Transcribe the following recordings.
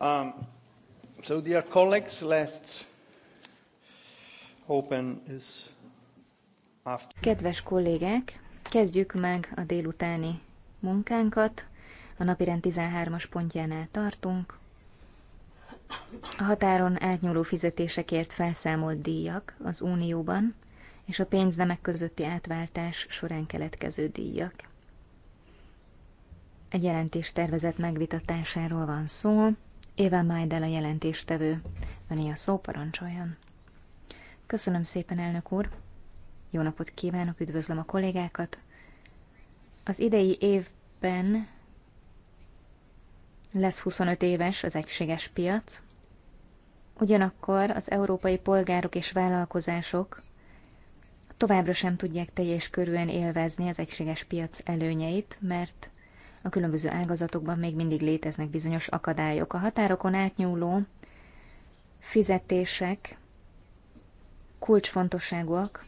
um, so, dear colleagues, let's open this after. Kedves kollégák, kezdjük meg a délutáni munkánkat. A napirend 13-as pontjánál tartunk. A határon átnyúló fizetésekért felszámolt díjak az Unióban és a pénznemek közötti átváltás során keletkező díjak. Egy jelentés tervezett megvitatásáról van szó. Éva Majdel a jelentéstevő. Öné a szó, parancsoljon. Köszönöm szépen, elnök úr. Jó napot kívánok, üdvözlöm a kollégákat. Az idei évben lesz 25 éves az egységes piac, ugyanakkor az európai polgárok és vállalkozások továbbra sem tudják teljes körűen élvezni az egységes piac előnyeit, mert a különböző ágazatokban még mindig léteznek bizonyos akadályok. A határokon átnyúló fizetések kulcsfontosságúak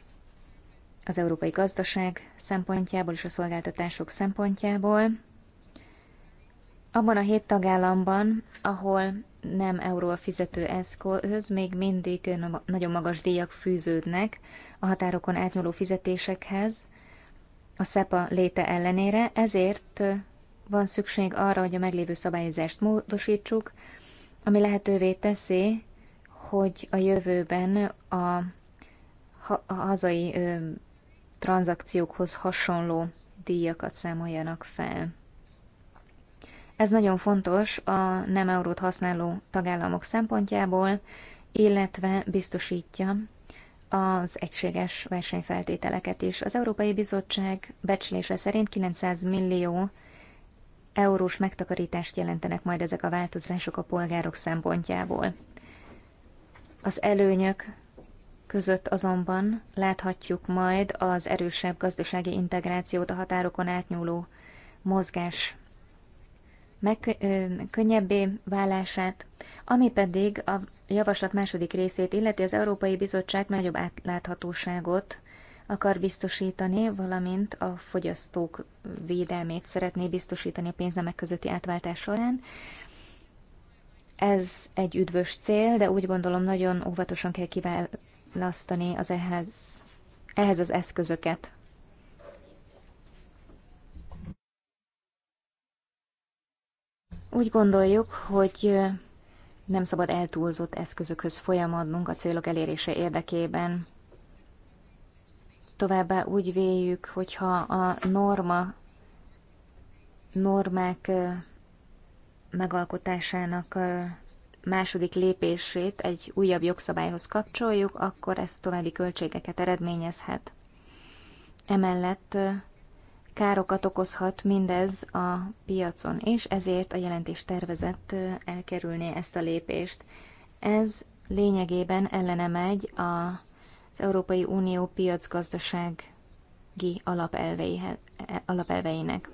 az európai gazdaság szempontjából és a szolgáltatások szempontjából. Abban a hét tagállamban, ahol nem a fizető eszköz, még mindig nagyon magas díjak fűződnek a határokon átnyúló fizetésekhez, a SEPA léte ellenére, ezért van szükség arra, hogy a meglévő szabályozást módosítsuk, ami lehetővé teszi, hogy a jövőben a, hazai ö, tranzakciókhoz hasonló díjakat számoljanak fel. Ez nagyon fontos a nem eurót használó tagállamok szempontjából, illetve biztosítja az egységes versenyfeltételeket is. Az Európai Bizottság becslése szerint 900 millió eurós megtakarítást jelentenek majd ezek a változások a polgárok szempontjából. Az előnyök között azonban láthatjuk majd az erősebb gazdasági integrációt a határokon átnyúló mozgás megkönnyebbé válását, ami pedig a javaslat második részét illeti az Európai Bizottság nagyobb átláthatóságot akar biztosítani, valamint a fogyasztók védelmét szeretné biztosítani a pénznemek közötti átváltás során. Ez egy üdvös cél, de úgy gondolom nagyon óvatosan kell kiválasztani az ehhez, ehhez az eszközöket, Úgy gondoljuk, hogy nem szabad eltúlzott eszközökhöz folyamodnunk a célok elérése érdekében. Továbbá úgy véljük, hogyha a norma, normák megalkotásának második lépését egy újabb jogszabályhoz kapcsoljuk, akkor ez további költségeket eredményezhet. Emellett károkat okozhat mindez a piacon, és ezért a jelentés tervezett elkerülni ezt a lépést. Ez lényegében ellene megy a az Európai Unió piacgazdasági alapelveinek.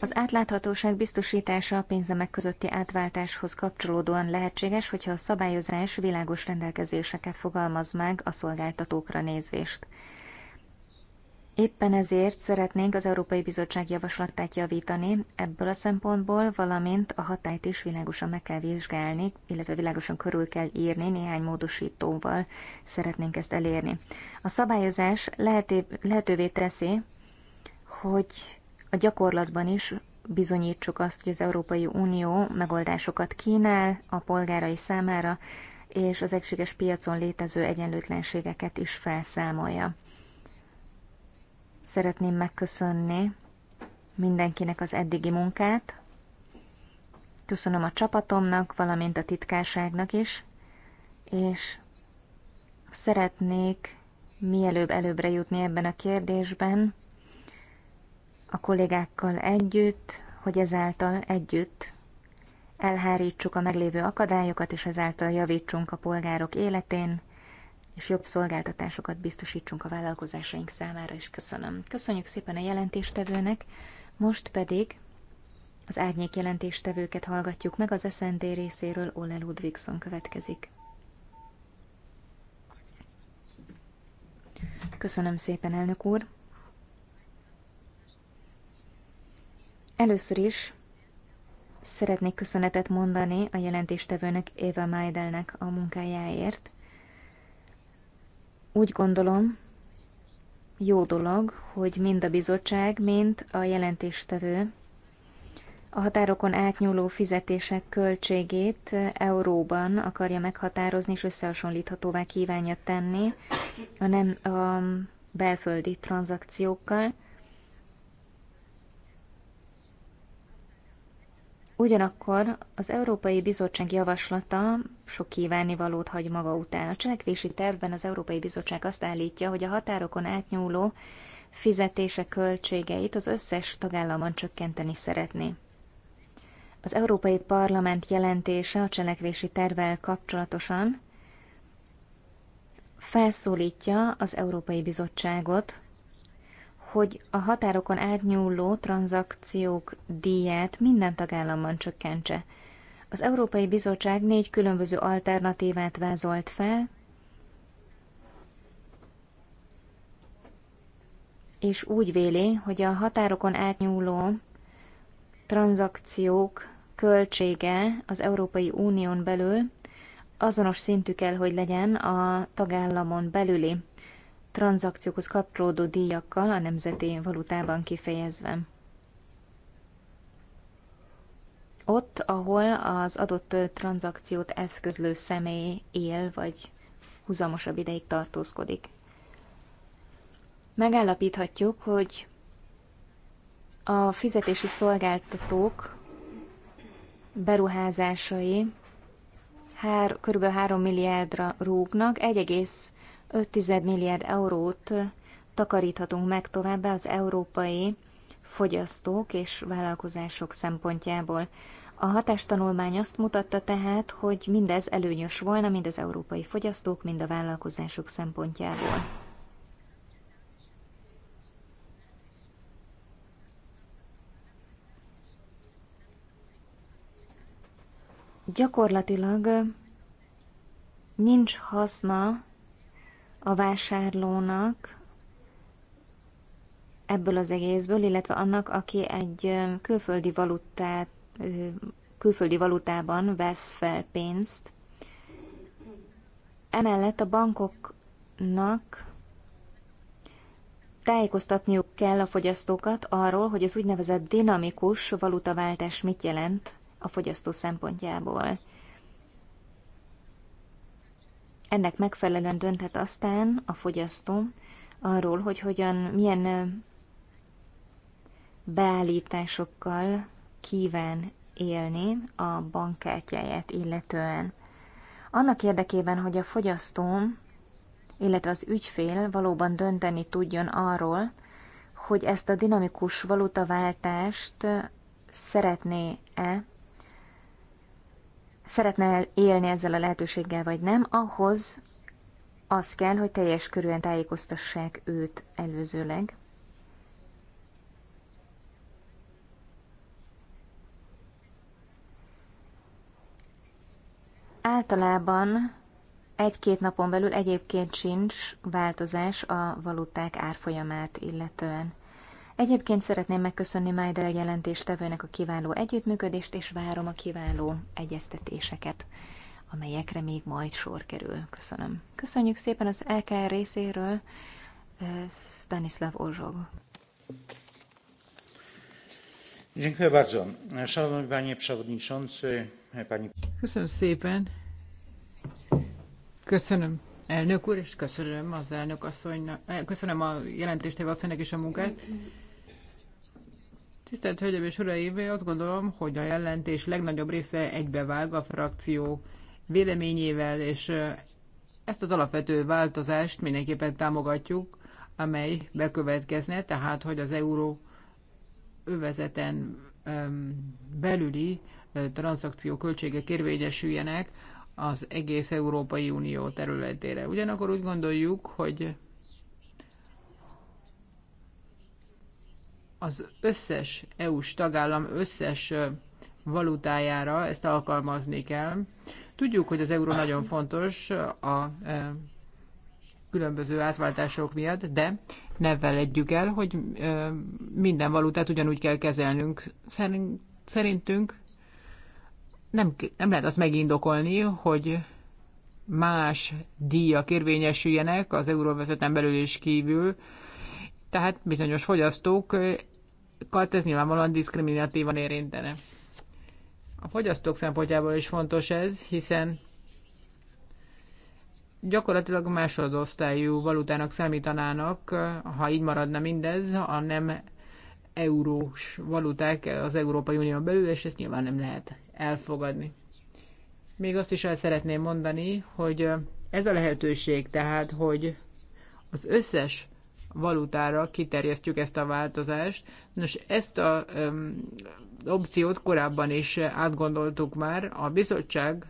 Az átláthatóság biztosítása a pénzemek közötti átváltáshoz kapcsolódóan lehetséges, hogyha a szabályozás világos rendelkezéseket fogalmaz meg a szolgáltatókra nézvést. Éppen ezért szeretnénk az Európai Bizottság javaslatát javítani ebből a szempontból, valamint a hatályt is világosan meg kell vizsgálni, illetve világosan körül kell írni, néhány módosítóval szeretnénk ezt elérni. A szabályozás leheté, lehetővé teszi, hogy a gyakorlatban is bizonyítsuk azt, hogy az Európai Unió megoldásokat kínál a polgárai számára, és az egységes piacon létező egyenlőtlenségeket is felszámolja. Szeretném megköszönni mindenkinek az eddigi munkát. Köszönöm a csapatomnak, valamint a titkárságnak is, és szeretnék mielőbb előbbre jutni ebben a kérdésben a kollégákkal együtt, hogy ezáltal együtt elhárítsuk a meglévő akadályokat, és ezáltal javítsunk a polgárok életén, és jobb szolgáltatásokat biztosítsunk a vállalkozásaink számára is. Köszönöm. Köszönjük szépen a jelentéstevőnek, most pedig az árnyék jelentéstevőket hallgatjuk meg, az SND részéről Ole Ludvigson következik. Köszönöm szépen, elnök úr! Először is szeretnék köszönetet mondani a jelentéstevőnek Éva Majdelnek a munkájáért. Úgy gondolom, jó dolog, hogy mind a bizottság, mint a jelentéstevő a határokon átnyúló fizetések költségét euróban akarja meghatározni és összehasonlíthatóvá kívánja tenni a, nem, a belföldi tranzakciókkal. Ugyanakkor az Európai Bizottság javaslata sok kívánivalót hagy maga után. A cselekvési tervben az Európai Bizottság azt állítja, hogy a határokon átnyúló fizetése költségeit az összes tagállamon csökkenteni szeretné. Az Európai Parlament jelentése a cselekvési tervvel kapcsolatosan felszólítja az Európai Bizottságot hogy a határokon átnyúló tranzakciók díját minden tagállamban csökkentse. Az Európai Bizottság négy különböző alternatívát vázolt fel, és úgy véli, hogy a határokon átnyúló tranzakciók költsége az Európai Unión belül azonos szintű kell, hogy legyen a tagállamon belüli tranzakciókhoz kapcsolódó díjakkal a nemzeti valutában kifejezve. Ott, ahol az adott tranzakciót eszközlő személy él, vagy huzamosabb ideig tartózkodik. Megállapíthatjuk, hogy a fizetési szolgáltatók beruházásai hár, kb. 3 milliárdra rúgnak, 5 milliárd eurót takaríthatunk meg továbbá az európai fogyasztók és vállalkozások szempontjából. A hatástanulmány azt mutatta tehát, hogy mindez előnyös volna mind az európai fogyasztók, mind a vállalkozások szempontjából. Gyakorlatilag nincs haszna a vásárlónak ebből az egészből, illetve annak, aki egy külföldi valutát, külföldi valutában vesz fel pénzt. Emellett a bankoknak tájékoztatniuk kell a fogyasztókat arról, hogy az úgynevezett dinamikus valutaváltás mit jelent a fogyasztó szempontjából. Ennek megfelelően dönthet aztán a fogyasztó arról, hogy hogyan, milyen beállításokkal kíván élni a bankkártyáját illetően. Annak érdekében, hogy a fogyasztó, illetve az ügyfél valóban dönteni tudjon arról, hogy ezt a dinamikus valutaváltást szeretné-e szeretne élni ezzel a lehetőséggel vagy nem, ahhoz az kell, hogy teljes körűen tájékoztassák őt előzőleg. Általában egy-két napon belül egyébként sincs változás a valuták árfolyamát illetően. Egyébként szeretném megköszönni Majdel jelentéstevőnek a kiváló együttműködést, és várom a kiváló egyeztetéseket, amelyekre még majd sor kerül. Köszönöm. Köszönjük szépen az LKR részéről, eh, Stanislav Ozsog. Dziękuję bardzo. Szanowny panie przewodniczący, pani... Köszönöm szépen. Köszönöm. Elnök úr, és köszönöm az elnök asszonynak, eh, köszönöm a jelentéstevő asszonynak is a munkát. Tisztelt Hölgyeim és Uraim, azt gondolom, hogy a jelentés legnagyobb része egybevág a frakció véleményével, és ezt az alapvető változást mindenképpen támogatjuk, amely bekövetkezne, tehát hogy az euró övezeten belüli tranzakció költségek érvényesüljenek az egész Európai Unió területére. Ugyanakkor úgy gondoljuk, hogy az összes EU-s tagállam összes valutájára ezt alkalmazni kell. Tudjuk, hogy az euró nagyon fontos a különböző átváltások miatt, de ne feledjük el, hogy minden valutát ugyanúgy kell kezelnünk. Szerintünk nem, nem lehet azt megindokolni, hogy más díjak érvényesüljenek az euróvezeten belül és kívül, tehát bizonyos fogyasztók ez nyilvánvalóan diszkriminatívan érintene. A fogyasztók szempontjából is fontos ez, hiszen gyakorlatilag osztályú valutának számítanának, ha így maradna mindez, a nem eurós valuták az Európai unió belül, és ezt nyilván nem lehet elfogadni. Még azt is el szeretném mondani, hogy ez a lehetőség tehát, hogy az összes valutára kiterjesztjük ezt a változást. Nos, ezt a um, opciót korábban is átgondoltuk már. A bizottság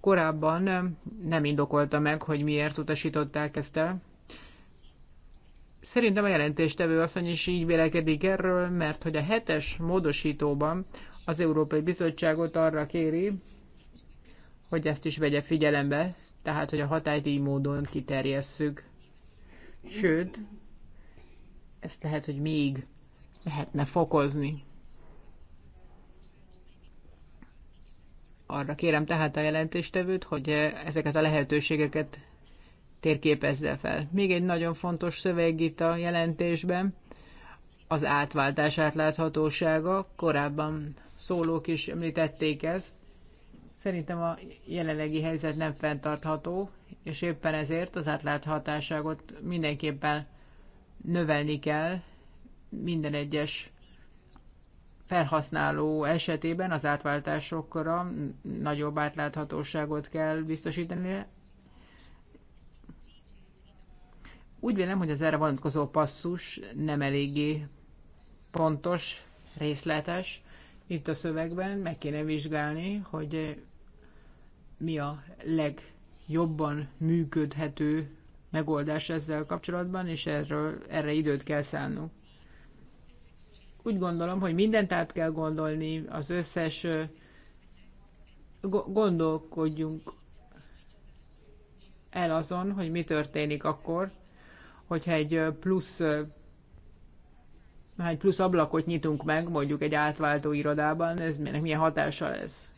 korábban nem indokolta meg, hogy miért utasították ezt el. Szerintem a jelentéstevő asszony is így vélekedik erről, mert hogy a hetes módosítóban az Európai Bizottságot arra kéri, hogy ezt is vegye figyelembe, tehát hogy a hatályt így módon kiterjesszük. Sőt, ezt lehet, hogy még lehetne fokozni. Arra kérem tehát a jelentéstevőt, hogy ezeket a lehetőségeket térképezze fel. Még egy nagyon fontos szöveg itt a jelentésben, az átváltás átláthatósága. Korábban szólók is említették ezt. Szerintem a jelenlegi helyzet nem fenntartható, és éppen ezért az átláthatáságot mindenképpen növelni kell minden egyes felhasználó esetében az átváltásokra nagyobb átláthatóságot kell biztosítani. Úgy vélem, hogy az erre vonatkozó passzus nem eléggé pontos, részletes. Itt a szövegben meg kéne vizsgálni, hogy mi a leg jobban működhető megoldás ezzel kapcsolatban, és erről, erre időt kell szánnunk. Úgy gondolom, hogy mindent át kell gondolni, az összes gondolkodjunk el azon, hogy mi történik akkor, hogyha egy plusz ha egy plusz ablakot nyitunk meg, mondjuk egy átváltó irodában, ez milyen, milyen hatása lesz.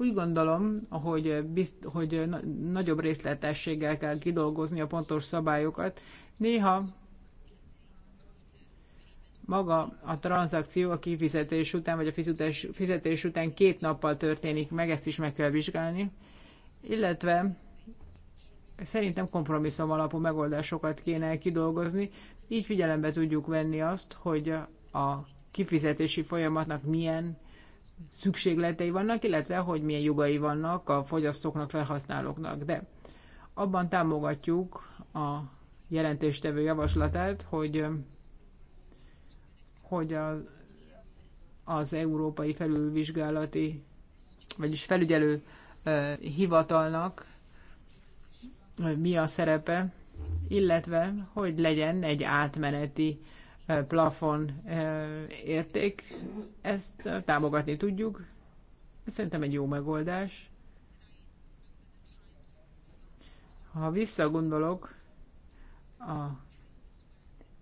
Úgy gondolom, hogy, eh, bizt, hogy eh, nagyobb részletességgel kell kidolgozni a pontos szabályokat. Néha maga a tranzakció a kifizetés után, vagy a fizetés után két nappal történik meg, ezt is meg kell vizsgálni, illetve szerintem kompromisszum alapú megoldásokat kéne kidolgozni, így figyelembe tudjuk venni azt, hogy a kifizetési folyamatnak milyen szükségletei vannak, illetve hogy milyen jogai vannak a fogyasztóknak, felhasználóknak. De abban támogatjuk a jelentéstevő javaslatát, hogy, hogy a, az európai felülvizsgálati, vagyis felügyelő hivatalnak mi a szerepe, illetve hogy legyen egy átmeneti plafon érték. Ezt támogatni tudjuk. Ez szerintem egy jó megoldás. Ha visszagondolok a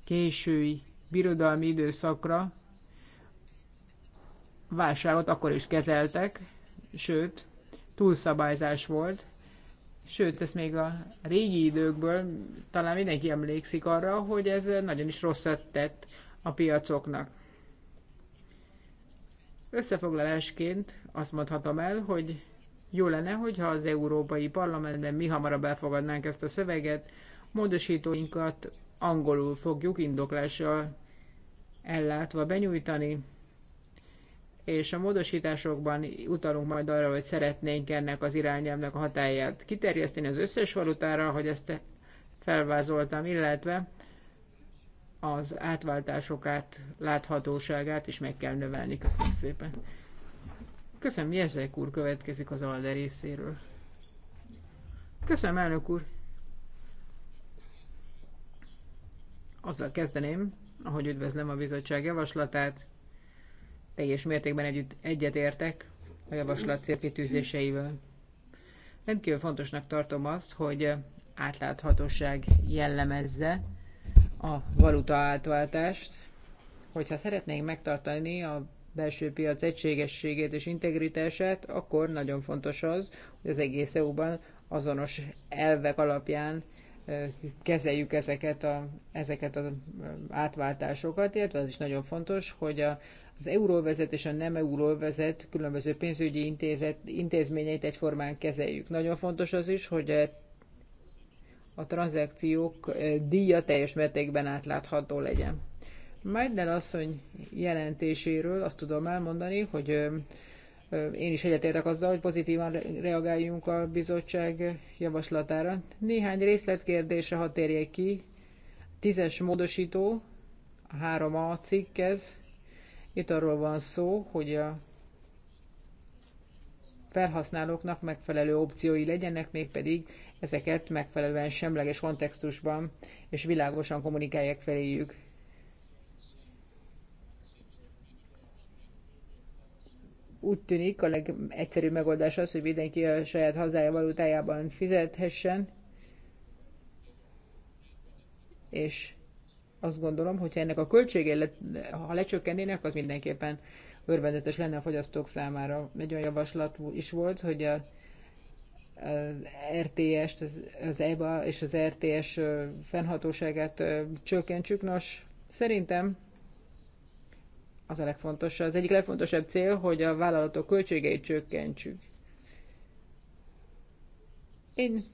késői birodalmi időszakra, válságot akkor is kezeltek, sőt, túlszabályzás volt, Sőt, ez még a régi időkből talán mindenki emlékszik arra, hogy ez nagyon is rosszat tett a piacoknak. Összefoglalásként azt mondhatom el, hogy jó lenne, hogyha az Európai Parlamentben mi hamarabb elfogadnánk ezt a szöveget, módosítóinkat angolul fogjuk indoklással ellátva benyújtani és a módosításokban utalunk majd arra, hogy szeretnénk ennek az irányelvnek a hatáját kiterjeszteni az összes valutára, hogy ezt felvázoltam, illetve az átváltásokát, láthatóságát is meg kell növelni. Köszönöm szépen. Köszönöm, Jezsek úr következik az ALDE részéről. Köszönöm, elnök úr. Azzal kezdeném, ahogy üdvözlöm a bizottság javaslatát, teljes mértékben együtt egyetértek a javaslat célkitűzéseivel. Rendkívül fontosnak tartom azt, hogy átláthatóság jellemezze a valuta átváltást. Hogyha szeretnénk megtartani a belső piac egységességét és integritását, akkor nagyon fontos az, hogy az egész EU-ban azonos elvek alapján kezeljük ezeket, a, ezeket a átváltásokat, illetve az is nagyon fontos, hogy a az euróvezet és a nem euróvezet különböző pénzügyi intézet, intézményeit egyformán kezeljük. Nagyon fontos az is, hogy e- a tranzakciók e, díja teljes mértékben átlátható legyen. Majdnel asszony jelentéséről azt tudom elmondani, hogy e, én is egyetértek azzal, hogy pozitívan reagáljunk a bizottság javaslatára. Néhány részletkérdése, ha térjek ki, tízes módosító, a 3A cikkez, itt arról van szó, hogy a felhasználóknak megfelelő opciói legyenek, mégpedig ezeket megfelelően semleges kontextusban és világosan kommunikálják feléjük. Úgy tűnik a legegyszerűbb megoldás az, hogy mindenki a saját hazája valutájában fizethessen, és azt gondolom, hogyha ennek a költsége, ha lecsökkennének, az mindenképpen örvendetes lenne a fogyasztók számára. Egy olyan javaslat is volt, hogy a, az RTS-t, az, az EBA és az RTS fennhatóságát csökkentsük. Nos, szerintem az a legfontosabb, az egyik legfontosabb cél, hogy a vállalatok költségeit csökkentsük. Én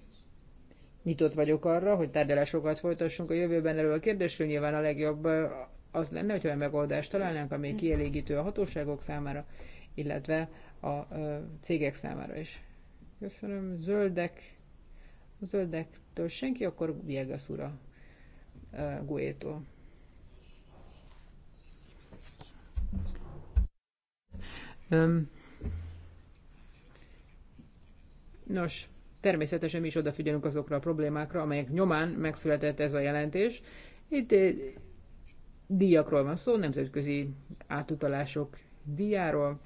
nyitott vagyok arra, hogy tárgyalásokat folytassunk a jövőben erről a kérdésről. Nyilván a legjobb az lenne, hogy olyan megoldást találnánk, ami mhm. kielégítő a hatóságok számára, illetve a cégek számára is. Köszönöm. Zöldek. A zöldektől senki, akkor Viegas ura Guétól. Nos, Természetesen mi is odafigyelünk azokra a problémákra, amelyek nyomán megszületett ez a jelentés. Itt eh, díjakról van szó, nemzetközi átutalások díjáról,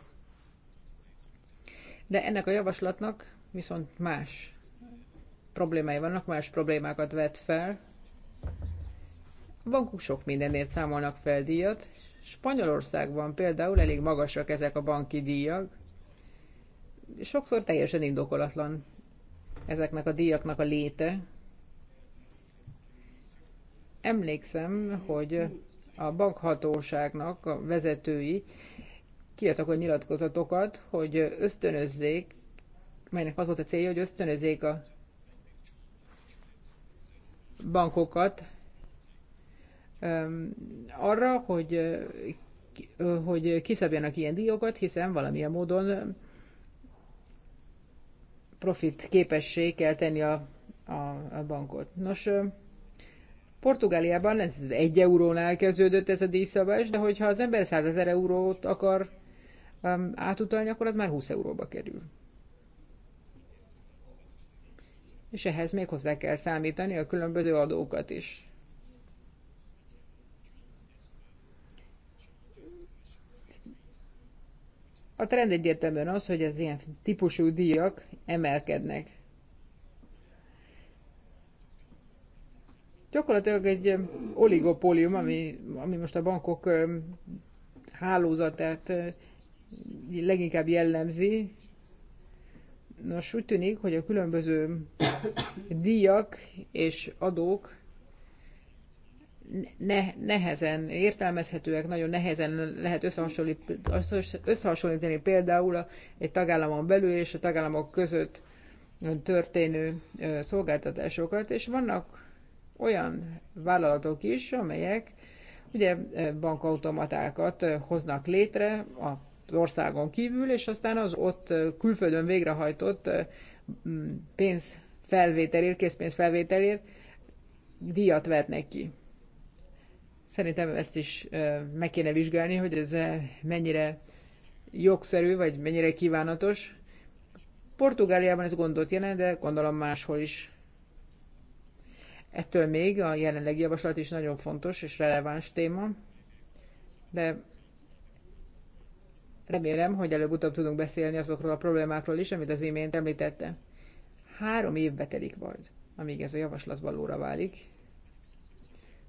de ennek a javaslatnak viszont más problémái vannak, más problémákat vet fel. A bankok sok mindenért számolnak fel díjat. Spanyolországban például elég magasak ezek a banki díjak, sokszor teljesen indokolatlan ezeknek a díjaknak a léte. Emlékszem, hogy a bankhatóságnak a vezetői kiadtak olyan nyilatkozatokat, hogy ösztönözzék, melynek az volt a célja, hogy ösztönözzék a bankokat arra, hogy, hogy kiszabjanak ilyen díjokat, hiszen valamilyen módon profit képessé kell tenni a, a, a bankot. Nos, Portugáliában ez egy eurónál kezdődött ez a díjszabás, de hogyha az ember 100 ezer eurót akar um, átutalni, akkor az már 20 euróba kerül. És ehhez még hozzá kell számítani a különböző adókat is. A trend egyértelműen az, hogy az ilyen típusú díjak emelkednek. Gyakorlatilag egy oligopólium, ami, ami most a bankok hálózatát leginkább jellemzi. Nos, úgy tűnik, hogy a különböző díjak és adók ne, nehezen értelmezhetőek, nagyon nehezen lehet összehasonlítani, összehasonlítani például egy tagállamon belül és a tagállamok között történő szolgáltatásokat, és vannak olyan vállalatok is, amelyek ugye bankautomatákat hoznak létre az országon kívül, és aztán az ott külföldön végrehajtott pénzfelvételért, készpénzfelvételért díjat vetnek ki. Szerintem ezt is meg kéne vizsgálni, hogy ez mennyire jogszerű, vagy mennyire kívánatos. Portugáliában ez gondot jelent, de gondolom máshol is. Ettől még a jelenlegi javaslat is nagyon fontos és releváns téma, de remélem, hogy előbb-utóbb tudunk beszélni azokról a problémákról is, amit az imént említette. Három évbe telik majd, amíg ez a javaslat valóra válik,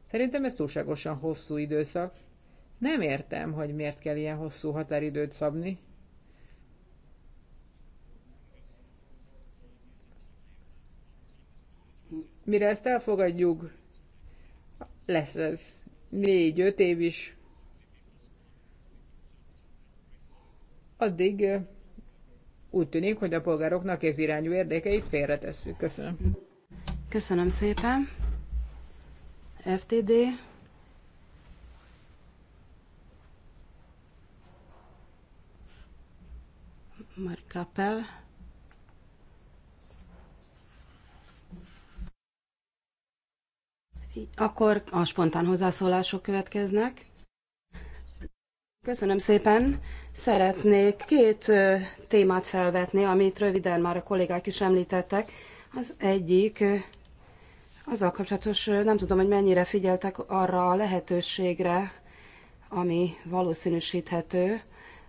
Szerintem ez túlságosan hosszú időszak. Nem értem, hogy miért kell ilyen hosszú határidőt szabni. Mire ezt elfogadjuk, lesz ez négy-öt év is. Addig eh, úgy tűnik, hogy a polgároknak ez irányú érdekeit félretesszük. Köszönöm. Köszönöm szépen. FTD. Mari Kapel. Akkor a spontán hozzászólások következnek. Köszönöm szépen. Szeretnék két témát felvetni, amit röviden már a kollégák is említettek. Az egyik azzal kapcsolatos nem tudom, hogy mennyire figyeltek arra a lehetőségre, ami valószínűsíthető,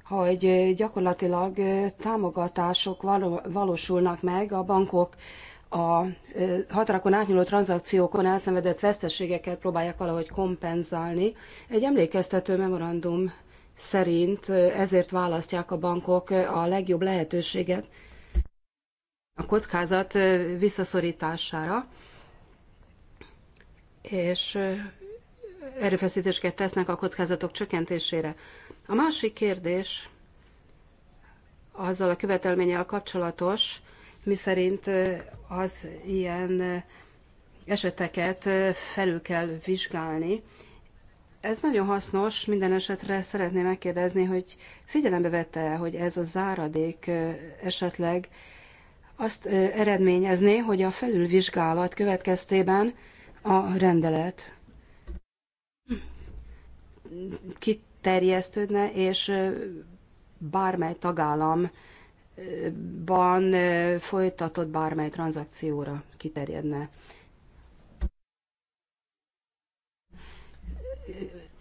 hogy gyakorlatilag támogatások valósulnak meg a bankok a határokon átnyúló tranzakciókon elszenvedett veszteségeket próbálják valahogy kompenzálni. Egy emlékeztető memorandum szerint ezért választják a bankok a legjobb lehetőséget a kockázat visszaszorítására és erőfeszítéseket tesznek a kockázatok csökkentésére. A másik kérdés azzal a követelménnyel kapcsolatos, miszerint az ilyen eseteket felül kell vizsgálni. Ez nagyon hasznos, minden esetre szeretném megkérdezni, hogy figyelembe vette -e, hogy ez a záradék esetleg azt eredményezné, hogy a felülvizsgálat következtében a rendelet kiterjesztődne, és bármely tagállamban folytatott bármely tranzakcióra kiterjedne.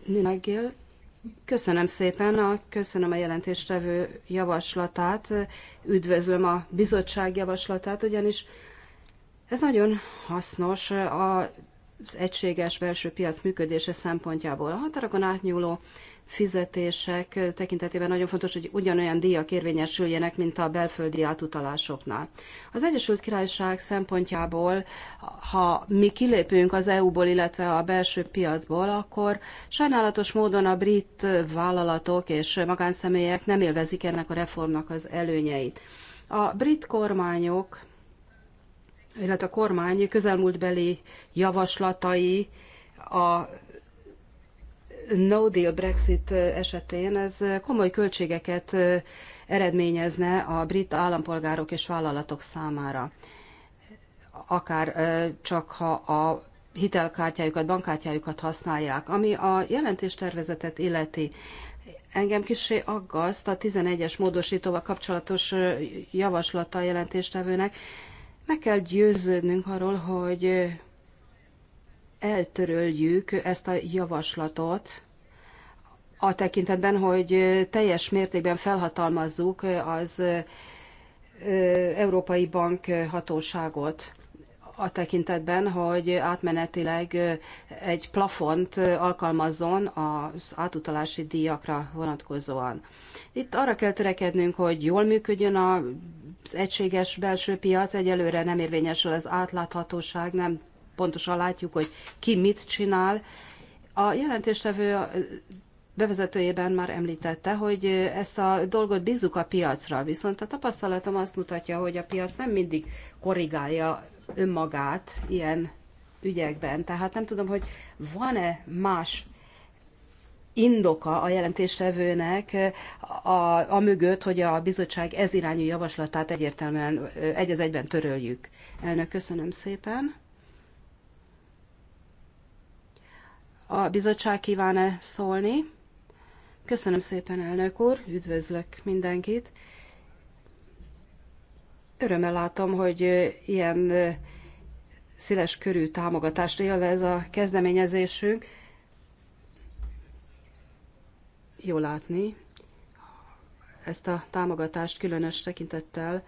Nagyél, köszönöm szépen, a, köszönöm a jelentéstevő javaslatát, üdvözlöm a bizottság javaslatát, ugyanis ez nagyon hasznos a az egységes belső piac működése szempontjából. A határokon átnyúló fizetések tekintetében nagyon fontos, hogy ugyanolyan díjak érvényesüljenek, mint a belföldi átutalásoknál. Az Egyesült Királyság szempontjából, ha mi kilépünk az EU-ból, illetve a belső piacból, akkor sajnálatos módon a brit vállalatok és magánszemélyek nem élvezik ennek a reformnak az előnyeit. A brit kormányok illetve a kormány közelmúltbeli javaslatai a no deal Brexit esetén ez komoly költségeket eredményezne a brit állampolgárok és vállalatok számára. Akár csak ha a hitelkártyájukat, bankkártyájukat használják. Ami a jelentéstervezetet illeti, engem kissé aggaszt a 11-es módosítóval kapcsolatos javaslata a jelentéstevőnek, meg kell győződnünk arról, hogy eltöröljük ezt a javaslatot a tekintetben, hogy teljes mértékben felhatalmazzuk az Európai Bank hatóságot a tekintetben, hogy átmenetileg egy plafont alkalmazzon az átutalási díjakra vonatkozóan. Itt arra kell törekednünk, hogy jól működjön az egységes belső piac, egyelőre nem érvényesül az átláthatóság, nem pontosan látjuk, hogy ki mit csinál. A jelentéstevő bevezetőjében már említette, hogy ezt a dolgot bízzuk a piacra, viszont a tapasztalatom azt mutatja, hogy a piac nem mindig korrigálja önmagát ilyen ügyekben. Tehát nem tudom, hogy van-e más indoka a jelentéstevőnek eh, a, a mögött, hogy a bizottság ez irányú javaslatát egyértelműen eh, egy az egyben töröljük. Elnök, köszönöm szépen. A bizottság kíván-e szólni? Köszönöm szépen, elnök úr, üdvözlök mindenkit. Örömmel látom, hogy ilyen széles körű támogatást élvez a kezdeményezésünk. Jó látni ezt a támogatást különös tekintettel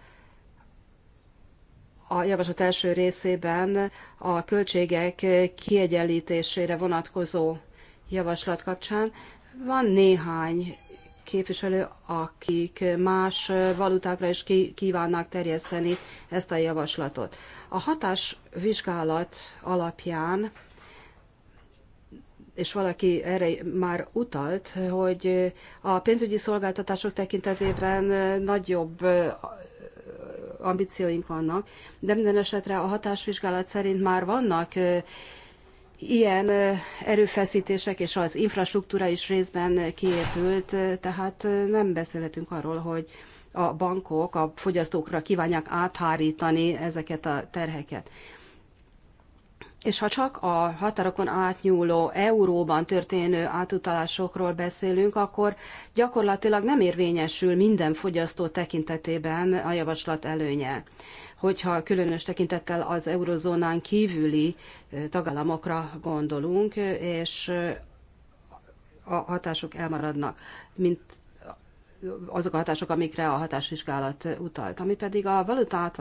a javaslat első részében a költségek kiegyenlítésére vonatkozó javaslat kapcsán. Van néhány képviselő, akik más valutákra is kívánnak terjeszteni ezt a javaslatot. A hatás vizsgálat alapján, és valaki erre már utalt, hogy a pénzügyi szolgáltatások tekintetében nagyobb ambícióink vannak, de minden esetre a hatásvizsgálat szerint már vannak ilyen erőfeszítések és az infrastruktúra is részben kiépült, tehát nem beszélhetünk arról, hogy a bankok a fogyasztókra kívánják áthárítani ezeket a terheket. És ha csak a határokon átnyúló euróban történő átutalásokról beszélünk, akkor gyakorlatilag nem érvényesül minden fogyasztó tekintetében a javaslat előnye hogyha különös tekintettel az eurozónán kívüli tagállamokra gondolunk, és a hatások elmaradnak, mint azok a hatások, amikre a hatásvizsgálat utalt. Ami pedig a valuta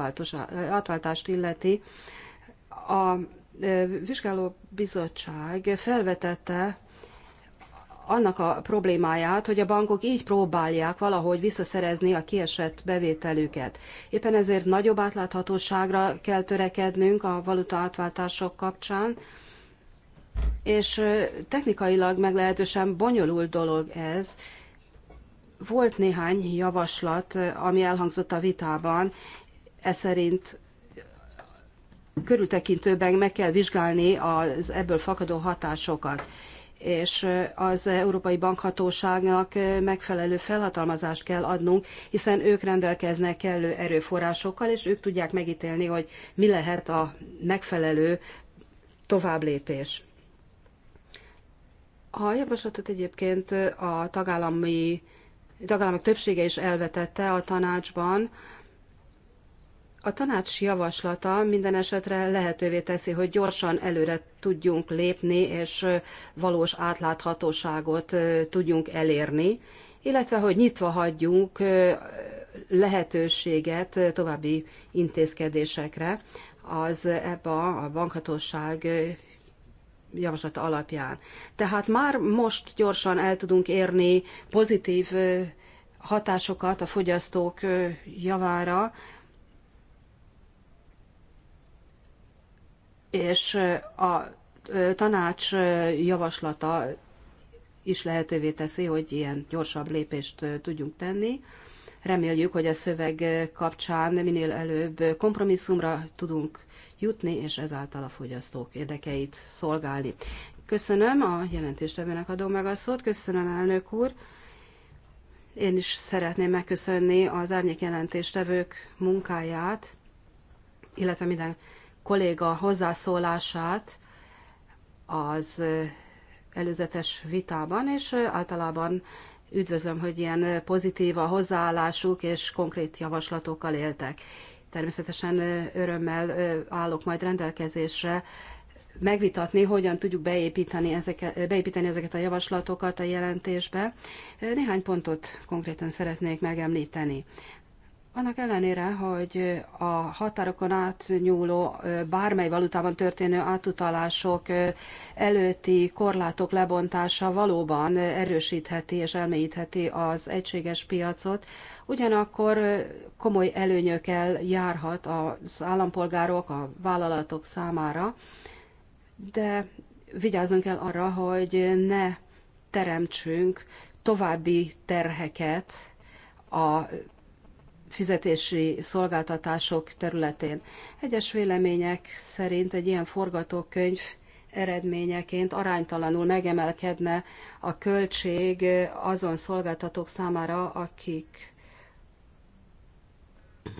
átváltást illeti, a vizsgáló bizottság felvetette annak a problémáját, hogy a bankok így próbálják valahogy visszaszerezni a kiesett bevételüket. Éppen ezért nagyobb átláthatóságra kell törekednünk a valuta átváltások kapcsán, és technikailag meglehetősen bonyolult dolog ez. Volt néhány javaslat, ami elhangzott a vitában, e szerint körültekintőben meg kell vizsgálni az ebből fakadó hatásokat és az Európai Bankhatóságnak megfelelő felhatalmazást kell adnunk, hiszen ők rendelkeznek kellő erőforrásokkal, és ők tudják megítélni, hogy mi lehet a megfelelő továbblépés. A javaslatot egyébként a tagállami, tagállamok többsége is elvetette a tanácsban, a tanács javaslata minden esetre lehetővé teszi, hogy gyorsan előre tudjunk lépni, és valós átláthatóságot tudjunk elérni, illetve hogy nyitva hagyjunk lehetőséget további intézkedésekre az EBA, a bankhatóság javaslata alapján. Tehát már most gyorsan el tudunk érni pozitív hatásokat a fogyasztók javára, és a tanács javaslata is lehetővé teszi, hogy ilyen gyorsabb lépést tudjunk tenni. Reméljük, hogy a szöveg kapcsán minél előbb kompromisszumra tudunk jutni, és ezáltal a fogyasztók érdekeit szolgálni. Köszönöm, a jelentéstevőnek adom meg a szót, köszönöm elnök úr. Én is szeretném megköszönni az árnyék jelentéstevők munkáját, illetve minden kolléga hozzászólását az előzetes vitában, és általában üdvözlöm, hogy ilyen pozitív a hozzáállásuk, és konkrét javaslatokkal éltek. Természetesen örömmel állok majd rendelkezésre megvitatni, hogyan tudjuk beépíteni ezeket, beépíteni ezeket a javaslatokat a jelentésbe. Néhány pontot konkrétan szeretnék megemlíteni. Annak ellenére, hogy a határokon átnyúló bármely valutában történő átutalások előtti korlátok lebontása valóban erősítheti és elmélyítheti az egységes piacot, ugyanakkor komoly előnyökkel járhat az állampolgárok, a vállalatok számára, de vigyáznunk kell arra, hogy ne teremtsünk további terheket a fizetési szolgáltatások területén. Egyes vélemények szerint egy ilyen forgatókönyv eredményeként aránytalanul megemelkedne a költség azon szolgáltatók számára, akik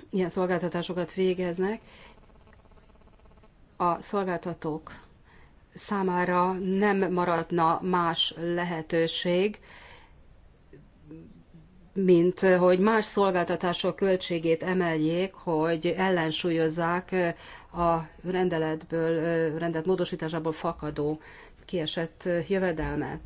ilyen szolgáltatásokat végeznek. A szolgáltatók számára nem maradna más lehetőség, mint eh, hogy más szolgáltatások költségét emeljék, hogy ellensúlyozzák eh, a rendeletből, eh, rendelet módosításából fakadó kiesett jövedelmet.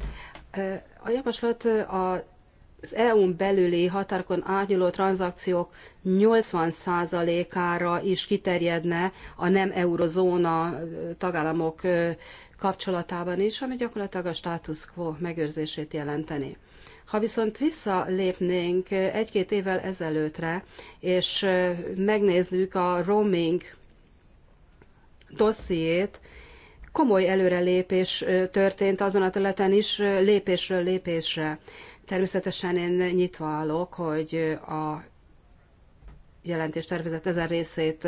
A javaslat az EU-n belüli határokon átnyúló tranzakciók 80%-ára is kiterjedne a nem eurozóna tagállamok kapcsolatában is, ami gyakorlatilag a status quo megőrzését jelenteni. Ha viszont visszalépnénk egy-két évvel ezelőtre, és megnézzük a roaming dossziét, komoly előrelépés történt azon a területen is, lépésről lépésre. Természetesen én nyitva állok, hogy a jelentés tervezet ezen részét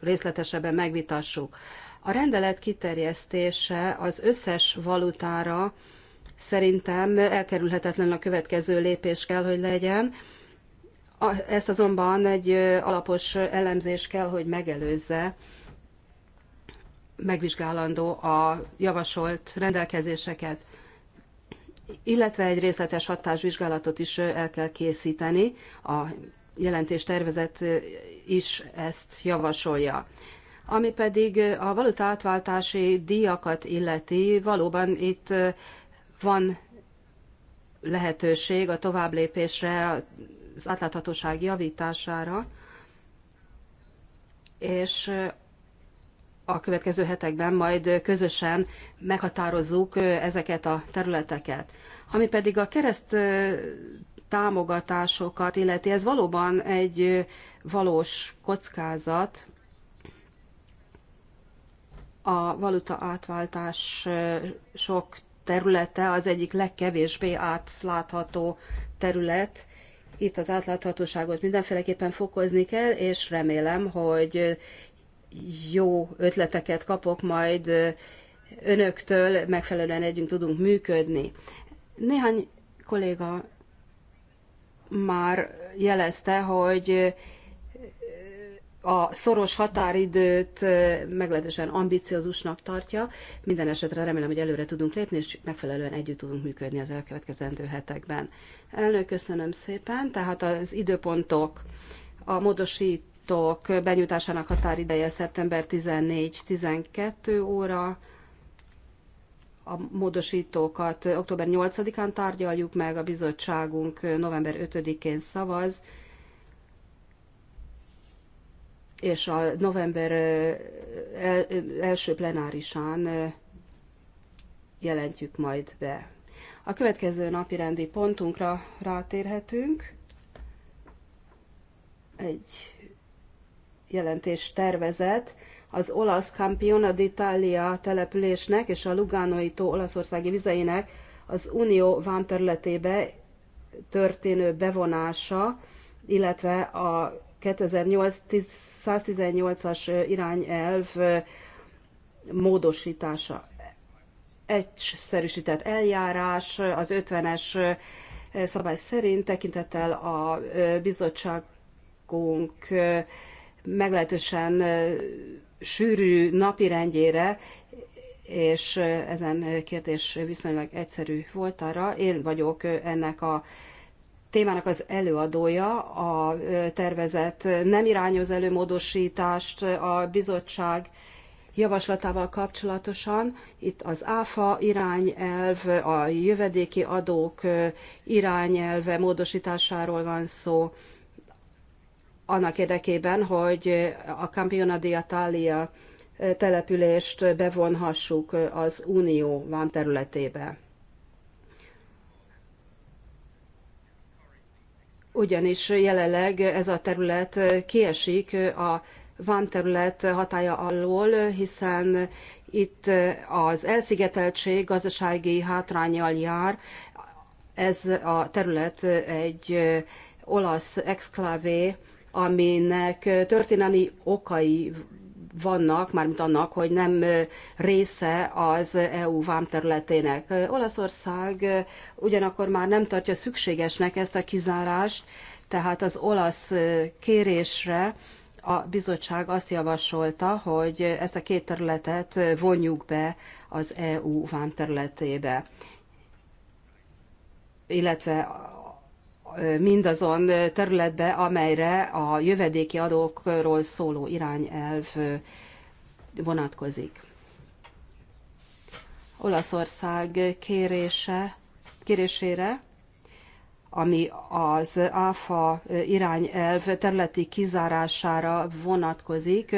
részletesebben megvitassuk. A rendelet kiterjesztése az összes valutára szerintem elkerülhetetlen a következő lépés kell, hogy legyen. Ezt azonban egy alapos elemzés kell, hogy megelőzze, megvizsgálandó a javasolt rendelkezéseket, illetve egy részletes hatásvizsgálatot is el kell készíteni, a jelentés tervezet is ezt javasolja. Ami pedig a valuta átváltási díjakat illeti, valóban itt van lehetőség a továbblépésre, az átláthatóság javítására, és a következő hetekben majd közösen meghatározzuk ezeket a területeket. Ami pedig a kereszt támogatásokat illeti, ez valóban egy valós kockázat, a valuta átváltás sok területe az egyik legkevésbé átlátható terület. Itt az átláthatóságot mindenféleképpen fokozni kell, és remélem, hogy jó ötleteket kapok majd önöktől, megfelelően együtt tudunk működni. Néhány kolléga már jelezte, hogy a szoros határidőt meglehetősen ambiciózusnak tartja. Minden esetre remélem, hogy előre tudunk lépni, és megfelelően együtt tudunk működni az elkövetkezendő hetekben. Elnök, köszönöm szépen. Tehát az időpontok, a módosítók benyújtásának határideje szeptember 14-12 óra, a módosítókat október 8-án tárgyaljuk meg, a bizottságunk november 5-én szavaz, és a november első plenárisán jelentjük majd be. A következő napi rendi pontunkra rátérhetünk. Egy jelentés tervezet az olasz Campiona d'Italia településnek és a Lugánoi tó olaszországi vizeinek az unió vámterületébe történő bevonása, illetve a 2008-118-as irányelv módosítása. Egyszerűsített eljárás az 50-es szabály szerint tekintettel a bizottságunk meglehetősen sűrű napirendjére, és ezen kérdés viszonylag egyszerű volt arra, Én vagyok ennek a témának az előadója, a tervezet nem irányoz elő a bizottság javaslatával kapcsolatosan. Itt az ÁFA irányelv, a jövedéki adók irányelve módosításáról van szó annak érdekében, hogy a Campiona di Italia települést bevonhassuk az Unió vám területébe. ugyanis jelenleg ez a terület kiesik a van terület hatája alól, hiszen itt az elszigeteltség gazdasági hátrányjal jár. Ez a terület egy olasz exklávé, aminek történelmi okai vannak, mármint annak, hogy nem része az EU vámterületének. Olaszország ugyanakkor már nem tartja szükségesnek ezt a kizárást, tehát az olasz kérésre a bizottság azt javasolta, hogy ezt a két területet vonjuk be az EU vámterületébe illetve mindazon területbe, amelyre a jövedéki adókról szóló irányelv vonatkozik. Olaszország kérése, kérésére, ami az ÁFA irányelv területi kizárására vonatkozik.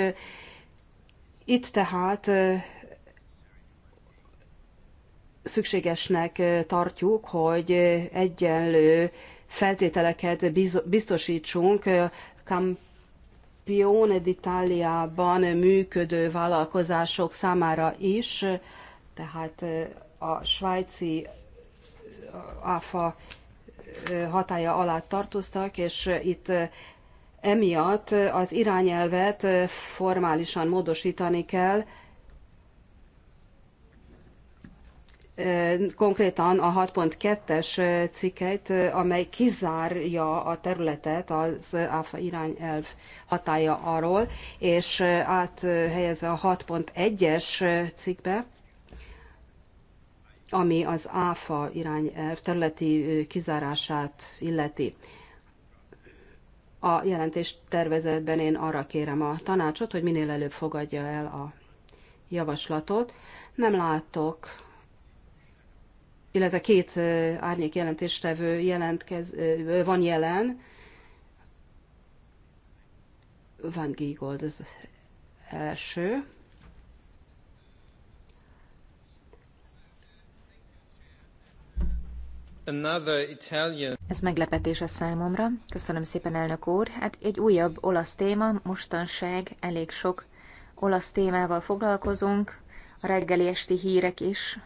Itt tehát szükségesnek tartjuk, hogy egyenlő feltételeket biztosítsunk Campione d'Italiában működő vállalkozások számára is, tehát a svájci áfa hatája alá tartoztak, és itt emiatt az irányelvet formálisan módosítani kell, konkrétan a 6.2-es cikkeit, amely kizárja a területet az ÁFA irányelv hatája arról, és áthelyezve a 6.1-es cikkbe, ami az ÁFA irányelv területi kizárását illeti. A jelentés tervezetben én arra kérem a tanácsot, hogy minél előbb fogadja el a javaslatot. Nem látok illetve két árnyék jelentéstevő jelentkez, van jelen. Van Giegold az első. Ez meglepetés a számomra. Köszönöm szépen, elnök úr. Hát egy újabb olasz téma, mostanság elég sok olasz témával foglalkozunk. A reggeli esti hírek is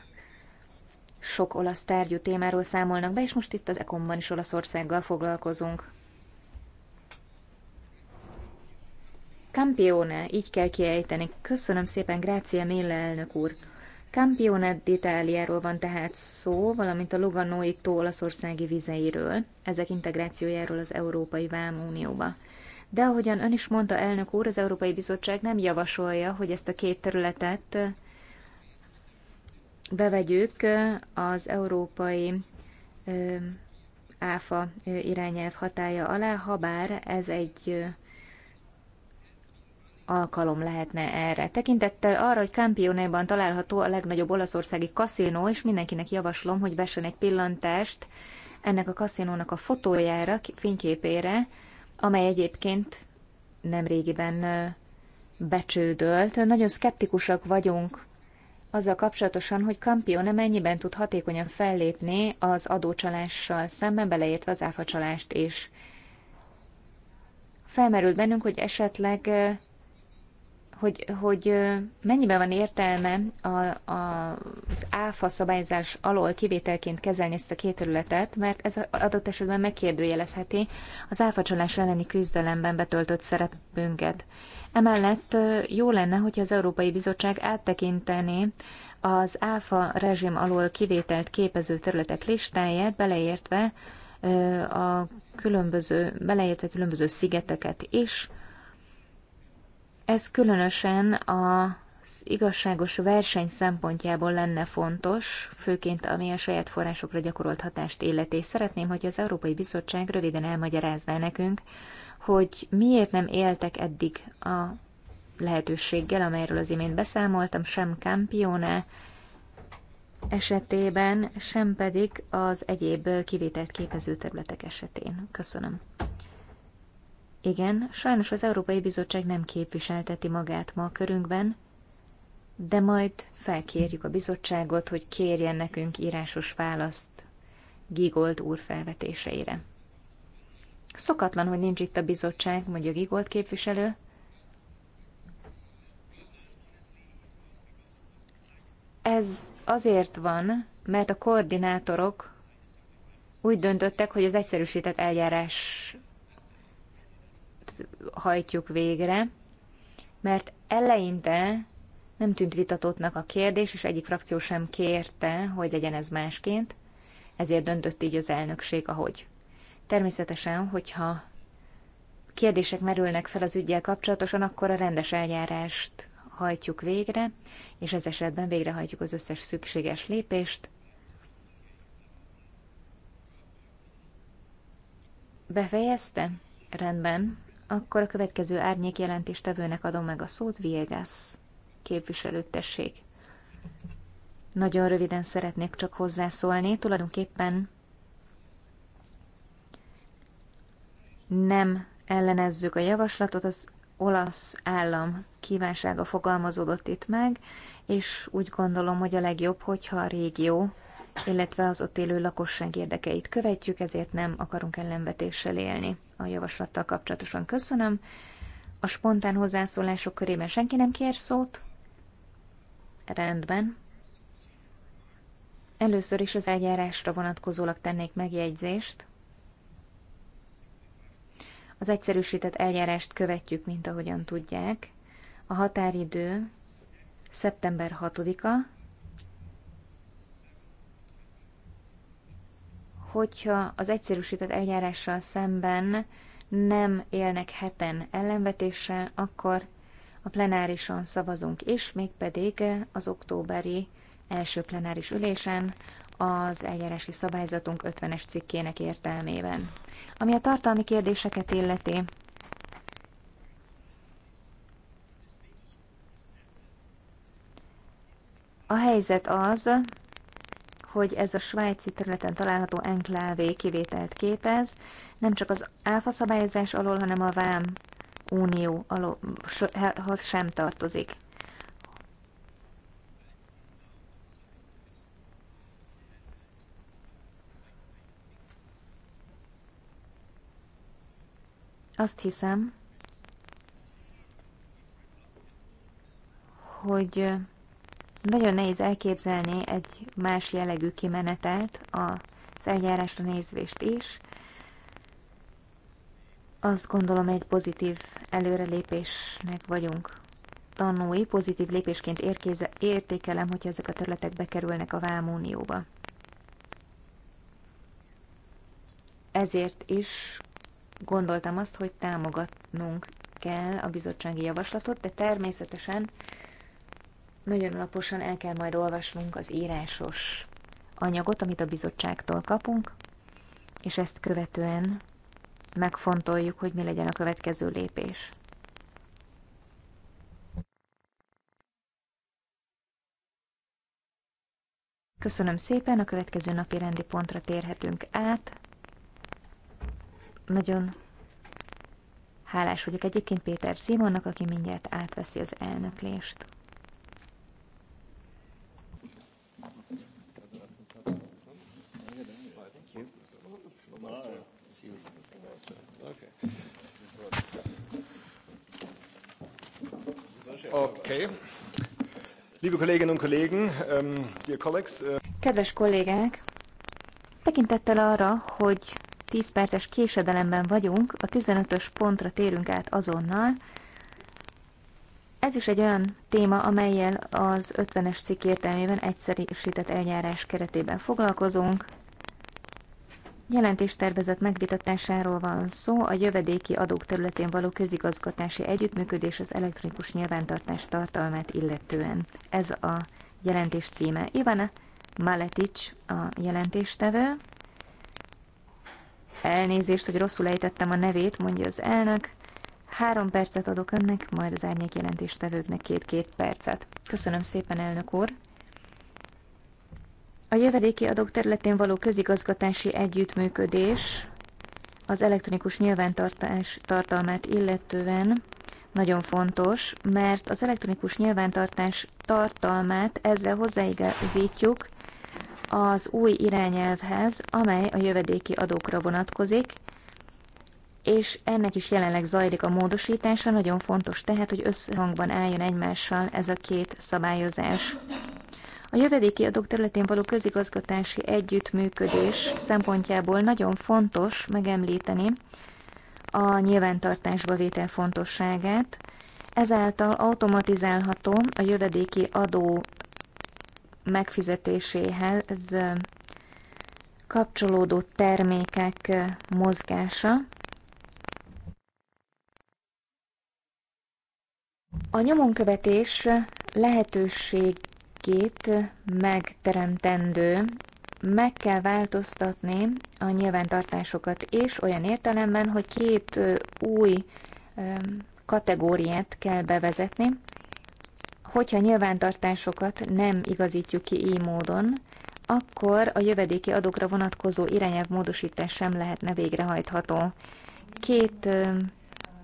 sok olasz tárgyú témáról számolnak be, és most itt az Ekomban is Olaszországgal foglalkozunk. Campione, így kell kiejteni. Köszönöm szépen, Grácia Mille elnök úr. Campione d'Italiáról van tehát szó, valamint a Luganói tó olaszországi vizeiről, ezek integrációjáról az Európai Vámunióba. De ahogyan ön is mondta, elnök úr, az Európai Bizottság nem javasolja, hogy ezt a két területet bevegyük az európai áfa irányelv hatája alá, habár ez egy alkalom lehetne erre. Tekintettel arra, hogy Campione-ban található a legnagyobb olaszországi kaszinó, és mindenkinek javaslom, hogy vessen egy pillantást ennek a kaszinónak a fotójára, fényképére, amely egyébként nem régiben becsődölt. Nagyon szkeptikusak vagyunk azzal kapcsolatosan, hogy Campione mennyiben tud hatékonyan fellépni az adócsalással szemben, beleértve az áfacsalást is. Felmerült bennünk, hogy esetleg hogy, hogy mennyiben van értelme a, a, az áfa szabályzás alól kivételként kezelni ezt a két területet, mert ez adott esetben megkérdőjelezheti az áfacsalás elleni küzdelemben betöltött szerepünket. Emellett jó lenne, hogyha az Európai Bizottság áttekintené az ÁFA rezsim alól kivételt képező területek listáját, beleértve a különböző, beleértve különböző szigeteket is. Ez különösen az igazságos verseny szempontjából lenne fontos, főként ami a saját forrásokra gyakorolt hatást illeti. Szeretném, hogy az Európai Bizottság röviden elmagyarázná nekünk, hogy miért nem éltek eddig a lehetőséggel, amelyről az imént beszámoltam, sem Campione esetében, sem pedig az egyéb kivételt képező területek esetén. Köszönöm. Igen, sajnos az Európai Bizottság nem képviselteti magát ma a körünkben, de majd felkérjük a bizottságot, hogy kérjen nekünk írásos választ Gigold úr felvetéseire. Szokatlan, hogy nincs itt a bizottság, mondja Gigolt képviselő. Ez azért van, mert a koordinátorok úgy döntöttek, hogy az egyszerűsített eljárás hajtjuk végre, mert eleinte nem tűnt vitatottnak a kérdés, és egyik frakció sem kérte, hogy legyen ez másként, ezért döntött így az elnökség, ahogy. Természetesen, hogyha kérdések merülnek fel az ügyel kapcsolatosan, akkor a rendes eljárást hajtjuk végre, és ez esetben végrehajtjuk az összes szükséges lépést. Befejezte? Rendben. Akkor a következő árnyék jelentéstevőnek adom meg a szót, Viegas képviselőtesség. Nagyon röviden szeretnék csak hozzászólni. Tulajdonképpen nem ellenezzük a javaslatot, az olasz állam kívánsága fogalmazódott itt meg, és úgy gondolom, hogy a legjobb, hogyha a régió, illetve az ott élő lakosság érdekeit követjük, ezért nem akarunk ellenvetéssel élni a javaslattal kapcsolatosan. Köszönöm. A spontán hozzászólások körében senki nem kér szót? Rendben. Először is az eljárásra vonatkozólag tennék megjegyzést. Az egyszerűsített eljárást követjük, mint ahogyan tudják. A határidő szeptember 6-a, hogyha az egyszerűsített eljárással szemben nem élnek heten ellenvetéssel, akkor a plenárison szavazunk is, mégpedig az októberi első plenáris ülésen, az eljárási szabályzatunk 50-es cikkének értelmében. Ami a tartalmi kérdéseket illeti, a helyzet az, hogy ez a svájci területen található enklávé kivételt képez, nem csak az áfa szabályozás alól, hanem a vám unió alól sem tartozik. Azt hiszem, hogy nagyon nehéz elképzelni egy más jellegű kimenetelt, az eljárásra nézvést is. Azt gondolom, egy pozitív előrelépésnek vagyunk tanúi, pozitív lépésként érkéze, értékelem, hogyha ezek a területek bekerülnek a vámúnióba. Ezért is gondoltam azt, hogy támogatnunk kell a bizottsági javaslatot, de természetesen nagyon alaposan el kell majd olvasnunk az írásos anyagot, amit a bizottságtól kapunk, és ezt követően megfontoljuk, hogy mi legyen a következő lépés. Köszönöm szépen, a következő napi rendi pontra térhetünk át. Nagyon hálás vagyok egyébként Péter Simonnak, aki mindjárt átveszi az elnöklést. Okay. Liebe Kolleginnen und Kollegen, ähm, dear colleagues. Äh, Kedves kollégák, tekintettel arra, hogy 10 perces késedelemben vagyunk, a 15-ös pontra térünk át azonnal. Ez is egy olyan téma, amelyel az 50-es cikk értelmében egyszerűsített eljárás keretében foglalkozunk. Jelentéstervezet megvitatásáról van szó, a jövedéki adók területén való közigazgatási együttműködés az elektronikus nyilvántartás tartalmát illetően. Ez a jelentés címe. Ivana Maletic a jelentéstevő. Elnézést, hogy rosszul ejtettem a nevét, mondja az elnök. Három percet adok önnek, majd az árnyék jelentéstevőknek két-két percet. Köszönöm szépen, elnök úr. A jövedéki adók területén való közigazgatási együttműködés az elektronikus nyilvántartás tartalmát illetően nagyon fontos, mert az elektronikus nyilvántartás tartalmát ezzel hozzáigazítjuk az új irányelvhez, amely a jövedéki adókra vonatkozik, és ennek is jelenleg zajlik a módosítása, nagyon fontos tehát, hogy összhangban álljon egymással ez a két szabályozás. A jövedéki adók területén való közigazgatási együttműködés szempontjából nagyon fontos megemlíteni a nyilvántartásba vétel fontosságát, ezáltal automatizálható a jövedéki adó megfizetéséhez kapcsolódó termékek mozgása. A nyomonkövetés lehetőségét megteremtendő, meg kell változtatni a nyilvántartásokat és olyan értelemben, hogy két új kategóriát kell bevezetni, Hogyha nyilvántartásokat nem igazítjuk ki így módon, akkor a jövedéki adókra vonatkozó irányelv módosítás sem lehetne végrehajtható. Két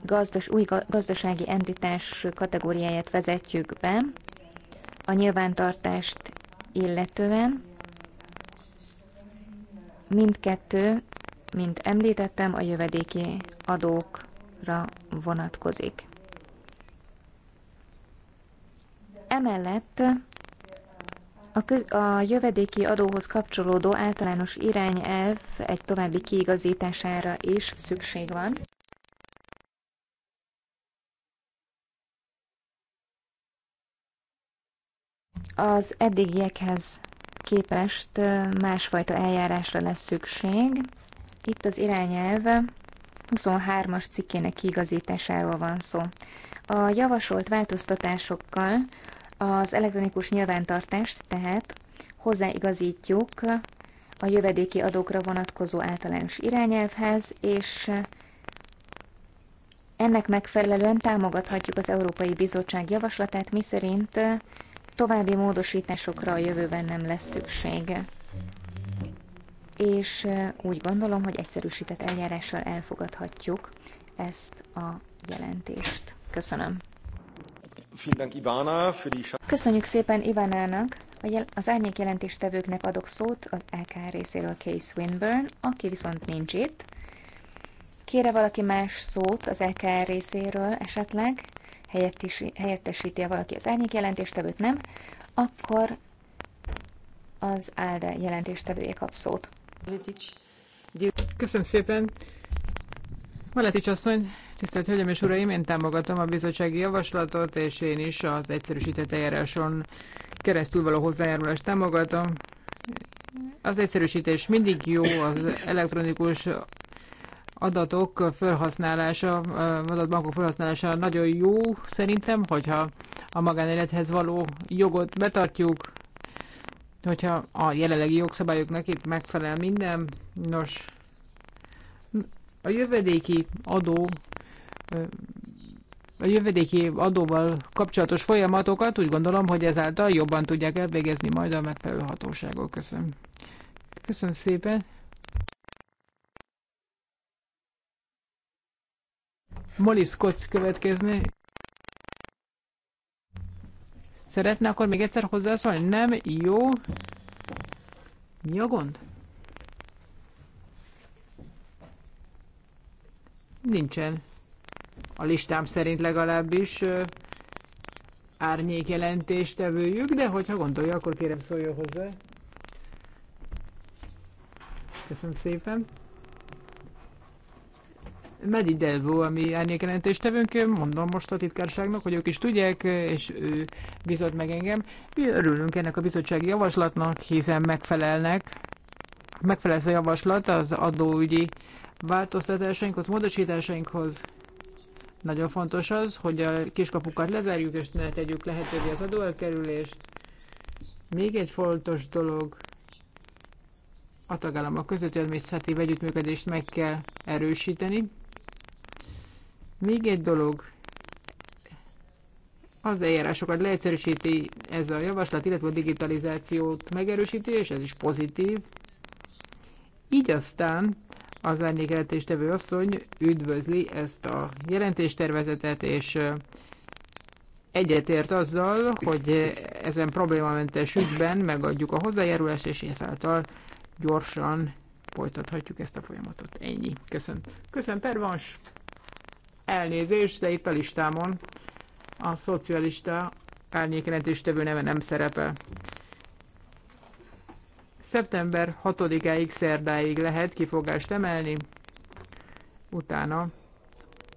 gazdas, új gazdasági entitás kategóriáját vezetjük be a nyilvántartást illetően. Mindkettő, mint említettem, a jövedéki adókra vonatkozik. Emellett a, köz, a jövedéki adóhoz kapcsolódó általános irányelv egy további kiigazítására is szükség van. Az eddigiekhez képest másfajta eljárásra lesz szükség. Itt az irányelv 23-as cikkének kiigazításáról van szó. A javasolt változtatásokkal az elektronikus nyilvántartást tehát hozzáigazítjuk a jövedéki adókra vonatkozó általános irányelvhez, és ennek megfelelően támogathatjuk az Európai Bizottság javaslatát, miszerint további módosításokra a jövőben nem lesz szükség. És úgy gondolom, hogy egyszerűsített eljárással elfogadhatjuk ezt a jelentést. Köszönöm. Köszönjük szépen Ivánának! Az árnyék jelentéstevőknek adok szót az LK részéről Kay Swinburne, aki viszont nincs itt. Kére valaki más szót az LK részéről esetleg? Helyettesíti-e valaki az árnyék jelentéstevőt? Nem. Akkor az ALDE jelentéstevője kap szót. Köszönöm szépen! Maletics asszony, Tisztelt Hölgyeim és Uraim, én támogatom a bizottsági javaslatot, és én is az egyszerűsített eljáráson keresztül való hozzájárulást támogatom. Az egyszerűsítés mindig jó, az elektronikus adatok felhasználása, adatbankok felhasználása nagyon jó szerintem, hogyha a magánélethez való jogot betartjuk, hogyha a jelenlegi jogszabályoknak itt megfelel minden. Nos, a jövedéki adó a jövedéki adóval kapcsolatos folyamatokat, úgy gondolom, hogy ezáltal jobban tudják elvégezni majd a megfelelő hatóságok. Köszönöm. Köszönöm szépen. Molly Scott következne. Szeretne akkor még egyszer hozzászólni? Nem? Jó. Mi a gond? Nincsen a listám szerint legalábbis árnyék jelentéstevőjük, de hogyha gondolja, akkor kérem szóljon hozzá. Köszönöm szépen. Medi Delvo, ami árnyékjelentéstevőnk, mondom most a titkárságnak, hogy ők is tudják, és ő bizott meg engem. Mi örülünk ennek a bizottsági javaslatnak, hiszen megfelelnek, megfelel ez a javaslat az adóügyi változtatásainkhoz, módosításainkhoz, nagyon fontos az, hogy a kiskapukat lezárjuk, és ne tegyük lehetővé az adóelkerülést. Még egy fontos dolog, a tagállamok közötti adminisztratív együttműködést meg kell erősíteni. Még egy dolog, az eljárásokat leegyszerűsíti ez a javaslat, illetve a digitalizációt megerősíti, és ez is pozitív. Így aztán az árnyékjelentéstevő asszony üdvözli ezt a jelentéstervezetet, és egyetért azzal, hogy ezen problémamentes ügyben megadjuk a hozzájárulást, és ezáltal gyorsan folytathatjuk ezt a folyamatot. Ennyi. Köszönöm. Köszönöm, Pervans. Elnézést, de itt a listámon a szocialista árnyékjelentéstevő neve nem szerepel. Szeptember 6-áig, szerdáig lehet kifogást emelni, utána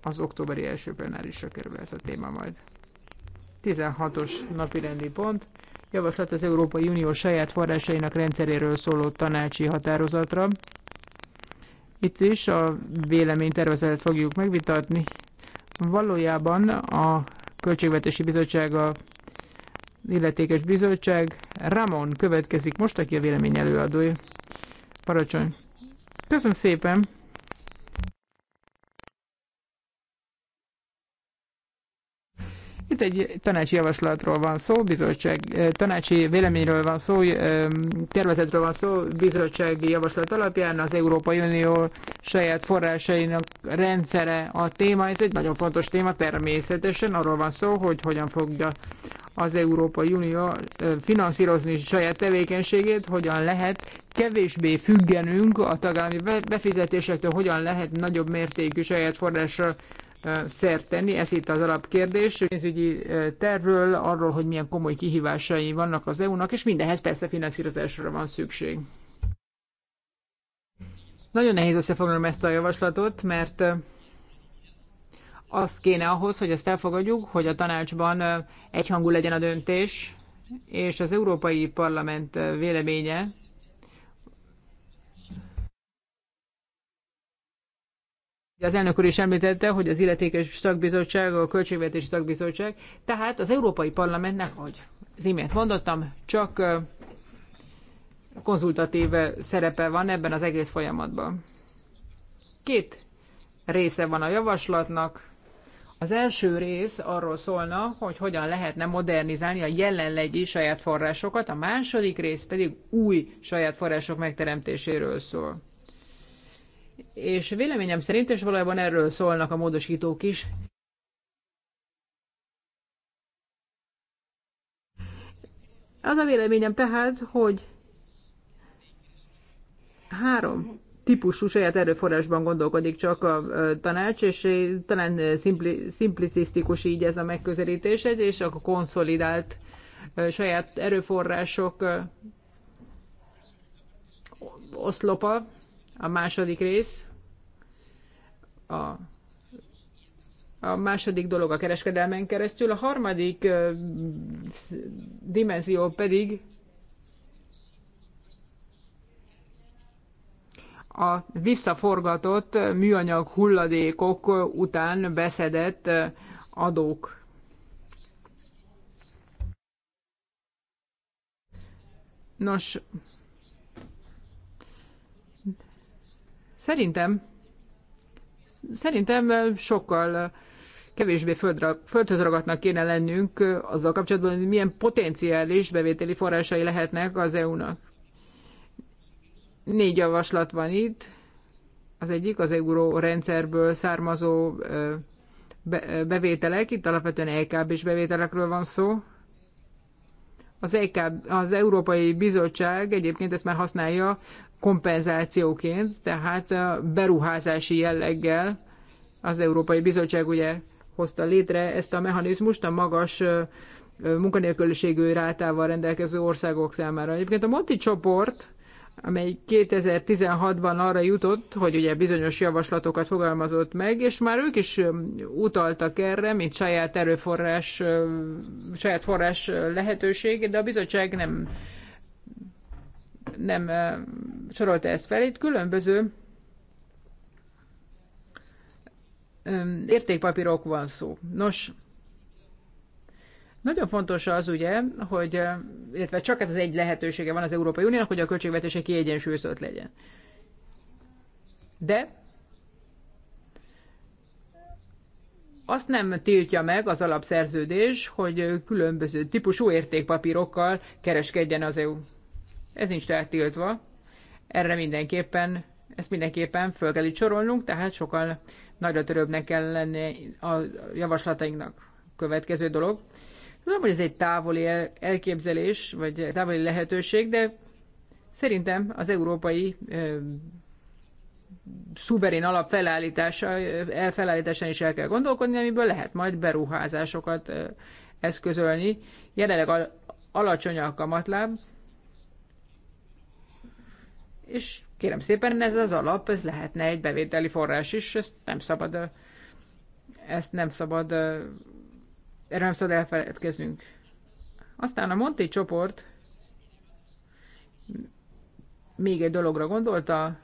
az októberi első plenárisra kerül ez a téma majd. 16-os napirendi pont. Javaslat az Európai Unió saját forrásainak rendszeréről szóló tanácsi határozatra. Itt is a véleménytervezetet fogjuk megvitatni. Valójában a Költségvetési Bizottság a illetékes bizottság. Ramon következik most, aki a vélemény előadója. Parancsolj! Köszönöm szépen! Itt egy tanácsi javaslatról van szó, bizottság, tanácsi véleményről van szó, tervezetről van szó, bizottsági javaslat alapján az Európai Unió saját forrásainak rendszere a téma. Ez egy nagyon fontos téma, természetesen arról van szó, hogy hogyan fogja az Európai Unió finanszírozni saját tevékenységét, hogyan lehet kevésbé függenünk a tagállami befizetésektől, hogyan lehet nagyobb mértékű saját forrásra szert tenni. Ez itt az alapkérdés. Pénzügyi tervről, arról, hogy milyen komoly kihívásai vannak az EU-nak, és mindenhez persze finanszírozásra van szükség. Nagyon nehéz összefoglalom ezt a javaslatot, mert az kéne ahhoz, hogy ezt elfogadjuk, hogy a tanácsban egyhangú legyen a döntés, és az Európai Parlament véleménye az elnök úr is említette, hogy az illetékes tagbizottság, a költségvetési tagbizottság, tehát az Európai Parlamentnek, ahogy az imént mondottam, csak konzultatív szerepe van ebben az egész folyamatban. Két része van a javaslatnak. Az első rész arról szólna, hogy hogyan lehetne modernizálni a jelenlegi saját forrásokat, a második rész pedig új saját források megteremtéséről szól és véleményem szerint, és valójában erről szólnak a módosítók is, Az a véleményem tehát, hogy három típusú saját erőforrásban gondolkodik csak a tanács, és talán szimpli, szimplicisztikus így ez a megközelítés, és a konszolidált saját erőforrások oszlopa. A második rész, a, a második dolog a kereskedelmen keresztül, a harmadik ö, sz, dimenzió pedig a visszaforgatott műanyag hulladékok után beszedett adók. Nos, Szerintem, szerintem sokkal kevésbé földra, földhöz ragadnak kéne lennünk azzal kapcsolatban, hogy milyen potenciális bevételi forrásai lehetnek az EU-nak. Négy javaslat van itt. Az egyik az euró rendszerből származó bevételek, itt alapvetően EKB-s bevételekről van szó, az, EKB, az Európai Bizottság egyébként ezt már használja kompenzációként, tehát beruházási jelleggel az Európai Bizottság ugye hozta létre ezt a mechanizmust a magas munkanélküliségű rátával rendelkező országok számára. Egyébként a Monti csoport, amely 2016-ban arra jutott, hogy ugye bizonyos javaslatokat fogalmazott meg, és már ők is utaltak erre, mint saját erőforrás, saját forrás lehetőség, de a bizottság nem nem sorolta ezt fel. Itt különböző értékpapírok van szó. Nos, nagyon fontos az ugye, hogy, illetve csak ez az egy lehetősége van az Európai Uniónak, hogy a költségvetése kiegyensúlyozott legyen. De azt nem tiltja meg az alapszerződés, hogy különböző típusú értékpapírokkal kereskedjen az EU. Ez nincs eltiltva. Erre mindenképpen, ezt mindenképpen föl kell itt sorolnunk, tehát sokkal nagyra törőbbnek kell lenni a javaslatainknak. Következő dolog. Tudom, hogy ez egy távoli elképzelés, vagy távoli lehetőség, de szerintem az európai ö, szuverén alap felállítása, felállításán is el kell gondolkodni, amiből lehet majd beruházásokat eszközölni. Jelenleg alacsony a kamatláb, és kérem szépen, ez az alap, ez lehetne egy bevételi forrás is, ezt nem szabad, ezt nem szabad, erre nem szabad elfeledkeznünk. Aztán a Monti csoport még egy dologra gondolta,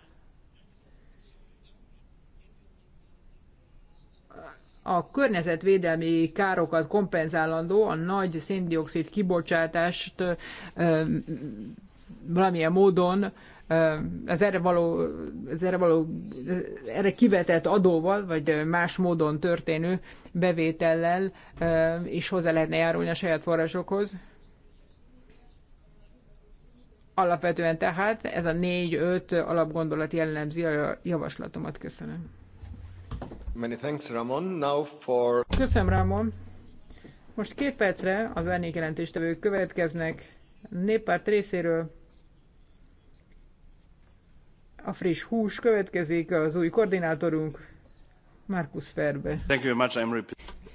a környezetvédelmi károkat kompenzálandó a nagy széndiokszid kibocsátást ö, valamilyen módon az erre való, az erre való, erre kivetett adóval, vagy más módon történő bevétellel is hozzá lehetne járulni a saját forrásokhoz. Alapvetően tehát ez a négy-öt alapgondolat jellemzi a javaslatomat. Köszönöm. Many thanks, Ramon. Now for... Köszönöm, Ramon. Most két percre az elnék jelentéstevők következnek néppárt részéről. A friss hús következik, az új koordinátorunk, Markus Ferbe. Thank you much,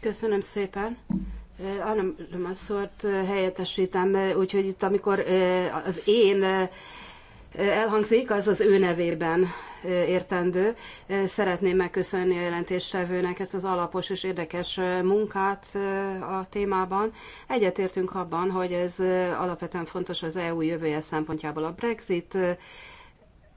Köszönöm szépen. Anna Lamassort helyettesítem, úgyhogy itt amikor az én elhangzik, az az ő nevében értendő. Szeretném megköszönni a jelentéstevőnek ezt az alapos és érdekes munkát a témában. Egyetértünk abban, hogy ez alapvetően fontos az EU jövője szempontjából a Brexit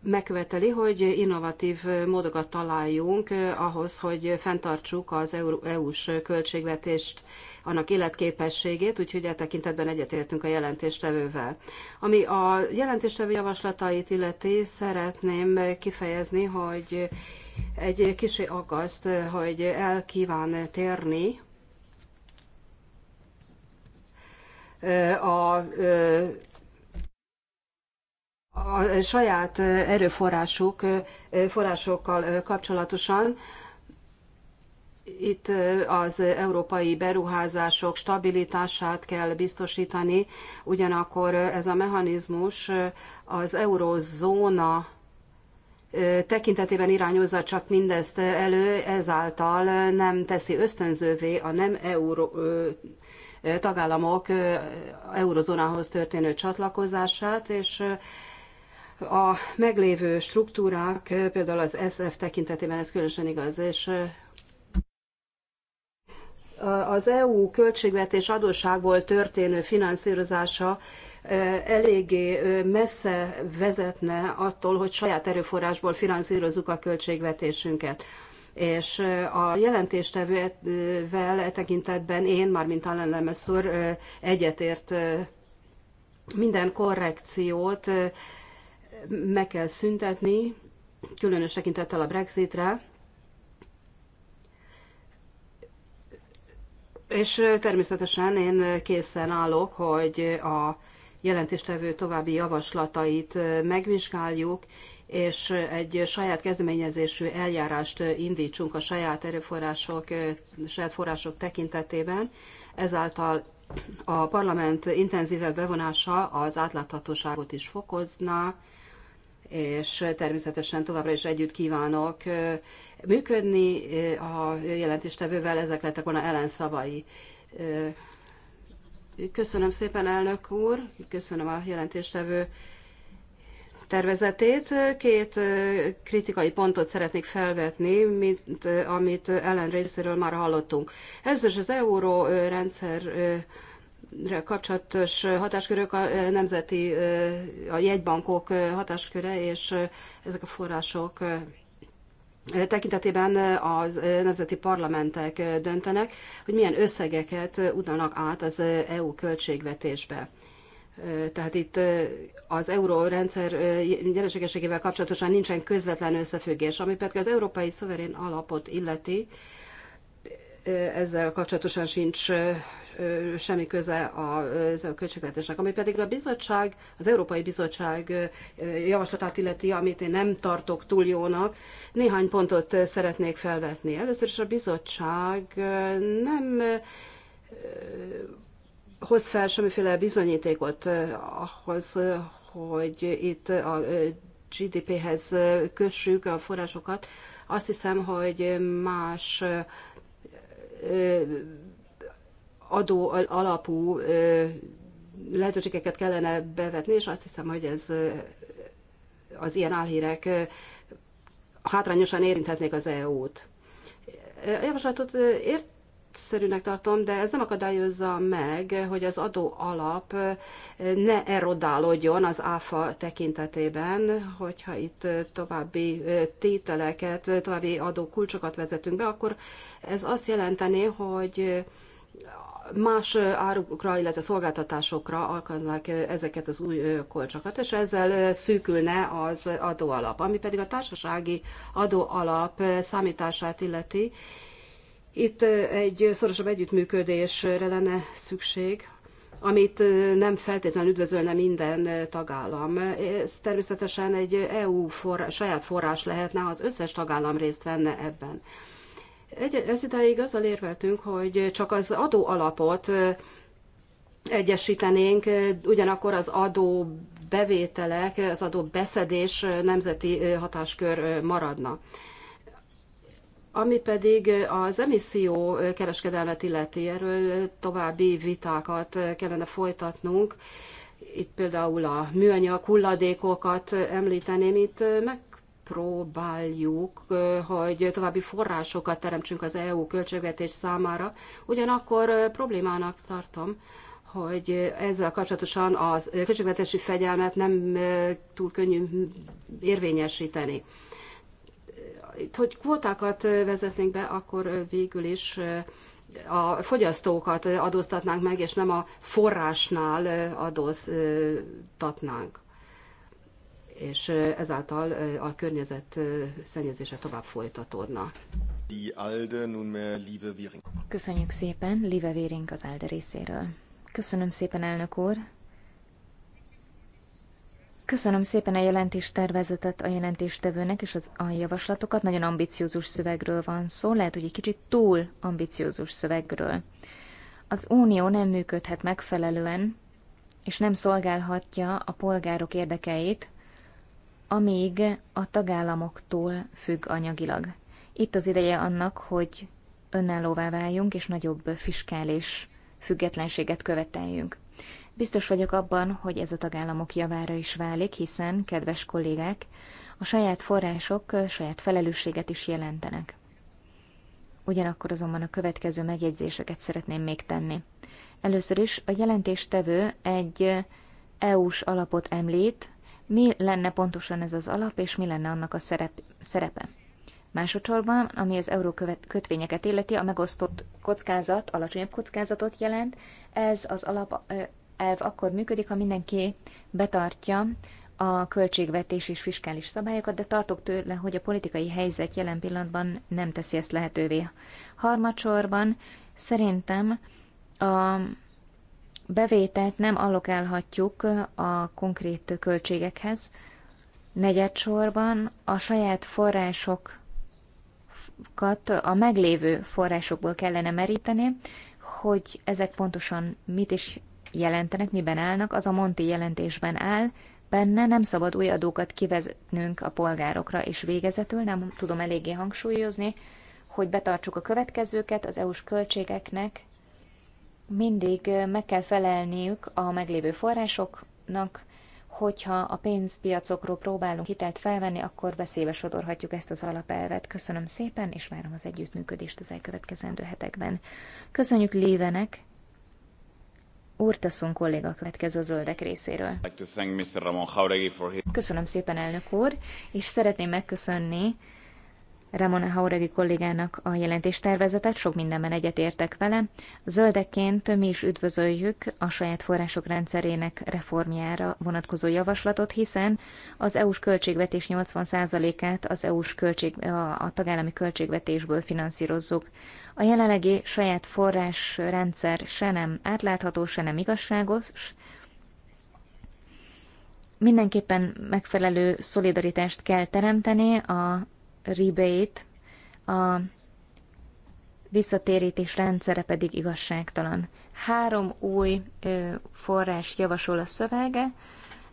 megköveteli, hogy innovatív módokat találjunk eh, ahhoz, hogy fenntartsuk az EU-s költségvetést, annak életképességét, úgyhogy e tekintetben egyetértünk a jelentéstevővel. Ami a jelentéstevő javaslatait illeti, szeretném kifejezni, hogy egy kicsi aggaszt, eh, hogy el kíván térni eh, a a saját erőforrásuk, forrásokkal kapcsolatosan itt az európai beruházások stabilitását kell biztosítani, ugyanakkor ez a mechanizmus az eurozóna tekintetében irányozza csak mindezt elő, ezáltal nem teszi ösztönzővé a nem euró tagállamok eurozónához történő csatlakozását, és a meglévő struktúrák, például az SF tekintetében ez különösen igaz, és az EU költségvetés adósságból történő finanszírozása eléggé messze vezetne attól, hogy saját erőforrásból finanszírozzuk a költségvetésünket. És a jelentéstevővel e tekintetben én, már Allen Lemesz egyetért minden korrekciót meg kell szüntetni, különös tekintettel a Brexitre, és természetesen én készen állok, hogy a jelentéstevő további javaslatait megvizsgáljuk, és egy saját kezdeményezésű eljárást indítsunk a saját erőforrások, saját források tekintetében. Ezáltal a parlament intenzívebb bevonása az átláthatóságot is fokozná, és természetesen továbbra is együtt kívánok működni a jelentéstevővel, ezek lettek volna ellenszavai. Köszönöm szépen, elnök úr, köszönöm a jelentéstevő tervezetét. Két kritikai pontot szeretnék felvetni, mint amit Ellen részéről már hallottunk. Először az euró rendszer kapcsolatos hatáskörök a eh, nemzeti, eh, a jegybankok eh, hatásköre, és ezek a források tekintetében a nemzeti parlamentek döntenek, hogy milyen összegeket utalnak át az EU költségvetésbe. Tehát itt az eurórendszer nyereségességével kapcsolatosan nincsen közvetlen összefüggés, ami pedig az európai szuverén alapot illeti, ezzel kapcsolatosan sincs semmi köze a költségvetésnek. Ami pedig a bizottság, az Európai Bizottság javaslatát illeti, amit én nem tartok túl jónak, néhány pontot szeretnék felvetni. Először is a bizottság nem hoz fel semmiféle bizonyítékot ahhoz, hogy itt a GDP-hez kössük a forrásokat. Azt hiszem, hogy más adó alapú lehetőségeket kellene bevetni, és azt hiszem, hogy ez az ilyen álhírek hátrányosan érinthetnék az EU-t. A javaslatot értszerűnek tartom, de ez nem akadályozza meg, hogy az adó alap ne erodálódjon az áfa tekintetében, hogyha itt további tételeket, további adókulcsokat vezetünk be, akkor ez azt jelenteni, hogy más árukra, illetve szolgáltatásokra alkalmaznák ezeket az új kulcsokat, és ezzel szűkülne az adóalap. Ami pedig a társasági adóalap számítását illeti, itt egy szorosabb együttműködésre lenne szükség, amit nem feltétlenül üdvözölne minden tagállam. Ez természetesen egy EU forrás, saját forrás lehetne, ha az összes tagállam részt venne ebben. Egy, ez ideig azzal érveltünk, hogy csak az adó alapot egyesítenénk, ugyanakkor az adó bevételek, az adó beszedés nemzeti hatáskör maradna. Ami pedig az emisszió kereskedelmet illeti, erről további vitákat kellene folytatnunk. Itt például a műanyag hulladékokat említeném, itt meg próbáljuk, hogy további forrásokat teremtsünk az EU költségvetés számára. Ugyanakkor problémának tartom, hogy ezzel kapcsolatosan az költségvetési fegyelmet nem túl könnyű érvényesíteni. Hogy kvótákat vezetnénk be, akkor végül is a fogyasztókat adóztatnánk meg, és nem a forrásnál adóztatnánk és ezáltal a környezet szennyezése tovább folytatódna. Köszönjük szépen, Lieve Wiering, az Alde részéről. Köszönöm szépen, elnök úr. Köszönöm szépen a jelentés tervezetet a jelentéstevőnek és az, a javaslatokat. Nagyon ambiciózus szövegről van szó, lehet, hogy egy kicsit túl ambiciózus szövegről. Az unió nem működhet megfelelően, és nem szolgálhatja a polgárok érdekeit, amíg a tagállamoktól függ anyagilag. Itt az ideje annak, hogy önállóvá váljunk, és nagyobb fiskális függetlenséget követeljünk. Biztos vagyok abban, hogy ez a tagállamok javára is válik, hiszen, kedves kollégák, a saját források saját felelősséget is jelentenek. Ugyanakkor azonban a következő megjegyzéseket szeretném még tenni. Először is a jelentéstevő egy EU-s alapot említ, mi lenne pontosan ez az alap, és mi lenne annak a szerep, szerepe. Másodszorban, ami az kötvényeket illeti, a megosztott kockázat, alacsonyabb kockázatot jelent. Ez az alap elv akkor működik, ha mindenki betartja a költségvetés és fiskális szabályokat, de tartok tőle, hogy a politikai helyzet jelen pillanatban nem teszi ezt lehetővé. Harmadsorban szerintem a bevételt nem allokálhatjuk a konkrét költségekhez. Negyedsorban a saját forrásokat a meglévő forrásokból kellene meríteni, hogy ezek pontosan mit is jelentenek, miben állnak, az a Monti jelentésben áll, benne nem szabad új adókat kivezetnünk a polgárokra, és végezetül nem tudom eléggé hangsúlyozni, hogy betartsuk a következőket az EU-s költségeknek mindig meg kell felelniük a meglévő forrásoknak, hogyha a pénzpiacokról próbálunk hitelt felvenni, akkor veszélybe sodorhatjuk ezt az alapelvet. Köszönöm szépen, és várom az együttműködést az elkövetkezendő hetekben. Köszönjük Lévenek, Úrtaszon kolléga következő zöldek részéről. Köszönöm szépen, elnök úr, és szeretném megköszönni Ramona Hauregi kollégának a jelentéstervezetet, sok mindenben egyetértek vele. Zöldekként mi is üdvözöljük a saját források rendszerének reformjára vonatkozó javaslatot, hiszen az EU-s költségvetés 80%-át az EU-s költség, a tagállami költségvetésből finanszírozzuk. A jelenlegi saját forrás rendszer se nem átlátható, se nem igazságos, Mindenképpen megfelelő szolidaritást kell teremteni a rebate, a visszatérítés rendszere pedig igazságtalan. Három új forrás javasol a szövege,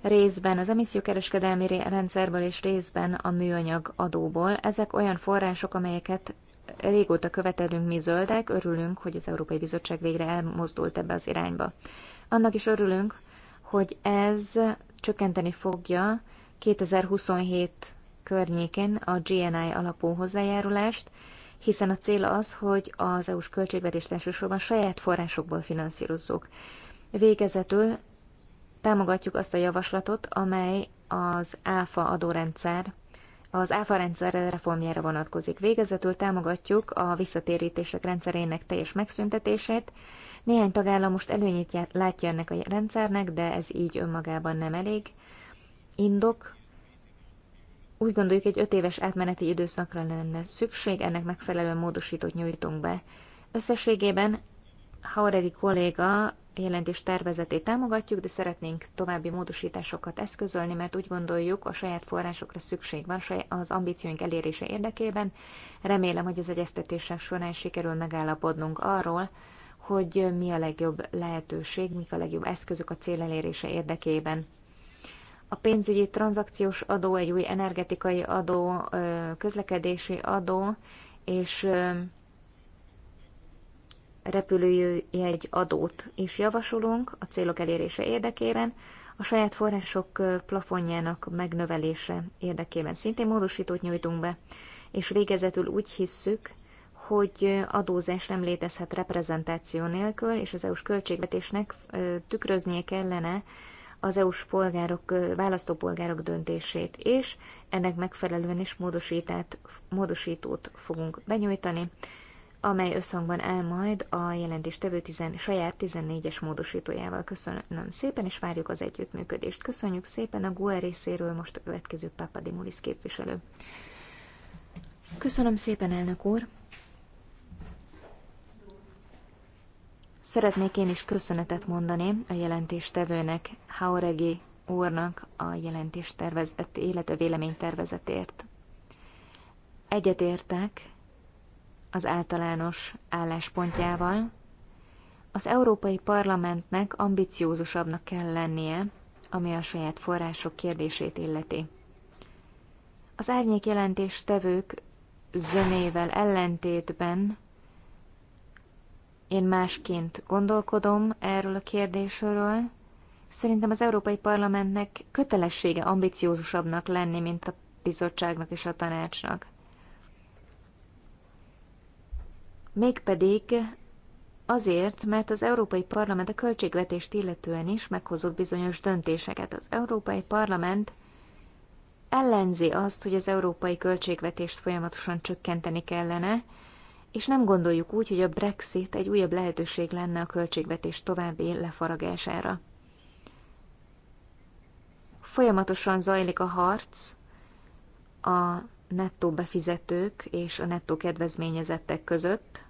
részben az emissziókereskedelmi rendszerből és részben a műanyag adóból. Ezek olyan források, amelyeket régóta követelünk mi zöldek, örülünk, hogy az Európai Bizottság végre elmozdult ebbe az irányba. Annak is örülünk, hogy ez csökkenteni fogja 2027 környéken a GNI alapú hozzájárulást, hiszen a cél az, hogy az EU-s költségvetést elsősorban saját forrásokból finanszírozzuk. Végezetül támogatjuk azt a javaslatot, amely az ÁFA adórendszer, az ÁFA rendszer reformjára vonatkozik. Végezetül támogatjuk a visszatérítések rendszerének teljes megszüntetését. Néhány tagállam most előnyét látja ennek a rendszernek, de ez így önmagában nem elég. Indok úgy gondoljuk, egy öt éves átmeneti időszakra lenne szükség, ennek megfelelően módosítót nyújtunk be. Összességében Haureri kolléga jelentés tervezetét támogatjuk, de szeretnénk további módosításokat eszközölni, mert úgy gondoljuk, a saját forrásokra szükség van az ambícióink elérése érdekében. Remélem, hogy az egyeztetések során sikerül megállapodnunk arról, hogy mi a legjobb lehetőség, mik a legjobb eszközök a cél elérése érdekében a pénzügyi tranzakciós adó, egy új energetikai adó, közlekedési adó és repülőjegy adót is javasolunk a célok elérése érdekében, a saját források plafonjának megnövelése érdekében szintén módosítót nyújtunk be, és végezetül úgy hisszük, hogy adózás nem létezhet reprezentáció nélkül, és az EU-s költségvetésnek tükröznie kellene az EU-s polgárok, választópolgárok döntését, és ennek megfelelően is módosítát, módosítót fogunk benyújtani, amely összhangban áll majd a jelentéstevő tizen, saját 14-es módosítójával. Köszönöm szépen, és várjuk az együttműködést. Köszönjük szépen a GUE részéről most a következő Papadimulis képviselő. Köszönöm szépen, elnök úr! Szeretnék én is köszönetet mondani a jelentéstevőnek, Hauregi úrnak a tervezett, illetve tervezetért. Egyetértek az általános álláspontjával. Az Európai Parlamentnek ambiciózusabbnak kell lennie, ami a saját források kérdését illeti. Az árnyék jelentéstevők zömével ellentétben én másként gondolkodom erről a kérdésről. Szerintem az Európai Parlamentnek kötelessége ambiciózusabbnak lenni, mint a bizottságnak és a tanácsnak. Mégpedig azért, mert az Európai Parlament a költségvetést illetően is meghozott bizonyos döntéseket. Az Európai Parlament ellenzi azt, hogy az európai költségvetést folyamatosan csökkenteni kellene, és nem gondoljuk úgy, hogy a Brexit egy újabb lehetőség lenne a költségvetés további lefaragására. Folyamatosan zajlik a harc a nettó befizetők és a nettó kedvezményezettek között.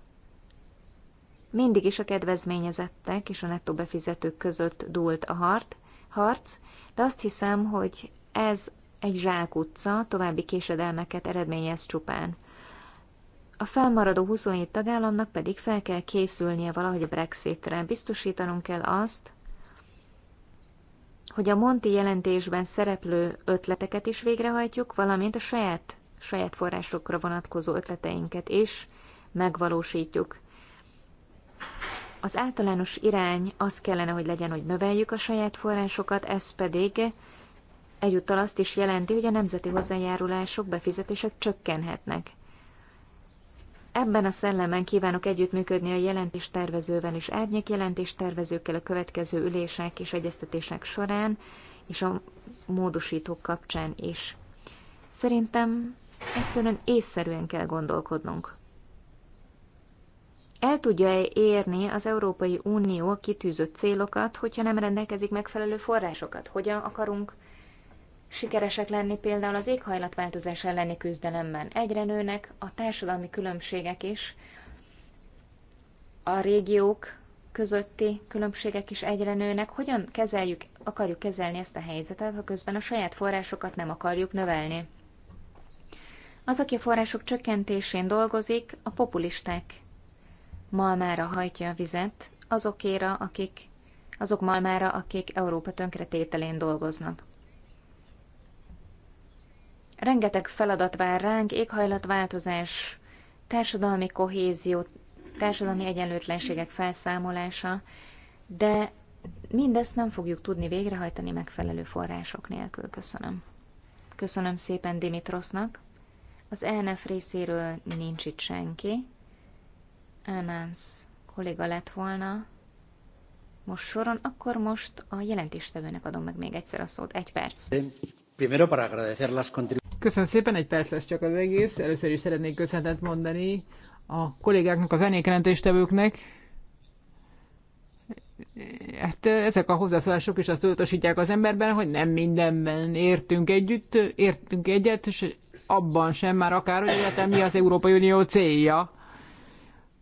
Mindig is a kedvezményezettek és a nettó befizetők között dúlt a hart, harc, de azt hiszem, hogy ez egy zsákutca, további késedelmeket eredményez csupán. A felmaradó 27 tagállamnak pedig fel kell készülnie valahogy a Brexitre. Biztosítanunk kell azt, hogy a Monti jelentésben szereplő ötleteket is végrehajtjuk, valamint a saját, saját forrásokra vonatkozó ötleteinket is megvalósítjuk. Az általános irány az kellene, hogy legyen, hogy növeljük a saját forrásokat, ez pedig egyúttal azt is jelenti, hogy a nemzeti hozzájárulások, befizetések csökkenhetnek. Ebben a szellemben kívánok együttműködni a jelentéstervezővel és árnyék jelentéstervezőkkel a következő ülések és egyeztetések során, és a módosítók kapcsán is. Szerintem egyszerűen észszerűen kell gondolkodnunk. El tudja-e érni az Európai Unió kitűzött célokat, hogyha nem rendelkezik megfelelő forrásokat? Hogyan akarunk sikeresek lenni például az éghajlatváltozás elleni küzdelemben. Egyre nőnek a társadalmi különbségek is, a régiók közötti különbségek is egyre nőnek. Hogyan kezeljük, akarjuk kezelni ezt a helyzetet, ha közben a saját forrásokat nem akarjuk növelni? Az, aki a források csökkentésén dolgozik, a populisták malmára hajtja a vizet, azokéra, akik, azok malmára, akik Európa tönkretételén dolgoznak. Rengeteg feladat vár ránk, éghajlatváltozás, társadalmi kohézió, társadalmi egyenlőtlenségek felszámolása, de mindezt nem fogjuk tudni végrehajtani megfelelő források nélkül. Köszönöm. Köszönöm szépen Dimitrosnak. Az ENF részéről nincs itt senki. Elmánsz kolléga lett volna. Most soron, akkor most a jelentéstevőnek adom meg még egyszer a szót. Egy perc. Primero para agradecer las Köszönöm szépen, egy perc lesz csak az egész. Először is szeretnék köszönetet mondani a kollégáknak, az enékjelentéstevőknek. Hát ezek a hozzászólások is azt tudatosítják az emberben, hogy nem mindenben értünk együtt, értünk egyet, és abban sem már akár, hogy egyetem mi az Európai Unió célja.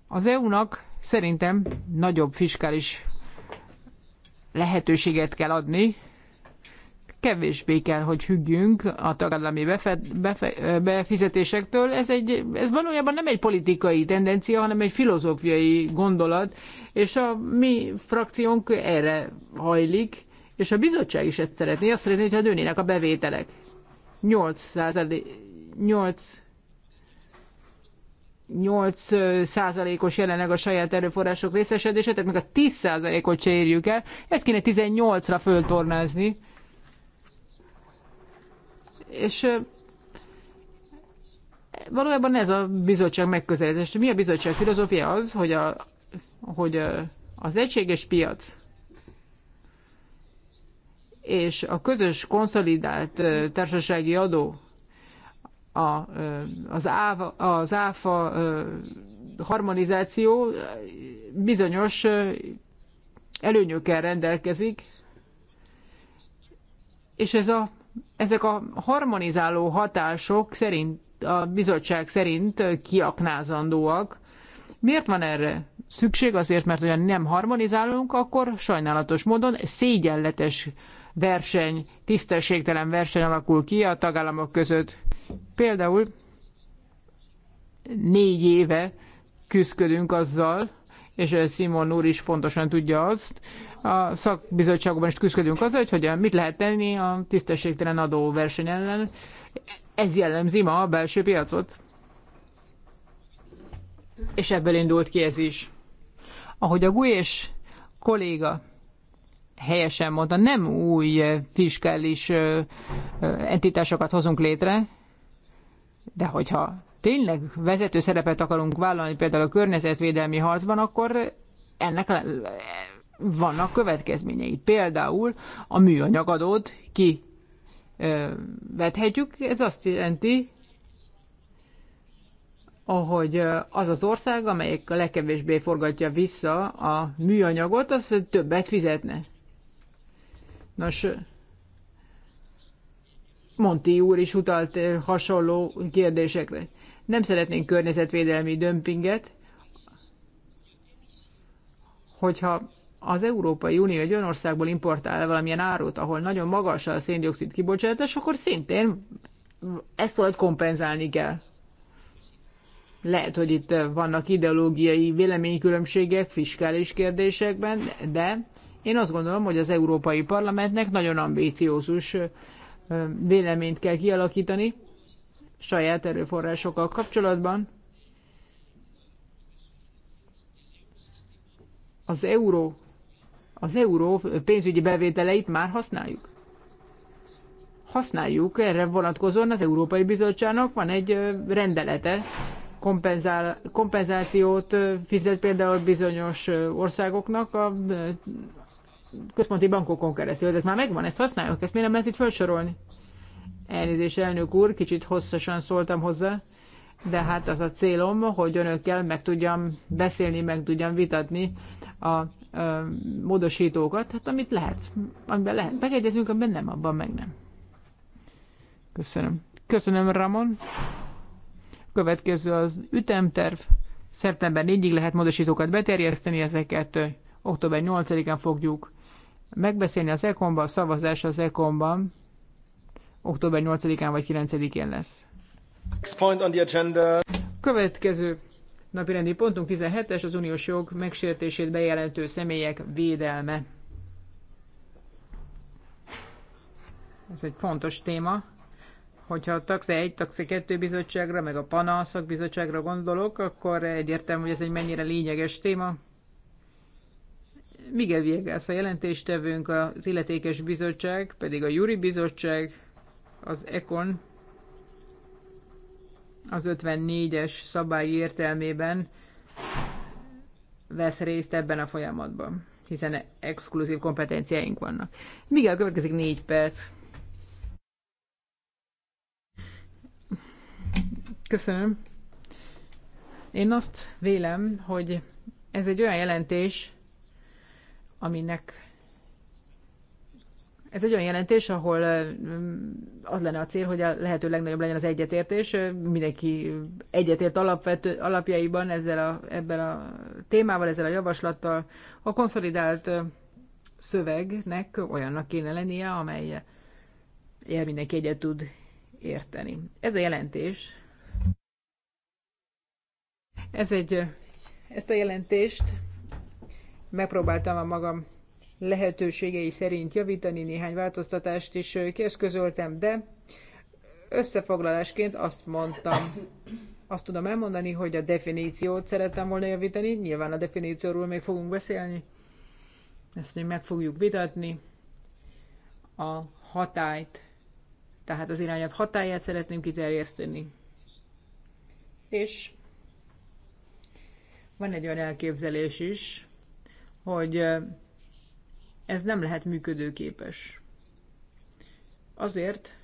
Az EU-nak szerintem nagyobb fiskális lehetőséget kell adni, kevésbé kell, hogy függjünk a tagállami befe- befe- befizetésektől. Ez, egy, ez valójában nem egy politikai tendencia, hanem egy filozófiai gondolat, és a mi frakciónk erre hajlik, és a bizottság is ezt szeretné, azt szeretné, hogyha nőnének a bevételek. 8 8 8 százalékos jelenleg a saját erőforrások részesedése, tehát még a 10 százalékot se érjük el, ezt kéne 18-ra föltornázni, és valójában ez a bizottság megközelítés. Mi a bizottság filozófia az, hogy, a, hogy az egységes piac és a közös konszolidált társasági adó a, az, áfa, az áfa harmonizáció bizonyos előnyökkel rendelkezik, és ez a ezek a harmonizáló hatások szerint, a bizottság szerint kiaknázandóak. Miért van erre szükség? Azért, mert olyan nem harmonizálunk, akkor sajnálatos módon szégyenletes verseny, tisztességtelen verseny alakul ki a tagállamok között. Például négy éve küzdködünk azzal, és Simon úr is pontosan tudja azt, a szakbizottságban is küzdködünk azzal, hogy hogyan, mit lehet tenni a tisztességtelen adóverseny ellen. Ez jellemzi ma a belső piacot. És ebből indult ki ez is. Ahogy a és kolléga helyesen mondta, nem új fiskális entitásokat hozunk létre, de hogyha tényleg vezető szerepet akarunk vállalni például a környezetvédelmi harcban, akkor ennek vannak következményei. Például a műanyagadót ki vethetjük, ez azt jelenti, ahogy az az ország, amelyik a legkevésbé forgatja vissza a műanyagot, az többet fizetne. Nos, Monti úr is utalt hasonló kérdésekre. Nem szeretnénk környezetvédelmi dömpinget, hogyha az Európai Unió egy olyan országból importál valamilyen árut, ahol nagyon magas a széndiokszid kibocsátás, akkor szintén ezt valahogy kompenzálni kell. Lehet, hogy itt vannak ideológiai véleménykülönbségek fiskális kérdésekben, de én azt gondolom, hogy az Európai Parlamentnek nagyon ambíciózus véleményt kell kialakítani saját erőforrásokkal kapcsolatban. Az euró az euró pénzügyi bevételeit már használjuk. Használjuk erre vonatkozóan az Európai Bizottságnak van egy rendelete, kompenzál, kompenzációt fizet például bizonyos országoknak a központi bankokon keresztül. Ez már megvan, ezt használjuk, ezt miért nem lehet itt felsorolni? Elnézést, elnök úr, kicsit hosszasan szóltam hozzá de hát az a célom, hogy önökkel meg tudjam beszélni, meg tudjam vitatni a ö, módosítókat, hát amit lehet, amiben lehet. Megegyezünk, amiben nem, abban meg nem. Köszönöm. Köszönöm, Ramon. Következő az ütemterv. Szeptember 4-ig lehet módosítókat beterjeszteni, ezeket október 8-án fogjuk megbeszélni az ECOM-ban, a szavazás az ECOM-ban október 8-án vagy 9-én lesz. Következő napirendi pontunk 17-es az uniós jog megsértését bejelentő személyek védelme. Ez egy fontos téma. Hogyha a tax 1, tax 2 bizottságra, meg a PANA szakbizottságra gondolok, akkor egyértelmű, hogy ez egy mennyire lényeges téma. Miguel Viegas a jelentéstevőnk, az illetékes bizottság, pedig a Juri bizottság, az ECON az 54-es szabály értelmében vesz részt ebben a folyamatban, hiszen exkluzív kompetenciáink vannak. Miguel, következik négy perc. Köszönöm. Én azt vélem, hogy ez egy olyan jelentés, aminek ez egy olyan jelentés, ahol az lenne a cél, hogy a lehető legnagyobb legyen az egyetértés. Mindenki egyetért alapvető, alapjaiban ezzel a, ebben a témával, ezzel a javaslattal. A konszolidált szövegnek olyannak kéne lennie, amely el mindenki egyet tud érteni. Ez a jelentés, ez egy, ezt a jelentést megpróbáltam a magam lehetőségei szerint javítani, néhány változtatást is kieszközöltem, de összefoglalásként azt mondtam, azt tudom elmondani, hogy a definíciót szerettem volna javítani, nyilván a definícióról még fogunk beszélni, ezt még meg fogjuk vitatni, a hatályt, tehát az irányabb hatáját szeretném kiterjeszteni. És van egy olyan elképzelés is, hogy ez nem lehet működőképes. Azért,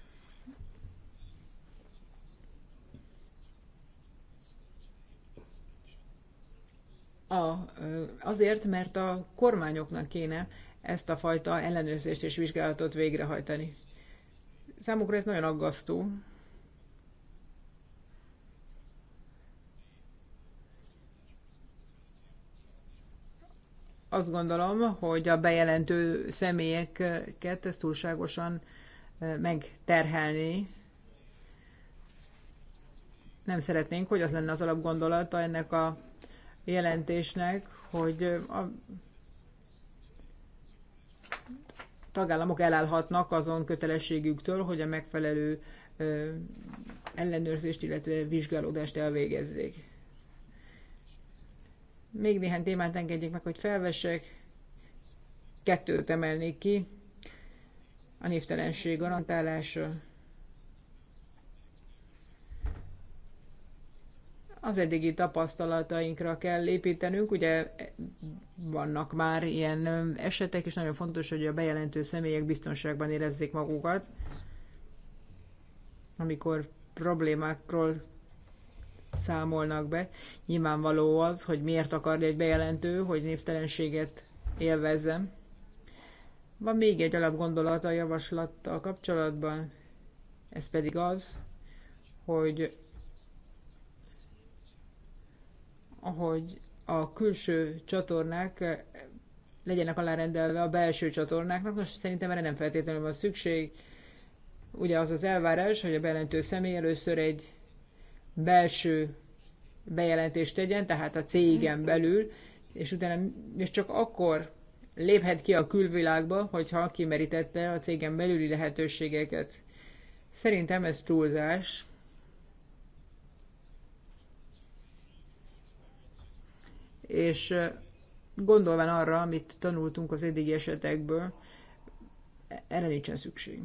a, azért, mert a kormányoknak kéne ezt a fajta ellenőrzést és vizsgálatot végrehajtani. Számukra ez nagyon aggasztó, azt gondolom, hogy a bejelentő személyeket ezt túlságosan megterhelni. Nem szeretnénk, hogy az lenne az alapgondolata ennek a jelentésnek, hogy a tagállamok elállhatnak azon kötelességüktől, hogy a megfelelő ellenőrzést, illetve vizsgálódást elvégezzék. Még néhány témát engedjék meg, hogy felvessek. Kettőt emelnék ki. A névtelenség garantálása. Az eddigi tapasztalatainkra kell építenünk, ugye vannak már ilyen esetek, és nagyon fontos, hogy a bejelentő személyek biztonságban érezzék magukat, amikor problémákról számolnak be. Nyilvánvaló az, hogy miért akarja egy bejelentő, hogy névtelenséget élvezzem. Van még egy alapgondolata a javaslattal kapcsolatban, ez pedig az, hogy ahogy a külső csatornák legyenek alárendelve a belső csatornáknak. Most szerintem erre nem feltétlenül van szükség. Ugye az az elvárás, hogy a bejelentő személy először egy belső bejelentést tegyen, tehát a cégen belül, és utána és csak akkor léphet ki a külvilágba, hogyha kimerítette a cégen belüli lehetőségeket. Szerintem ez túlzás. És gondolván arra, amit tanultunk az eddigi esetekből, erre nincsen szükség.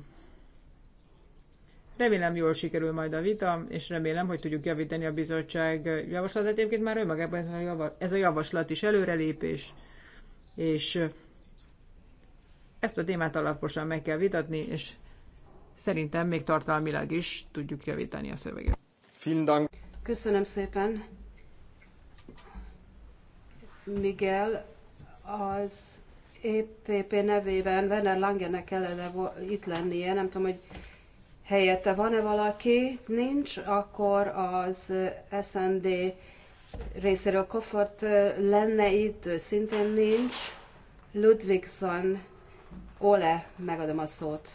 Remélem jól sikerül majd a vita, és remélem, hogy tudjuk javítani a bizottság javaslatát. Egyébként már önmagában ez a javaslat is előrelépés, és ezt a témát alaposan meg kell vitatni, és szerintem még tartalmilag is tudjuk javítani a szöveget. Köszönöm szépen. Miguel, az EPP nevében Werner Langenek kellene itt lennie, nem tudom, hogy Helyette van-e valaki? Nincs, akkor az SND részéről Koffert lenne itt, ő szintén nincs. Ludvigson, Ole, megadom a szót.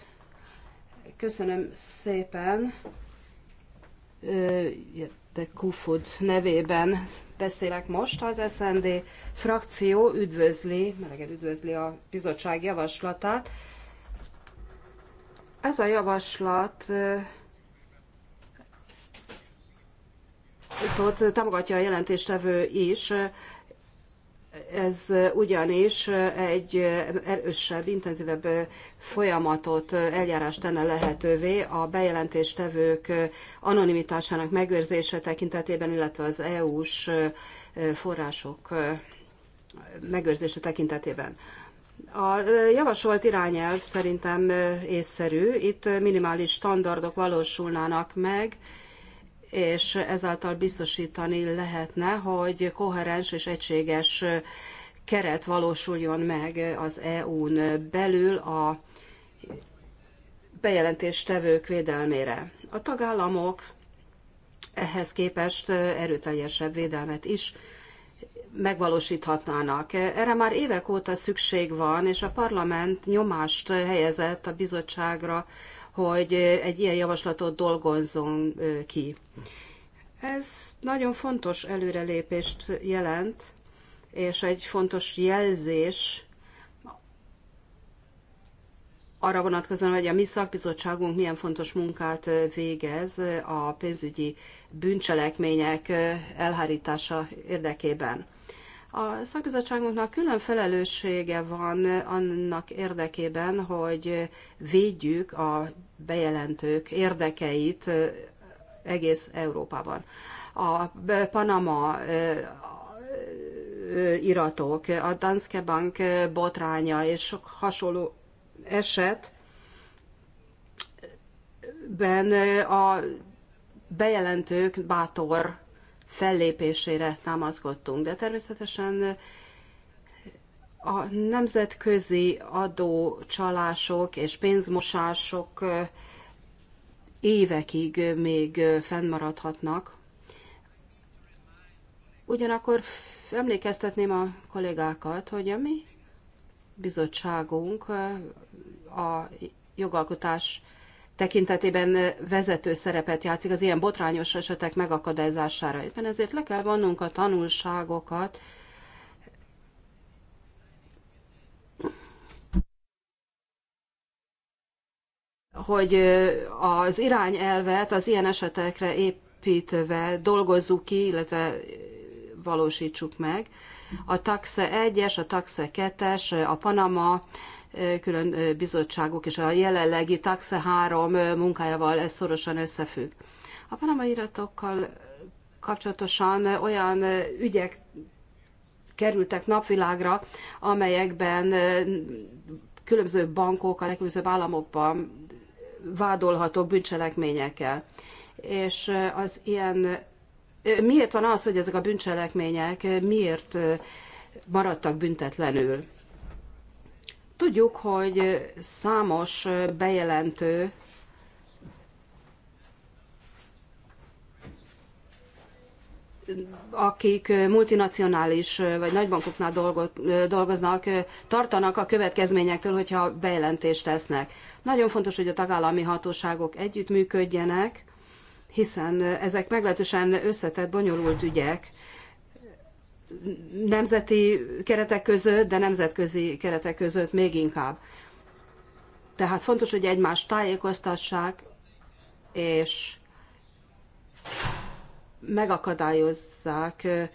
Köszönöm szépen. De Kufud nevében beszélek most. Az SND frakció üdvözli, meleged üdvözli a bizottság javaslatát ez a javaslat ott támogatja a jelentéstevő is, ez ugyanis egy erősebb, intenzívebb folyamatot, eljárást tenne lehetővé a bejelentéstevők anonimitásának megőrzése tekintetében, illetve az EU-s források megőrzése tekintetében. A javasolt irányelv szerintem észszerű, itt minimális standardok valósulnának meg, és ezáltal biztosítani lehetne, hogy koherens és egységes keret valósuljon meg az EU-n belül a bejelentéstevők védelmére. A tagállamok ehhez képest erőteljesebb védelmet is megvalósíthatnának. Erre már évek óta szükség van, és a parlament nyomást helyezett a bizottságra, hogy egy ilyen javaslatot dolgozzon ki. Ez nagyon fontos előrelépést jelent, és egy fontos jelzés arra vonatkozóan, hogy a mi szakbizottságunk milyen fontos munkát végez a pénzügyi bűncselekmények elhárítása érdekében. A szakbizottságunknak külön felelőssége van annak érdekében, hogy védjük a bejelentők érdekeit egész Európában. A Panama iratok, a Danske Bank botránya és sok hasonló eset ben a bejelentők bátor fellépésére támaszkodtunk. De természetesen a nemzetközi adócsalások és pénzmosások évekig még fennmaradhatnak. Ugyanakkor emlékeztetném a kollégákat, hogy a mi bizottságunk a jogalkotás tekintetében vezető szerepet játszik az ilyen botrányos esetek megakadályozására. Éppen ezért le kell vannunk a tanulságokat, hogy az irányelvet az ilyen esetekre építve dolgozzuk ki, illetve valósítsuk meg. A taxe 1-es, a taxe 2-es, a Panama külön bizottságok és a jelenlegi Taxe 3 munkájával ez szorosan összefügg. A panama iratokkal kapcsolatosan olyan ügyek kerültek napvilágra, amelyekben különböző bankok a legkülönbözőbb államokban vádolhatók bűncselekményekkel. És az ilyen miért van az, hogy ezek a bűncselekmények miért maradtak büntetlenül? Tudjuk, hogy számos bejelentő akik multinacionális vagy nagybankoknál dolgoznak, tartanak a következményektől, hogyha bejelentést tesznek. Nagyon fontos, hogy a tagállami hatóságok együttműködjenek, hiszen ezek meglehetősen összetett, bonyolult ügyek, nemzeti keretek között, de nemzetközi keretek között még inkább. Tehát fontos, hogy egymást tájékoztassák, és megakadályozzák eh,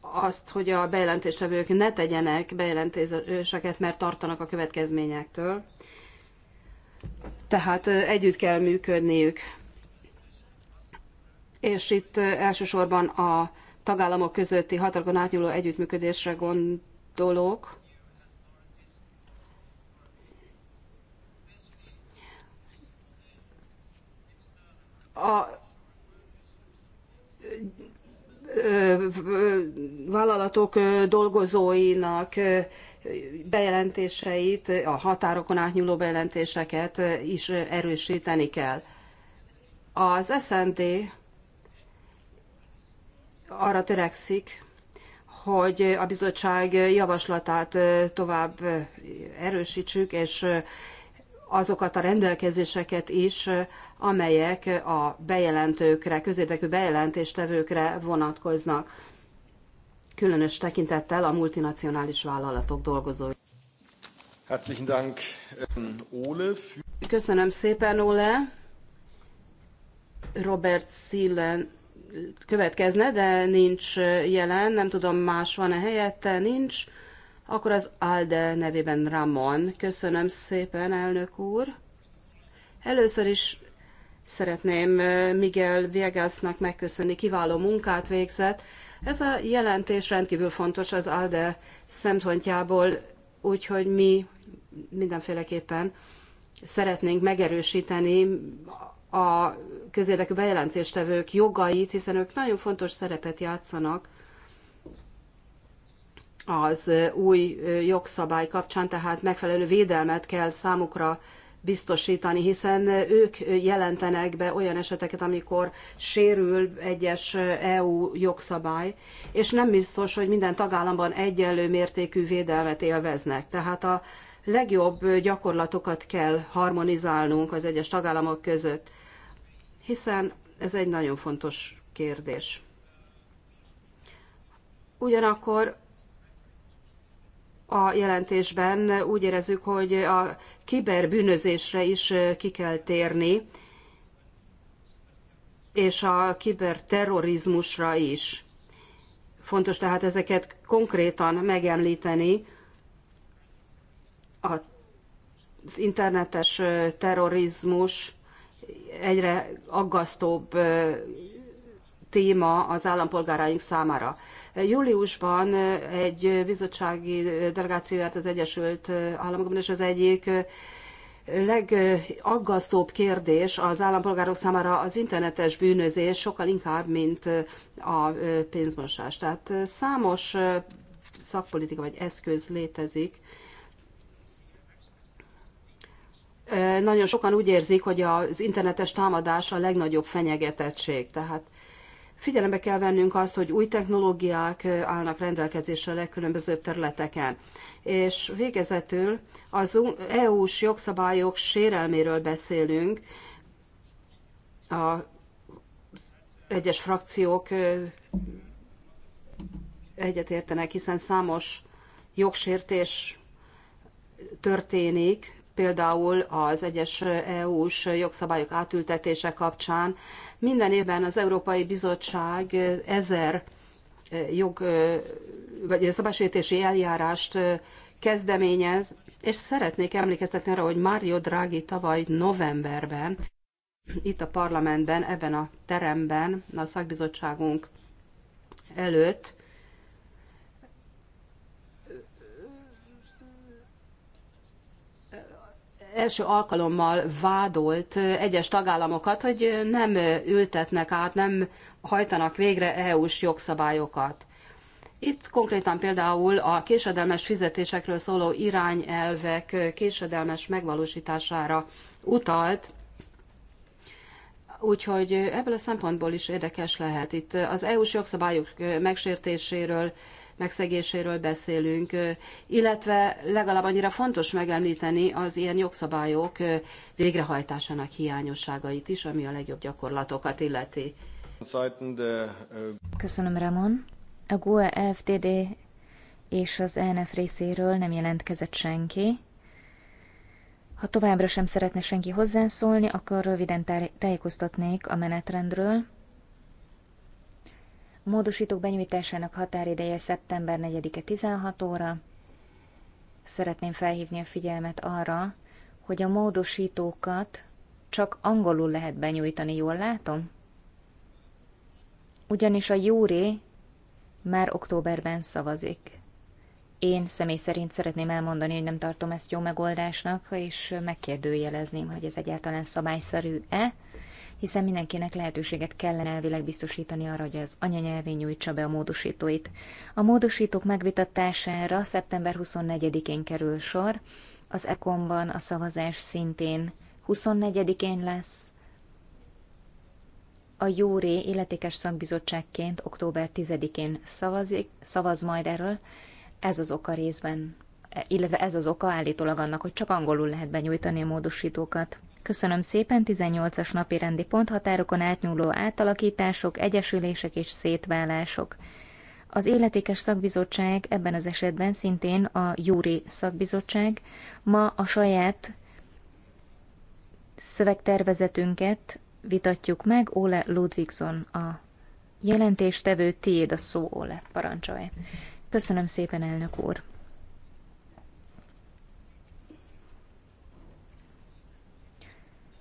azt, hogy a bejelentéstevők ne tegyenek bejelentéseket, mert tartanak a következményektől. Tehát eh, együtt kell működniük. És itt eh, elsősorban a tagállamok közötti határokon átnyúló együttműködésre gondolok. A vállalatok dolgozóinak bejelentéseit, a határokon átnyúló bejelentéseket is erősíteni kell. Az SND arra törekszik, hogy a bizottság javaslatát tovább erősítsük, és azokat a rendelkezéseket is, amelyek a bejelentőkre, közérdekű bejelentéstevőkre vonatkoznak, különös tekintettel a multinacionális vállalatok dolgozói. Herzlichen Dank, ähm, Ole. Köszönöm szépen, Ole. Robert Szillen következne, de nincs jelen, nem tudom, más van-e helyette, nincs. Akkor az ALDE nevében Ramon. Köszönöm szépen, elnök úr. Először is szeretném Miguel Viegasnak megköszönni, kiváló munkát végzett. Ez a jelentés rendkívül fontos az ALDE szempontjából, úgyhogy mi mindenféleképpen szeretnénk megerősíteni a közérdekű bejelentéstevők jogait, hiszen ők nagyon fontos szerepet játszanak az új jogszabály kapcsán, tehát megfelelő védelmet kell számukra biztosítani, hiszen ők jelentenek be olyan eseteket, amikor sérül egyes EU jogszabály, és nem biztos, hogy minden tagállamban egyenlő mértékű védelmet élveznek. Tehát a legjobb gyakorlatokat kell harmonizálnunk az egyes tagállamok között hiszen ez egy nagyon fontos kérdés. Ugyanakkor a jelentésben úgy érezzük, hogy a kiberbűnözésre is ki kell térni, és a kiberterrorizmusra is. Fontos tehát ezeket konkrétan megemlíteni, az internetes terrorizmus egyre aggasztóbb téma az állampolgáraink számára. Júliusban egy bizottsági delegáció járt az Egyesült Államokban, és az egyik legaggasztóbb kérdés az állampolgárok számára az internetes bűnözés sokkal inkább, mint a pénzmosás. Tehát számos szakpolitika vagy eszköz létezik, nagyon sokan úgy érzik, hogy az internetes támadás a legnagyobb fenyegetettség. Tehát figyelembe kell vennünk azt, hogy új technológiák állnak rendelkezésre a legkülönbözőbb területeken. És végezetül az EU-s jogszabályok sérelméről beszélünk, a egyes frakciók egyetértenek, hiszen számos jogsértés történik, például az egyes EU-s jogszabályok átültetése kapcsán. Minden évben az Európai Bizottság ezer eh, jog, eh, vagy szabálysértési eljárást eh, kezdeményez, és szeretnék emlékeztetni arra, hogy Mario Draghi tavaly novemberben itt a parlamentben, ebben a teremben, a szakbizottságunk előtt első alkalommal vádolt egyes tagállamokat, hogy nem ültetnek át, nem hajtanak végre EU-s jogszabályokat. Itt konkrétan például a késedelmes fizetésekről szóló irányelvek késedelmes megvalósítására utalt, úgyhogy ebből a szempontból is érdekes lehet. Itt az EU-s jogszabályok megsértéséről megszegéséről beszélünk, illetve legalább annyira fontos megemlíteni az ilyen jogszabályok végrehajtásának hiányosságait is, ami a legjobb gyakorlatokat illeti. Köszönöm, Ramon. A GUE FTD és az ENF részéről nem jelentkezett senki. Ha továbbra sem szeretne senki hozzászólni, akkor röviden tájékoztatnék a menetrendről. Módosítók benyújtásának határideje szeptember 4-e 16 óra. Szeretném felhívni a figyelmet arra, hogy a módosítókat csak angolul lehet benyújtani, jól látom? Ugyanis a júré már októberben szavazik. Én személy szerint szeretném elmondani, hogy nem tartom ezt jó megoldásnak, és megkérdőjelezném, hogy ez egyáltalán szabályszerű-e, hiszen mindenkinek lehetőséget kellene elvileg biztosítani arra, hogy az anyanyelvén nyújtsa be a módosítóit. A módosítók megvitatására szeptember 24-én kerül sor, az ECOM-ban a szavazás szintén 24-én lesz, a Jóré illetékes szakbizottságként október 10-én szavazik, szavaz majd erről. Ez az oka részben, illetve ez az oka állítólag annak, hogy csak angolul lehet benyújtani a módosítókat. Köszönöm szépen, 18-as napi rendi pont átnyúló átalakítások, egyesülések és szétválások. Az Életékes Szakbizottság ebben az esetben szintén a Júri Szakbizottság ma a saját szövegtervezetünket vitatjuk meg. Ole Ludvigson a jelentéstevő, tiéd a szó, Ole, parancsolj. Köszönöm szépen, elnök úr.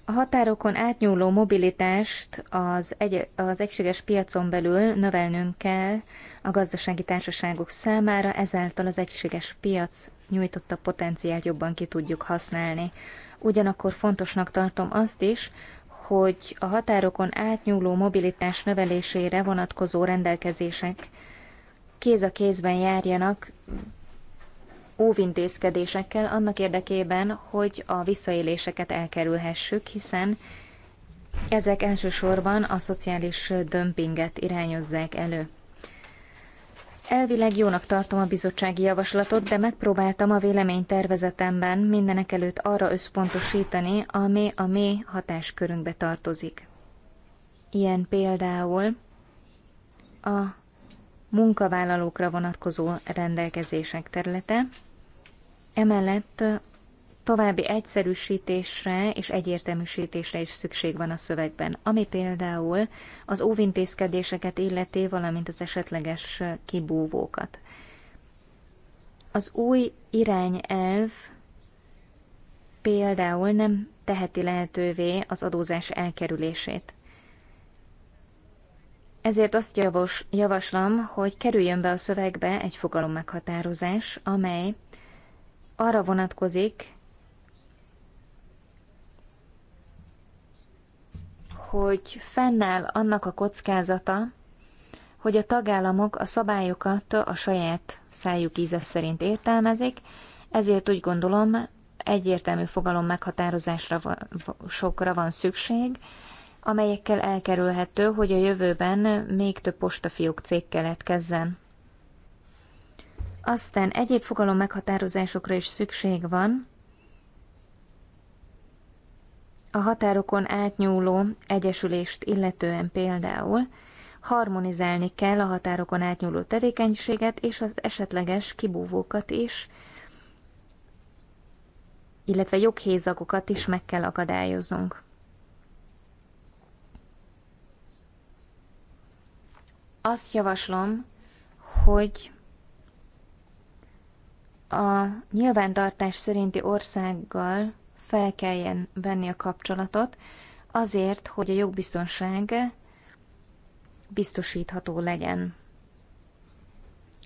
A határokon átnyúló mobilitást az, egy, az egységes piacon belül növelnünk kell a gazdasági társaságok számára, ezáltal az egységes piac nyújtotta potenciált jobban ki tudjuk használni. Ugyanakkor fontosnak tartom azt is, hogy a határokon átnyúló mobilitás növelésére vonatkozó rendelkezések kéz a kézben járjanak óvintézkedésekkel annak érdekében, hogy a visszaéléseket elkerülhessük, hiszen ezek elsősorban a szociális dömpinget irányozzák elő. Elvileg jónak tartom a bizottsági javaslatot, de megpróbáltam a véleménytervezetemben mindenek előtt arra összpontosítani, ami a mi hatáskörünkbe tartozik. Ilyen például a munkavállalókra vonatkozó rendelkezések területe. Emellett további egyszerűsítésre és egyértelműsítésre is szükség van a szövegben, ami például az óvintézkedéseket illeti, valamint az esetleges kibúvókat. Az új irányelv például nem teheti lehetővé az adózás elkerülését. Ezért azt javos, javaslom, hogy kerüljön be a szövegbe egy fogalom meghatározás, amely arra vonatkozik, hogy fennáll annak a kockázata, hogy a tagállamok a szabályokat a saját szájuk íze szerint értelmezik, ezért úgy gondolom, egyértelmű fogalom meghatározásra sokra van szükség, amelyekkel elkerülhető, hogy a jövőben még több postafiók cég keletkezzen. Aztán egyéb fogalom meghatározásokra is szükség van, a határokon átnyúló egyesülést illetően például harmonizálni kell a határokon átnyúló tevékenységet és az esetleges kibúvókat is, illetve joghézagokat is meg kell akadályoznunk. azt javaslom, hogy a nyilvántartás szerinti országgal fel kelljen venni a kapcsolatot, azért, hogy a jogbiztonság biztosítható legyen.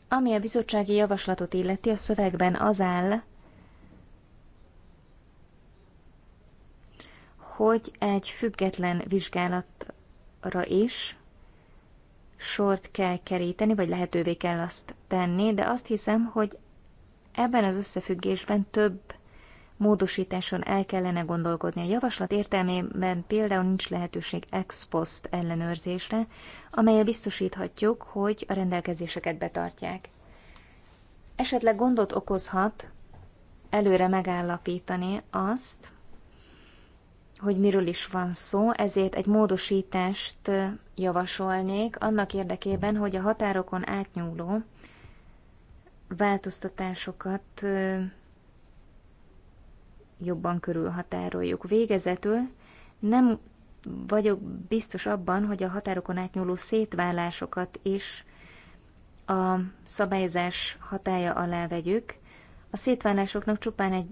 Ami a bizottsági javaslatot illeti, a szövegben az áll, hogy egy független vizsgálatra is sort kell keríteni, vagy lehetővé kell azt tenni, de azt hiszem, hogy ebben az összefüggésben több módosításon el kellene gondolkodni. A javaslat értelmében például nincs lehetőség ex post ellenőrzésre, amelyel biztosíthatjuk, hogy a rendelkezéseket betartják. Esetleg gondot okozhat előre megállapítani azt, hogy miről is van szó, ezért egy módosítást javasolnék annak érdekében, hogy a határokon átnyúló változtatásokat jobban körülhatároljuk. Végezetül nem vagyok biztos abban, hogy a határokon átnyúló szétválásokat is a szabályozás hatája alá vegyük. A szétválásoknak csupán egy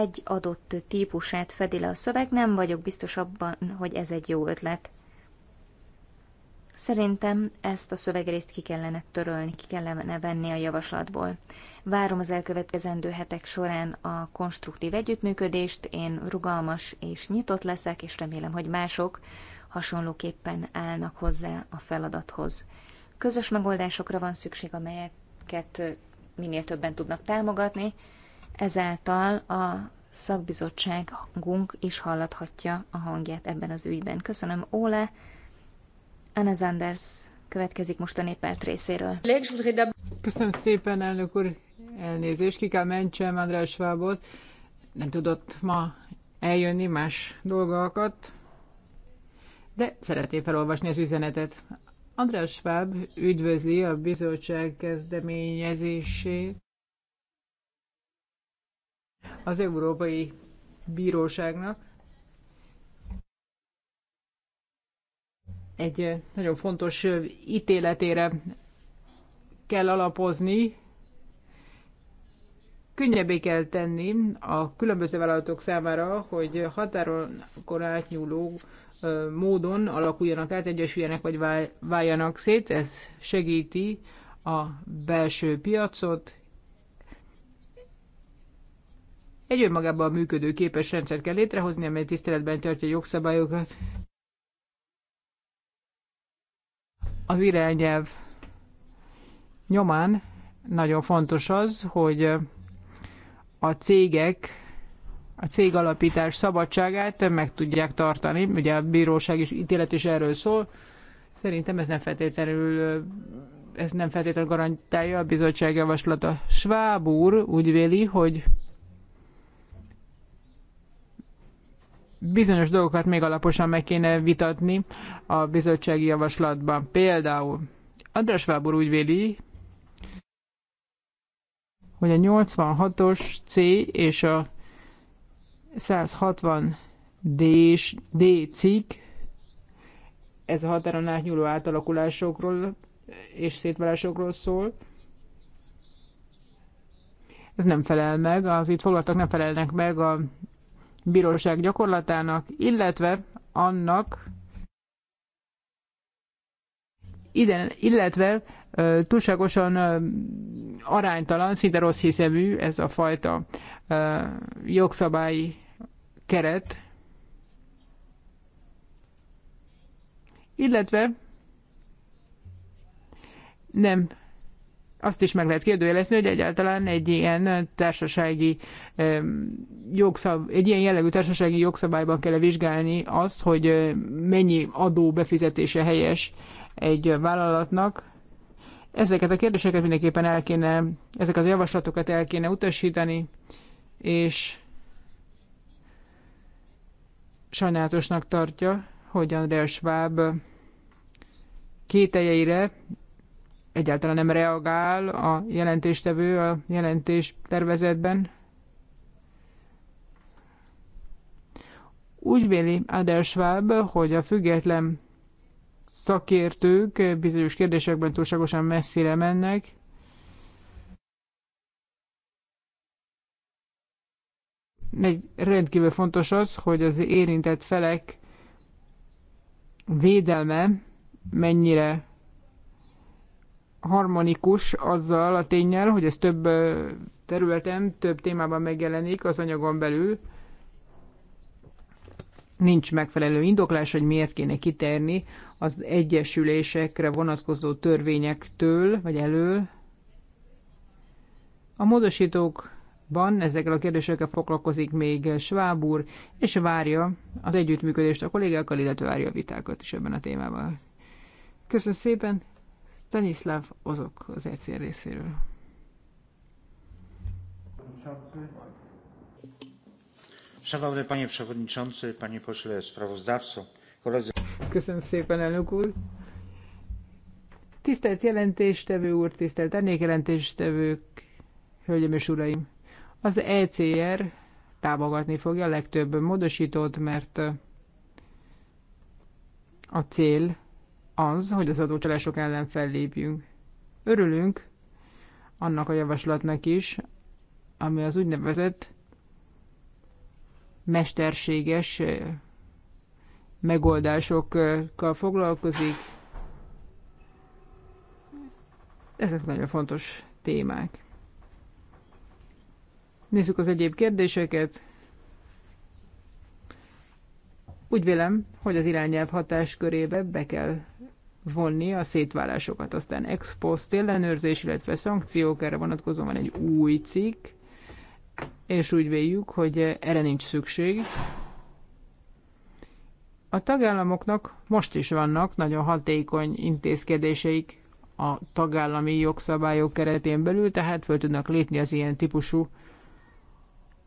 egy adott típusát fedi le a szöveg, nem vagyok biztos abban, hogy ez egy jó ötlet. Szerintem ezt a szövegrészt ki kellene törölni, ki kellene venni a javaslatból. Várom az elkövetkezendő hetek során a konstruktív együttműködést, én rugalmas és nyitott leszek, és remélem, hogy mások hasonlóképpen állnak hozzá a feladathoz. Közös megoldásokra van szükség, amelyeket minél többen tudnak támogatni, ezáltal a szakbizottságunk is hallathatja a hangját ebben az ügyben. Köszönöm, Óle. Anna Zanders következik most a néppárt részéről. Köszönöm szépen, elnök úr, elnézést. Ki kell mentsem András Schwabot. Nem tudott ma eljönni más dolgokat, de szeretné felolvasni az üzenetet. András Schwab üdvözli a bizottság kezdeményezését, az Európai Bíróságnak. Egy eh, nagyon fontos eh, ítéletére kell alapozni, könnyebbé kell tenni a különböző vállalatok számára, hogy határon átnyúló eh, módon alakuljanak át, egyesüljenek vagy váljanak szét. Ez segíti a belső piacot, Egy önmagában működő képes rendszert kell létrehozni, amely tiszteletben tartja jogszabályokat. Az irányelv nyomán nagyon fontos az, hogy a cégek a cég alapítás szabadságát meg tudják tartani. Ugye a bíróság is ítélet is erről szól. Szerintem ez nem feltétlenül ez nem feltétlenül garantálja a bizottság javaslata. Schwab úr úgy véli, hogy bizonyos dolgokat még alaposan meg kéne vitatni a bizottsági javaslatban. Például András Fábor úgy véli, hogy a 86-os C és a 160 D-s, D cikk, ez a határon átnyúló átalakulásokról és szétválásokról szól. Ez nem felel meg, az itt foglaltak nem felelnek meg a bíróság gyakorlatának, illetve annak, ide illetve túlságosan aránytalan, szinte rossz hiszemű ez a fajta jogszabályi keret, illetve nem azt is meg lehet kérdőjelezni, hogy egyáltalán egy ilyen társasági jogszab, egy ilyen jellegű társasági jogszabályban kell vizsgálni azt, hogy mennyi adó befizetése helyes egy vállalatnak. Ezeket a kérdéseket mindenképpen el kéne, ezeket a javaslatokat el kéne utasítani, és sajnálatosnak tartja, hogy Andrea Schwab kételjeire egyáltalán nem reagál a jelentéstevő a jelentés tervezetben. Úgy véli Adel Schwab, hogy a független szakértők bizonyos kérdésekben túlságosan messzire mennek, rendkívül fontos az, hogy az érintett felek védelme mennyire harmonikus azzal a tényel, hogy ez több területen, több témában megjelenik az anyagon belül. Nincs megfelelő indoklás, hogy miért kéne kiterni az egyesülésekre vonatkozó törvényektől, vagy elől. A módosítókban ezekkel a kérdésekkel foglalkozik még Svábúr, és várja az együttműködést a kollégákkal, illetve várja a vitákat is ebben a témában. Köszönöm szépen! Stanislav Ozok az ECR részéről. Szanowny panie przewodniczący, panie pośle sprawozdawco, koledzy. Köszönöm szépen, elnök úr. Tisztelt jelentéstevő úr, tisztelt jelentéstevők, hölgyem és uraim! Az ECR támogatni fogja a legtöbb módosítót, mert a cél az, hogy az adócsalások ellen fellépjünk. Örülünk annak a javaslatnak is, ami az úgynevezett mesterséges eh, megoldásokkal foglalkozik. Ezek nagyon fontos témák. Nézzük az egyéb kérdéseket. Úgy vélem, hogy az irányelv hatáskörébe be kell vonni a szétválásokat. Aztán ex post ellenőrzés, illetve szankciók, erre vonatkozóan van egy új cikk, és úgy véljük, hogy erre nincs szükség. A tagállamoknak most is vannak nagyon hatékony intézkedéseik a tagállami jogszabályok keretén belül, tehát föl tudnak lépni az ilyen típusú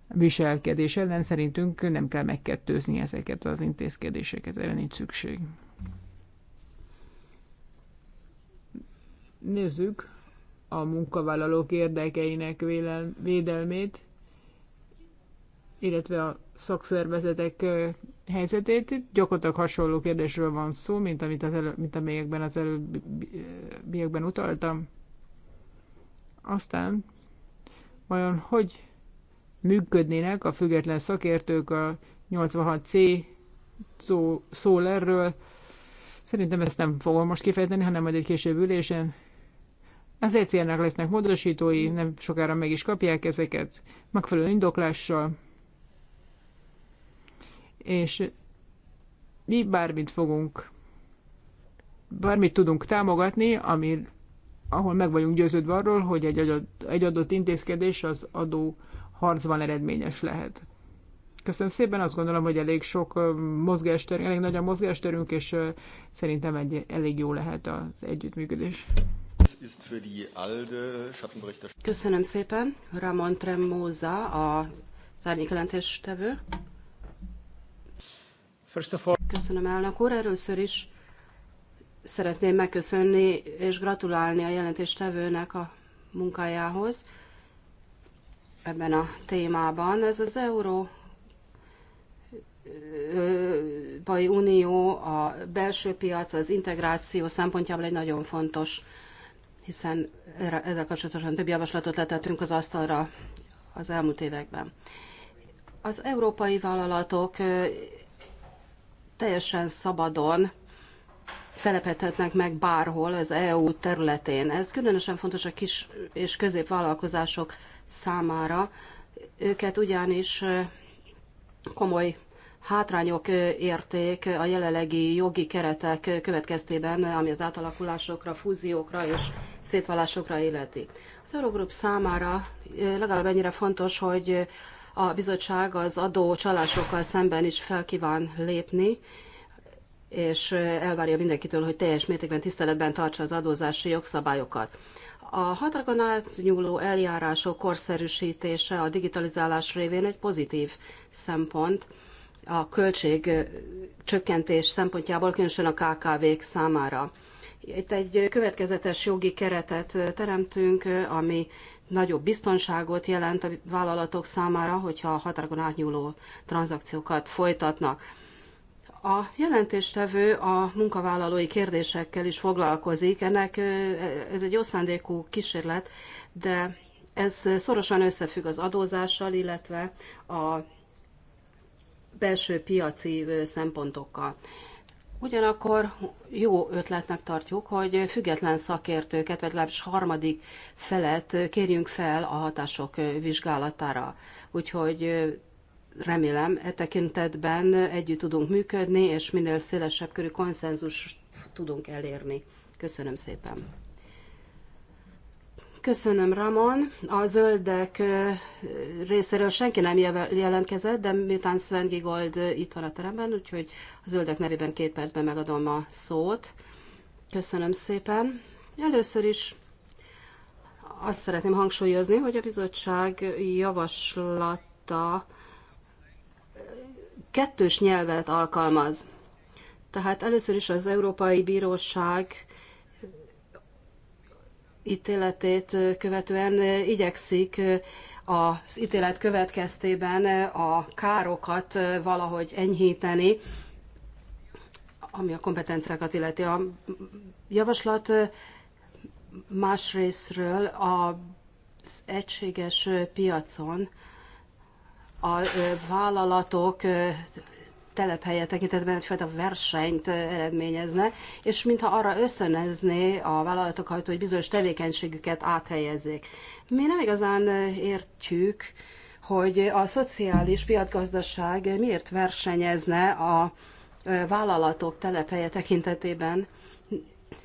viselkedés ellen. Szerintünk nem kell megkettőzni ezeket az intézkedéseket, erre nincs szükség. nézzük a munkavállalók érdekeinek védelmét, illetve a szakszervezetek helyzetét. gyakorlatilag hasonló kérdésről van szó, mint, amit az elő, mint amelyekben az előbbiekben utaltam. Aztán vajon hogy működnének a független szakértők a 86C szó, szól erről. Szerintem ezt nem fogom most kifejteni, hanem majd egy később ülésen az ECR-nek lesznek módosítói, nem sokára meg is kapják ezeket, megfelelő indoklással, és mi bármit fogunk, bármit tudunk támogatni, ami, ahol meg vagyunk győződve arról, hogy egy adott, egy adott intézkedés az adó harcban eredményes lehet. Köszönöm szépen, azt gondolom, hogy elég sok mozgásterünk, elég nagy a mozgásterünk, és szerintem egy, elég jó lehet az együttműködés. Köszönöm szépen. Ramon Tremóza, a szárnyékelentéstevő. Köszönöm elnök úr. Először is szeretném megköszönni és gratulálni a jelentéstevőnek a munkájához ebben a témában. Ez az Euró Európai Unió, a belső piac, az integráció szempontjából egy nagyon fontos hiszen ezzel kapcsolatosan több javaslatot letettünk az asztalra az elmúlt években. Az európai vállalatok teljesen szabadon telepedhetnek meg bárhol az EU területén. Ez különösen fontos a kis és középvállalkozások számára. Őket ugyanis komoly hátrányok érték a jelenlegi jogi keretek következtében, ami az átalakulásokra, fúziókra és szétválásokra illeti. Az Eurogroup számára legalább ennyire fontos, hogy a bizottság az adó csalásokkal szemben is felkíván lépni, és elvárja mindenkitől, hogy teljes mértékben tiszteletben tartsa az adózási jogszabályokat. A határokon átnyúló eljárások korszerűsítése a digitalizálás révén egy pozitív szempont, a költség csökkentés szempontjából, különösen a KKV-k számára. Itt egy következetes jogi keretet teremtünk, ami nagyobb biztonságot jelent a vállalatok számára, hogyha a határokon átnyúló tranzakciókat folytatnak. A jelentéstevő a munkavállalói kérdésekkel is foglalkozik. Ennek ez egy jó szándékú kísérlet, de ez szorosan összefügg az adózással, illetve a belső piaci szempontokkal. Ugyanakkor jó ötletnek tartjuk, hogy független szakértőket, vagy legalábbis harmadik felet kérjünk fel a hatások vizsgálatára. Úgyhogy remélem e tekintetben együtt tudunk működni, és minél szélesebb körű konszenzust tudunk elérni. Köszönöm szépen! Köszönöm, Ramon. A zöldek részéről senki nem jelentkezett, de miután Sven Gigold itt van a teremben, úgyhogy a zöldek nevében két percben megadom a szót. Köszönöm szépen. Először is azt szeretném hangsúlyozni, hogy a bizottság javaslata kettős nyelvet alkalmaz. Tehát először is az Európai Bíróság ítéletét követően igyekszik az ítélet következtében a károkat valahogy enyhíteni, ami a kompetenciákat illeti. A javaslat más részről az egységes piacon a vállalatok telephelye tekintetben egyfajta versenyt eredményezne, és mintha arra összönezné a vállalatokat, hogy bizonyos tevékenységüket áthelyezzék. Mi nem igazán értjük, hogy a szociális piacgazdaság miért versenyezne a vállalatok telephelye tekintetében.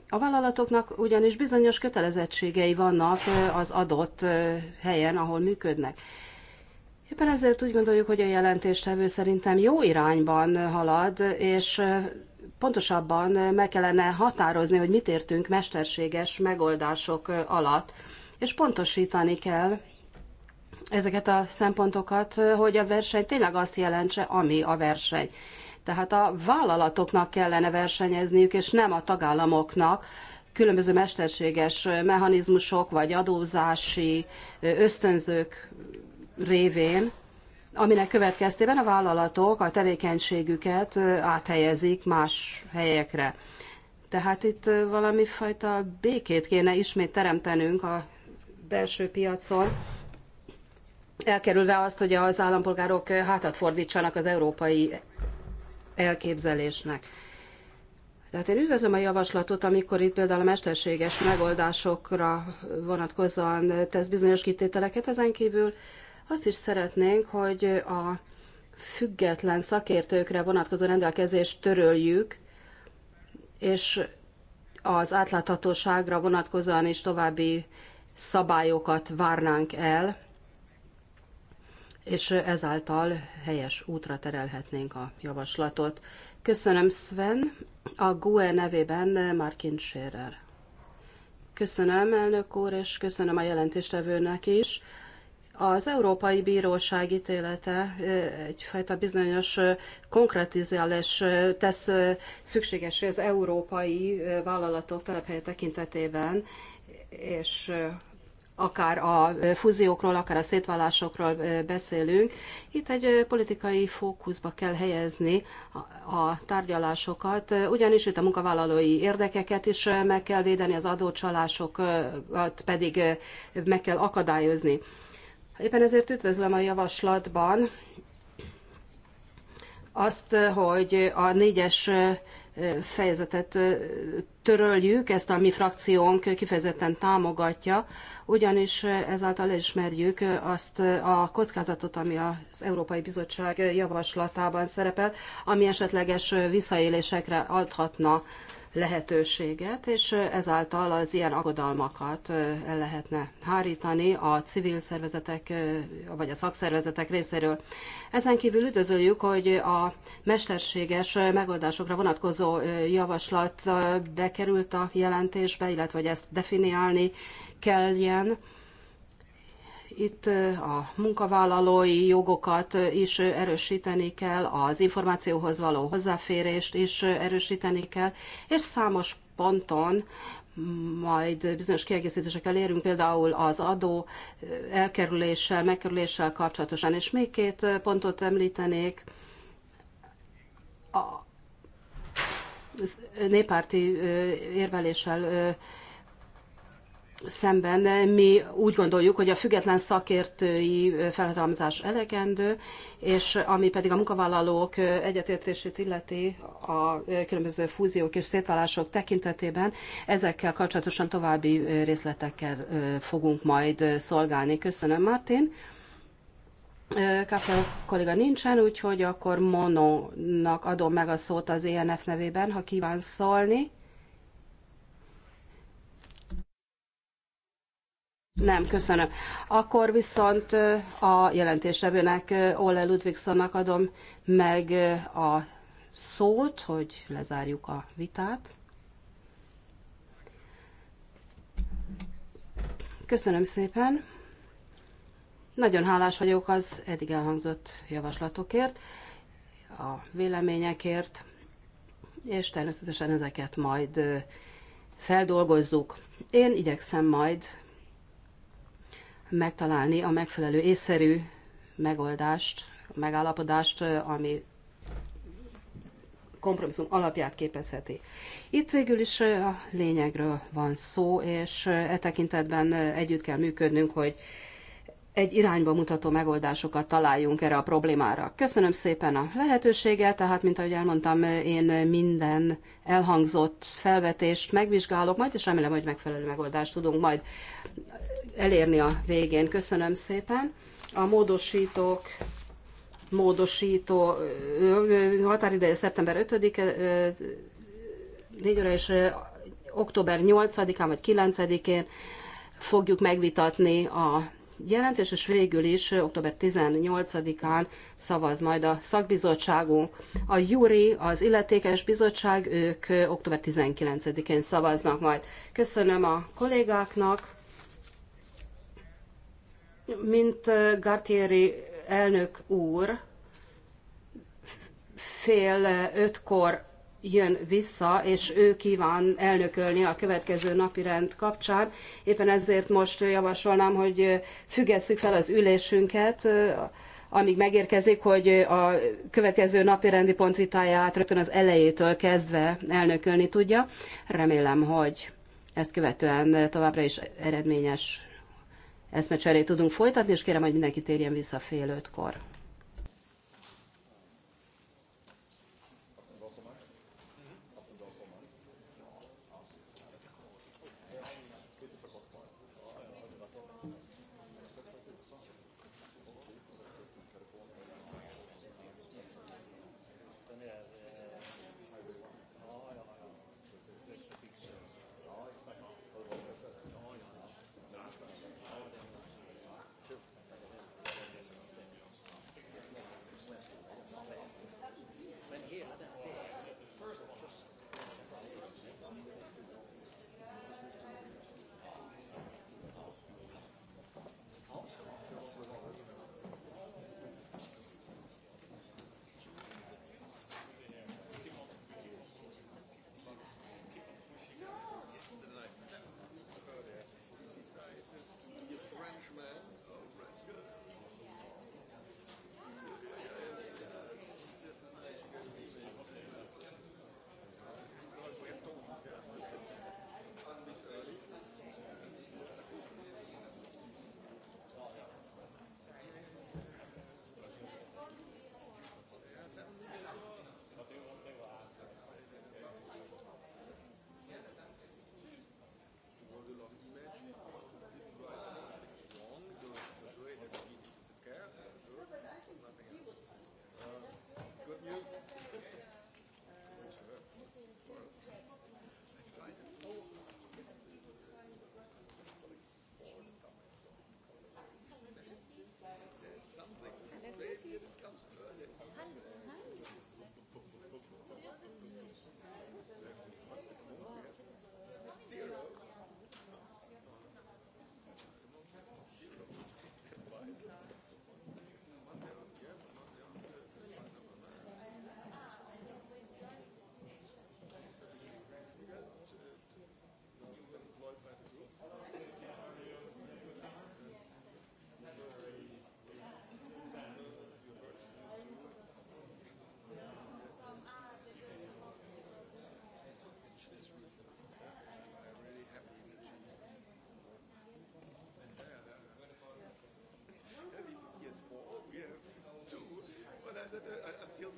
A vállalatoknak ugyanis bizonyos kötelezettségei vannak az adott helyen, ahol működnek. Éppen ezért úgy gondoljuk, hogy a jelentéstevő szerintem jó irányban halad, és pontosabban meg kellene határozni, hogy mit értünk mesterséges megoldások alatt, és pontosítani kell ezeket a szempontokat, hogy a verseny tényleg azt jelentse, ami a verseny. Tehát a vállalatoknak kellene versenyezniük, és nem a tagállamoknak, különböző mesterséges mechanizmusok vagy adózási ösztönzők révén, aminek következtében a vállalatok a tevékenységüket áthelyezik más helyekre. Tehát itt valami fajta békét kéne ismét teremtenünk a belső piacon, elkerülve azt, hogy az állampolgárok hátat fordítsanak az európai elképzelésnek. Tehát én üdvözlöm a javaslatot, amikor itt például a mesterséges megoldásokra vonatkozóan tesz bizonyos kitételeket, ezen kívül azt is szeretnénk, hogy a független szakértőkre vonatkozó rendelkezést töröljük, és az átláthatóságra vonatkozóan is további szabályokat várnánk el, és ezáltal helyes útra terelhetnénk a javaslatot. Köszönöm Sven, a GUE nevében Markin Scherer. Köszönöm elnök úr, és köszönöm a jelentéstevőnek is az Európai Bíróság ítélete egyfajta bizonyos konkretizálás tesz szükséges az európai vállalatok telephelye tekintetében, és akár a fúziókról, akár a szétválásokról beszélünk. Itt egy politikai fókuszba kell helyezni a tárgyalásokat, ugyanis itt a munkavállalói érdekeket is meg kell védeni, az adócsalásokat pedig meg kell akadályozni. Éppen ezért üdvözlöm a javaslatban azt, hogy a négyes fejezetet töröljük, ezt a mi frakciónk kifejezetten támogatja, ugyanis ezáltal elismerjük azt a kockázatot, ami az Európai Bizottság javaslatában szerepel, ami esetleges visszaélésekre adhatna lehetőséget, és ezáltal az ilyen aggodalmakat el lehetne hárítani a civil szervezetek vagy a szakszervezetek részéről. Ezen kívül üdvözöljük, hogy a mesterséges megoldásokra vonatkozó javaslat bekerült a jelentésbe, illetve hogy ezt definiálni kelljen itt a munkavállalói jogokat is erősíteni kell, az információhoz való hozzáférést is erősíteni kell, és számos ponton majd bizonyos kiegészítésekkel érünk, például az adó elkerüléssel, megkerüléssel kapcsolatosan. És még két pontot említenék. A néppárti érveléssel szemben mi úgy gondoljuk, hogy a független szakértői felhatalmazás elegendő, és ami pedig a munkavállalók egyetértését illeti a különböző fúziók és szétválások tekintetében, ezekkel kapcsolatosan további részletekkel fogunk majd szolgálni. Köszönöm, Martin. Kapja kolléga nincsen, úgyhogy akkor nak adom meg a szót az ENF nevében, ha kíván szólni. Nem, köszönöm. Akkor viszont a jelentéstevőnek, Olle Ludvigsonnak adom meg a szót, hogy lezárjuk a vitát. Köszönöm szépen. Nagyon hálás vagyok az eddig elhangzott javaslatokért, a véleményekért, és természetesen ezeket majd feldolgozzuk. Én igyekszem majd megtalálni a megfelelő észszerű megoldást, megállapodást, ami kompromisszum alapját képezheti. Itt végül is a lényegről van szó, és e tekintetben együtt kell működnünk, hogy egy irányba mutató megoldásokat találjunk erre a problémára. Köszönöm szépen a lehetőséget, tehát, mint ahogy elmondtam, én minden elhangzott felvetést megvizsgálok majd, és remélem, hogy megfelelő megoldást tudunk majd elérni a végén. Köszönöm szépen. A módosítók módosító határideje szeptember 5-e, 4 óra és október 8-án vagy 9-én fogjuk megvitatni a jelentés, és végül is október 18-án szavaz majd a szakbizottságunk. A Juri, az illetékes bizottság, ők október 19-én szavaznak majd. Köszönöm a kollégáknak. Mint Gartieri elnök úr, fél ötkor jön vissza, és ő kíván elnökölni a következő napi rend kapcsán. Éppen ezért most javasolnám, hogy függesszük fel az ülésünket, amíg megérkezik, hogy a következő napi rendi pont vitáját rögtön az elejétől kezdve elnökölni tudja. Remélem, hogy ezt követően továbbra is eredményes eszmecserét tudunk folytatni, és kérem, hogy mindenki térjen vissza fél ötkor.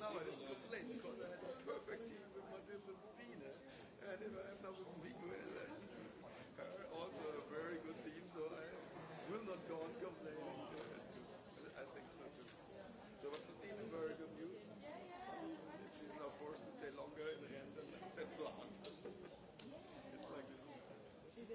now I don't complain because I a perfect team also a very good team, so I will not go on complaining. Uh, it's good. I think so too. So, but the team is very good news. She's now forced to stay longer in than, than planned. it's like this. She's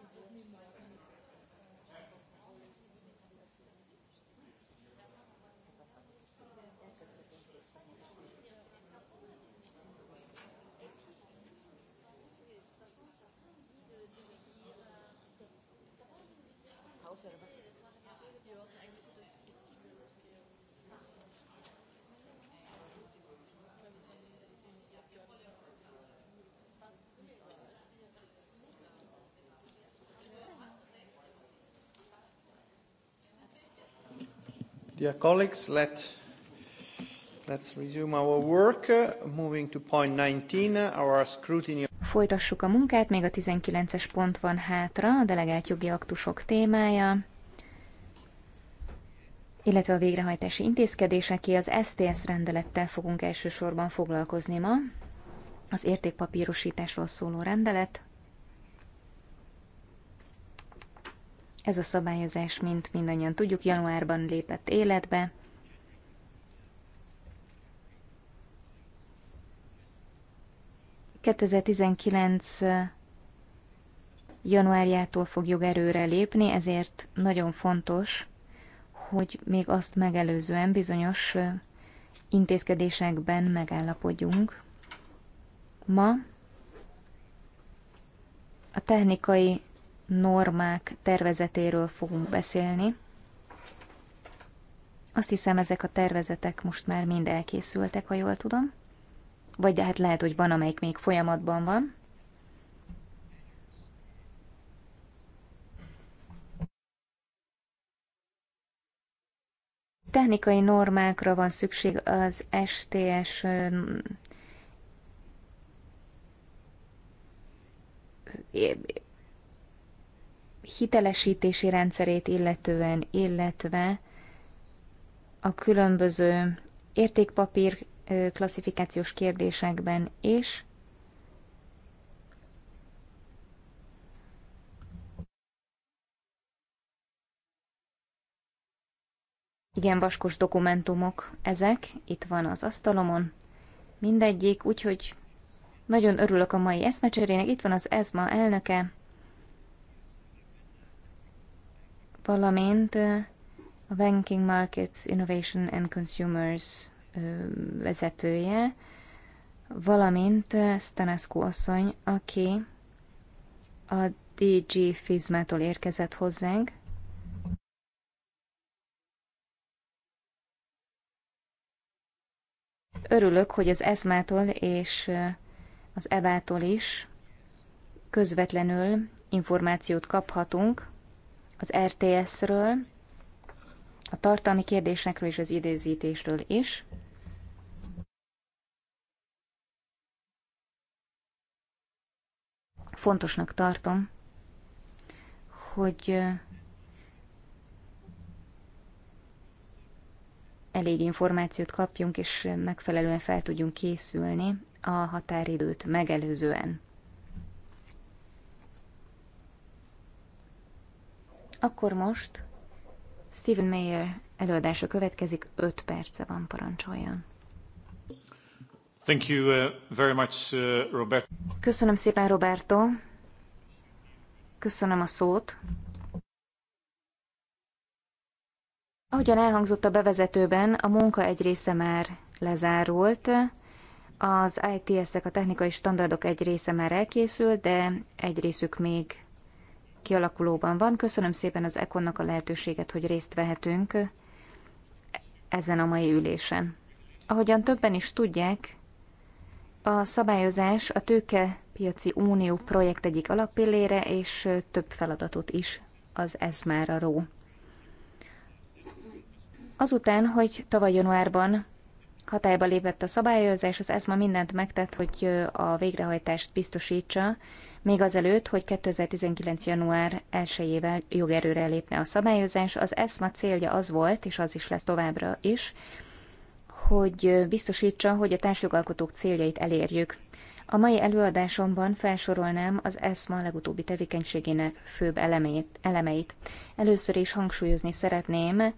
det er virkelig Dear colleagues, let, let's resume our work, moving to point 19, our scrutiny. Folytassuk a munkát, még a 19-es pont van hátra, a delegált jogi aktusok témája, illetve a végrehajtási intézkedéseké az STS rendelettel fogunk elsősorban foglalkozni ma. Az értékpapírosításról szóló rendelet, Ez a szabályozás, mint mindannyian tudjuk, januárban lépett életbe. ...2019 januárjától fog jogerőre lépni, ezért nagyon fontos, hogy még azt megelőzően bizonyos intézkedésekben megállapodjunk. Ma a technikai normák tervezetéről fogunk beszélni. Azt hiszem, ezek a tervezetek most már mind elkészültek, ha jól tudom. Vagy de hát lehet, hogy van, amelyik még folyamatban van. Technikai normákra van szükség az STS hitelesítési rendszerét illetően, illetve a különböző értékpapír klasszifikációs kérdésekben is. Igen, vaskos dokumentumok ezek, itt van az asztalomon, mindegyik, úgyhogy nagyon örülök a mai eszmecserének. Itt van az ESMA elnöke, valamint a Banking Markets Innovation and Consumers vezetője, valamint Stanescu asszony, aki a DG Fizmától érkezett hozzánk. Örülök, hogy az ESMA-tól és az EBA-tól is közvetlenül információt kaphatunk az RTS-ről, a tartalmi kérdésekről és az időzítésről is. Fontosnak tartom, hogy elég információt kapjunk, és megfelelően fel tudjunk készülni a határidőt megelőzően. Akkor most Stephen Mayer előadása következik, 5 perce van, parancsoljon. Thank you uh, very much, uh, Roberto. Köszönöm szépen, Roberto. Köszönöm a szót. Ahogyan elhangzott a bevezetőben, a munka egy része már lezárult. Az ITS-ek, a technikai standardok egy része már elkészült, de egy részük még kialakulóban van. Köszönöm szépen az Ekonnak a lehetőséget, hogy részt vehetünk ezen a mai ülésen. Ahogyan többen is tudják, a szabályozás a tőkepiaci unió projekt egyik alappillére, és több feladatot is az ez már a ró. Azután, hogy tavaly januárban hatályba lépett a szabályozás, az ESMA mindent megtett, hogy a végrehajtást biztosítsa, még azelőtt, hogy 2019. január 1-ével jogerőre lépne a szabályozás. Az ESMA célja az volt, és az is lesz továbbra is, hogy biztosítsa, hogy a társjogalkotók céljait elérjük. A mai előadásomban felsorolnám az ESMA legutóbbi tevékenységének főbb elemét, elemeit. Először is hangsúlyozni szeretném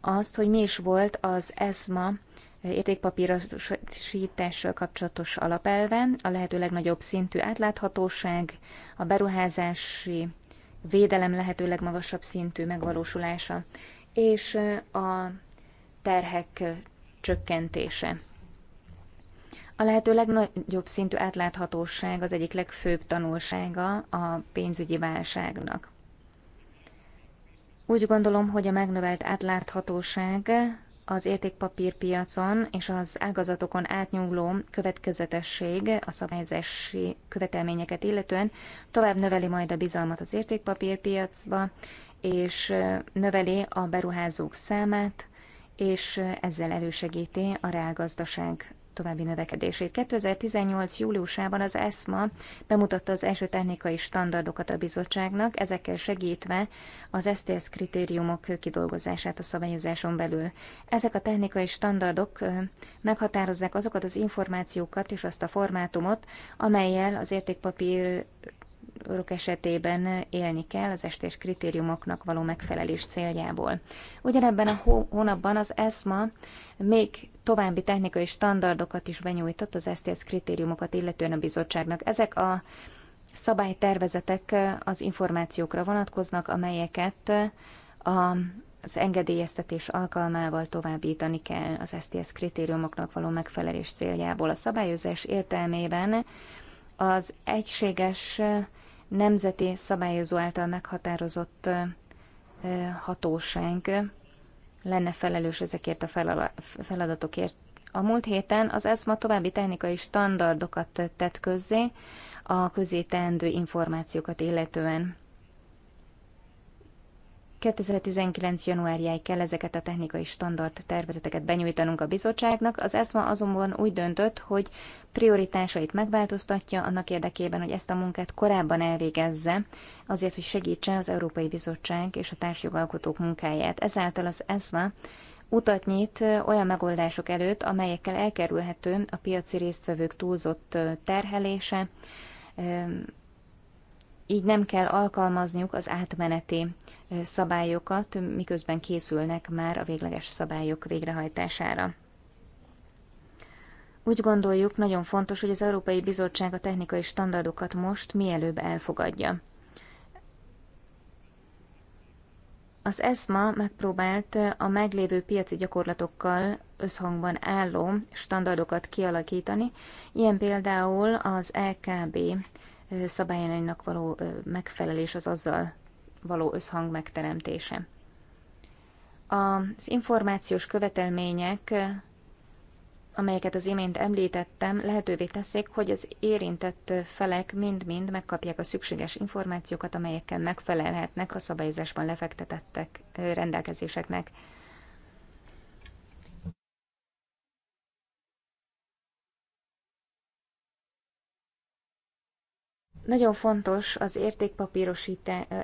azt, hogy mi is volt az ESMA értékpapírosítással kapcsolatos alapelven, a lehető legnagyobb szintű átláthatóság, a beruházási védelem lehető legmagasabb szintű megvalósulása, és a terhek csökkentése. A lehető legnagyobb szintű átláthatóság az egyik legfőbb tanulsága a pénzügyi válságnak. Úgy gondolom, hogy a megnövelt átláthatóság az értékpapírpiacon és az ágazatokon átnyúló következetesség a szabályzási követelményeket illetően tovább növeli majd a bizalmat az értékpapírpiacba, és növeli a beruházók számát, és ezzel elősegíti a reálgazdaság további növekedését. 2018. júliusában az ESMA bemutatta az első technikai standardokat a bizottságnak, ezekkel segítve az STS kritériumok kidolgozását a szabályozáson belül. Ezek a technikai standardok meghatározzák azokat az információkat és azt a formátumot, amelyel az értékpapír örök esetében élni kell az estés kritériumoknak való megfelelés céljából. Ugyanebben a hónapban az ESMA még további technikai standardokat is benyújtott az STS kritériumokat illetően a bizottságnak. Ezek a szabálytervezetek az információkra vonatkoznak, amelyeket a az engedélyeztetés alkalmával továbbítani kell az STS kritériumoknak való megfelelés céljából. A szabályozás értelmében az egységes nemzeti szabályozó által meghatározott hatóság lenne felelős ezekért a feladatokért. A múlt héten az ESMA további technikai standardokat tett közzé a közéteendő információkat illetően. 2019. januárjáig kell ezeket a technikai standard tervezeteket benyújtanunk a bizottságnak. Az ESMA azonban úgy döntött, hogy prioritásait megváltoztatja annak érdekében, hogy ezt a munkát korábban elvégezze, azért, hogy segítse az Európai Bizottság és a társjogalkotók munkáját. Ezáltal az ESMA utat nyit olyan megoldások előtt, amelyekkel elkerülhető a piaci résztvevők túlzott terhelése, így nem kell alkalmazniuk az átmeneti szabályokat, miközben készülnek már a végleges szabályok végrehajtására. Úgy gondoljuk, nagyon fontos, hogy az Európai Bizottság a technikai standardokat most mielőbb elfogadja. Az ESMA megpróbált a meglévő piaci gyakorlatokkal összhangban álló standardokat kialakítani, ilyen például az LKB e szabályainak való megfelelés, az azzal való összhang megteremtése. Az információs követelmények, amelyeket az imént említettem, lehetővé teszik, hogy az érintett felek mind-mind megkapják a szükséges információkat, amelyekkel megfelelhetnek a szabályozásban lefektetettek rendelkezéseknek. Nagyon fontos az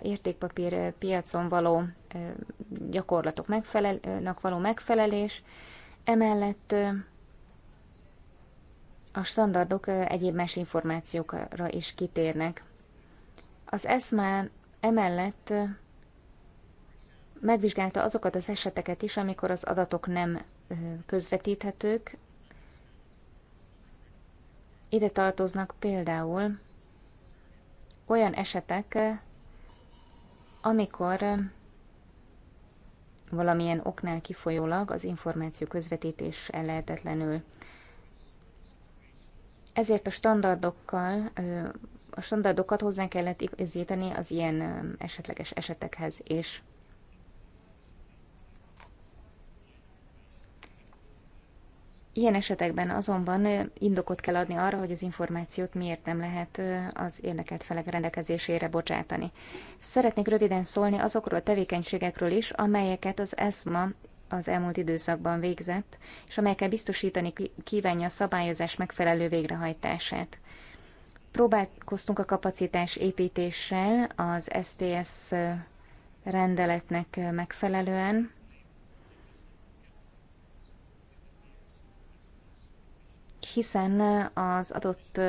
értékpapír piacon való gyakorlatok megfelelnek való megfelelés, emellett a standardok egyéb más információkra is kitérnek. Az ESMA emellett megvizsgálta azokat az eseteket is, amikor az adatok nem közvetíthetők. Ide tartoznak például olyan esetek, eh, amikor eh, valamilyen oknál kifolyólag az információ közvetítés lehetetlenül. Ezért a standardokkal, eh, a standardokat hozzá kellett igazítani az ilyen esetleges esetekhez, és Ilyen esetekben azonban indokot kell adni arra, hogy az információt miért nem lehet az érdekelt felek rendelkezésére bocsátani. Szeretnék röviden szólni azokról a tevékenységekről is, amelyeket az ESMA az elmúlt időszakban végzett, és amelyekkel biztosítani kívánja a szabályozás megfelelő végrehajtását. Próbálkoztunk a kapacitás építéssel az STS rendeletnek megfelelően, hiszen az adott,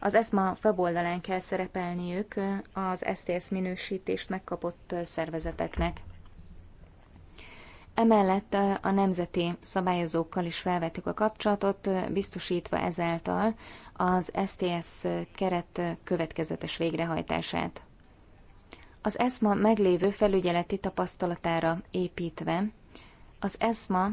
az ESMA weboldalán kell szerepelniük az STS minősítést megkapott szervezeteknek. Emellett a nemzeti szabályozókkal is felvettük a kapcsolatot, biztosítva ezáltal az STS keret következetes végrehajtását. Az ESMA meglévő felügyeleti tapasztalatára építve, az ESMA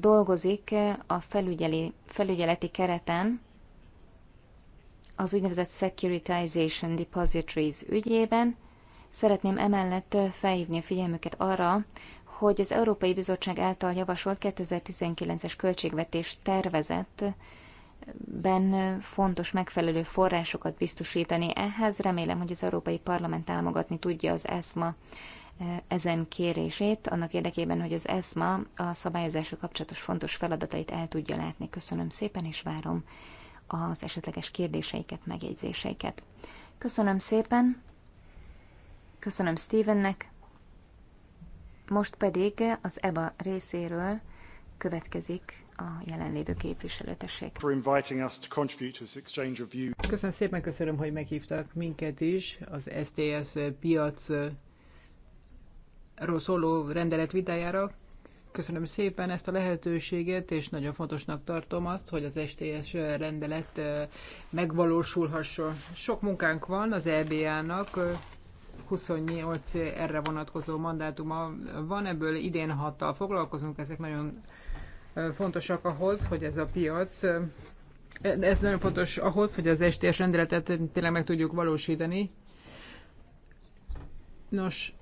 dolgozik a felügyeli, felügyeleti kereten, az úgynevezett Securitization Depositories ügyében. Szeretném emellett felhívni a figyelmüket arra, hogy az Európai Bizottság által javasolt 2019-es költségvetés tervezett ben fontos megfelelő forrásokat biztosítani. Ehhez remélem, hogy az Európai Parlament támogatni tudja az ESMA ezen kérését, annak érdekében, hogy az ESMA a szabályozásra kapcsolatos fontos feladatait el tudja látni. Köszönöm szépen, és várom az esetleges kérdéseiket, megjegyzéseiket. Köszönöm szépen, köszönöm Stevennek, most pedig az EBA részéről következik a jelenlévő képviselőtesség. Köszönöm szépen, köszönöm, hogy meghívtak minket is az STS piac szóló rendelet vitájára. Köszönöm szépen ezt a lehetőséget, és nagyon fontosnak tartom azt, hogy az STS rendelet megvalósulhasson. Sok munkánk van az EBA-nak, 28 erre vonatkozó mandátuma van, ebből idén hattal foglalkozunk, ezek nagyon fontosak ahhoz, hogy ez a piac ez nagyon fontos ahhoz, hogy az STS rendeletet tényleg meg tudjuk valósítani. Nos,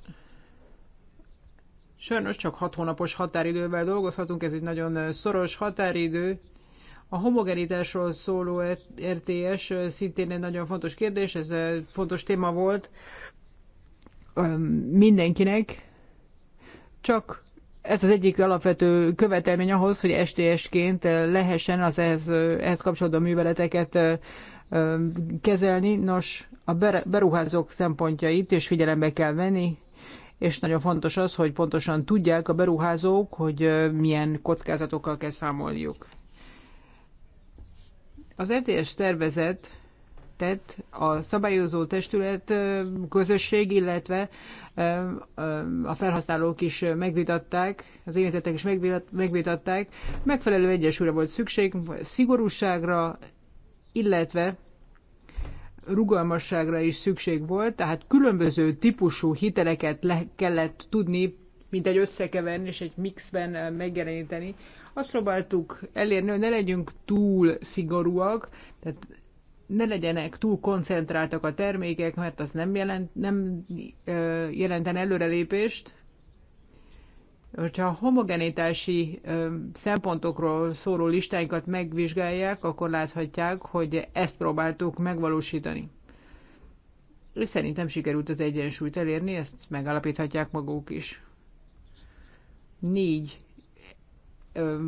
Sajnos csak hat hónapos határidővel dolgozhatunk, ez egy nagyon szoros határidő. A homogenitásról szóló RTS szintén egy nagyon fontos kérdés, ez fontos téma volt mindenkinek. Csak ez az egyik alapvető követelmény ahhoz, hogy STS-ként lehessen az ehhez, ehhez kapcsolódó műveleteket kezelni. Nos, a beruházók szempontjait is figyelembe kell venni, és nagyon fontos az, hogy pontosan tudják a beruházók, hogy milyen kockázatokkal kell számolniuk. Az RTS tervezet tett a szabályozó testület közösség, illetve a felhasználók is megvitatták, az érintettek is megvitatták. Megfelelő egyesülre volt szükség, szigorúságra, illetve rugalmasságra is szükség volt, tehát különböző típusú hiteleket le kellett tudni, mint egy összekeverni és egy mixben eh, megjeleníteni. Azt próbáltuk elérni, hogy ne legyünk túl szigorúak, tehát ne legyenek túl koncentráltak a termékek, mert az nem, jelent, nem eh, jelenten előrelépést, ha a homogenitási szempontokról szóló listáinkat megvizsgálják, akkor láthatják, hogy ezt próbáltuk megvalósítani. És szerintem sikerült az egyensúlyt elérni, ezt megállapíthatják maguk is. Négy, ö,